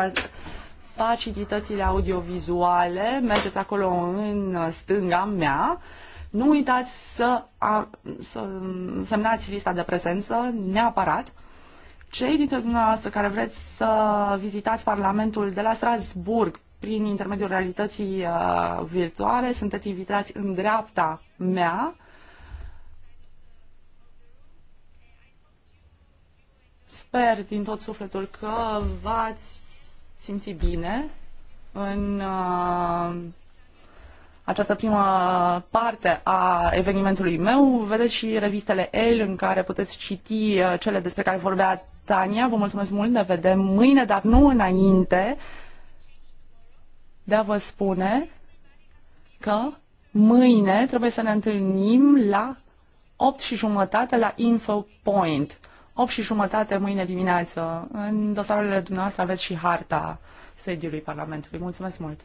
facilitățile audiovizuale, mergeți acolo în stânga mea. Nu uitați să, a, să semnați lista de prezență neapărat. Cei dintre dumneavoastră care vreți să vizitați Parlamentul de la Strasburg prin intermediul realității uh, virtuale, sunteți invitați în dreapta mea. Sper din tot sufletul că v-ați simți bine în uh, această primă parte a evenimentului meu. Vedeți și revistele El în care puteți citi uh, cele despre care vorbea Tania, vă mulțumesc mult, ne vedem mâine, dar nu înainte de a vă spune că mâine trebuie să ne întâlnim la 8 și jumătate la InfoPoint. 8 și jumătate mâine dimineață. În dosarele dumneavoastră aveți și harta sediului Parlamentului. Mulțumesc mult!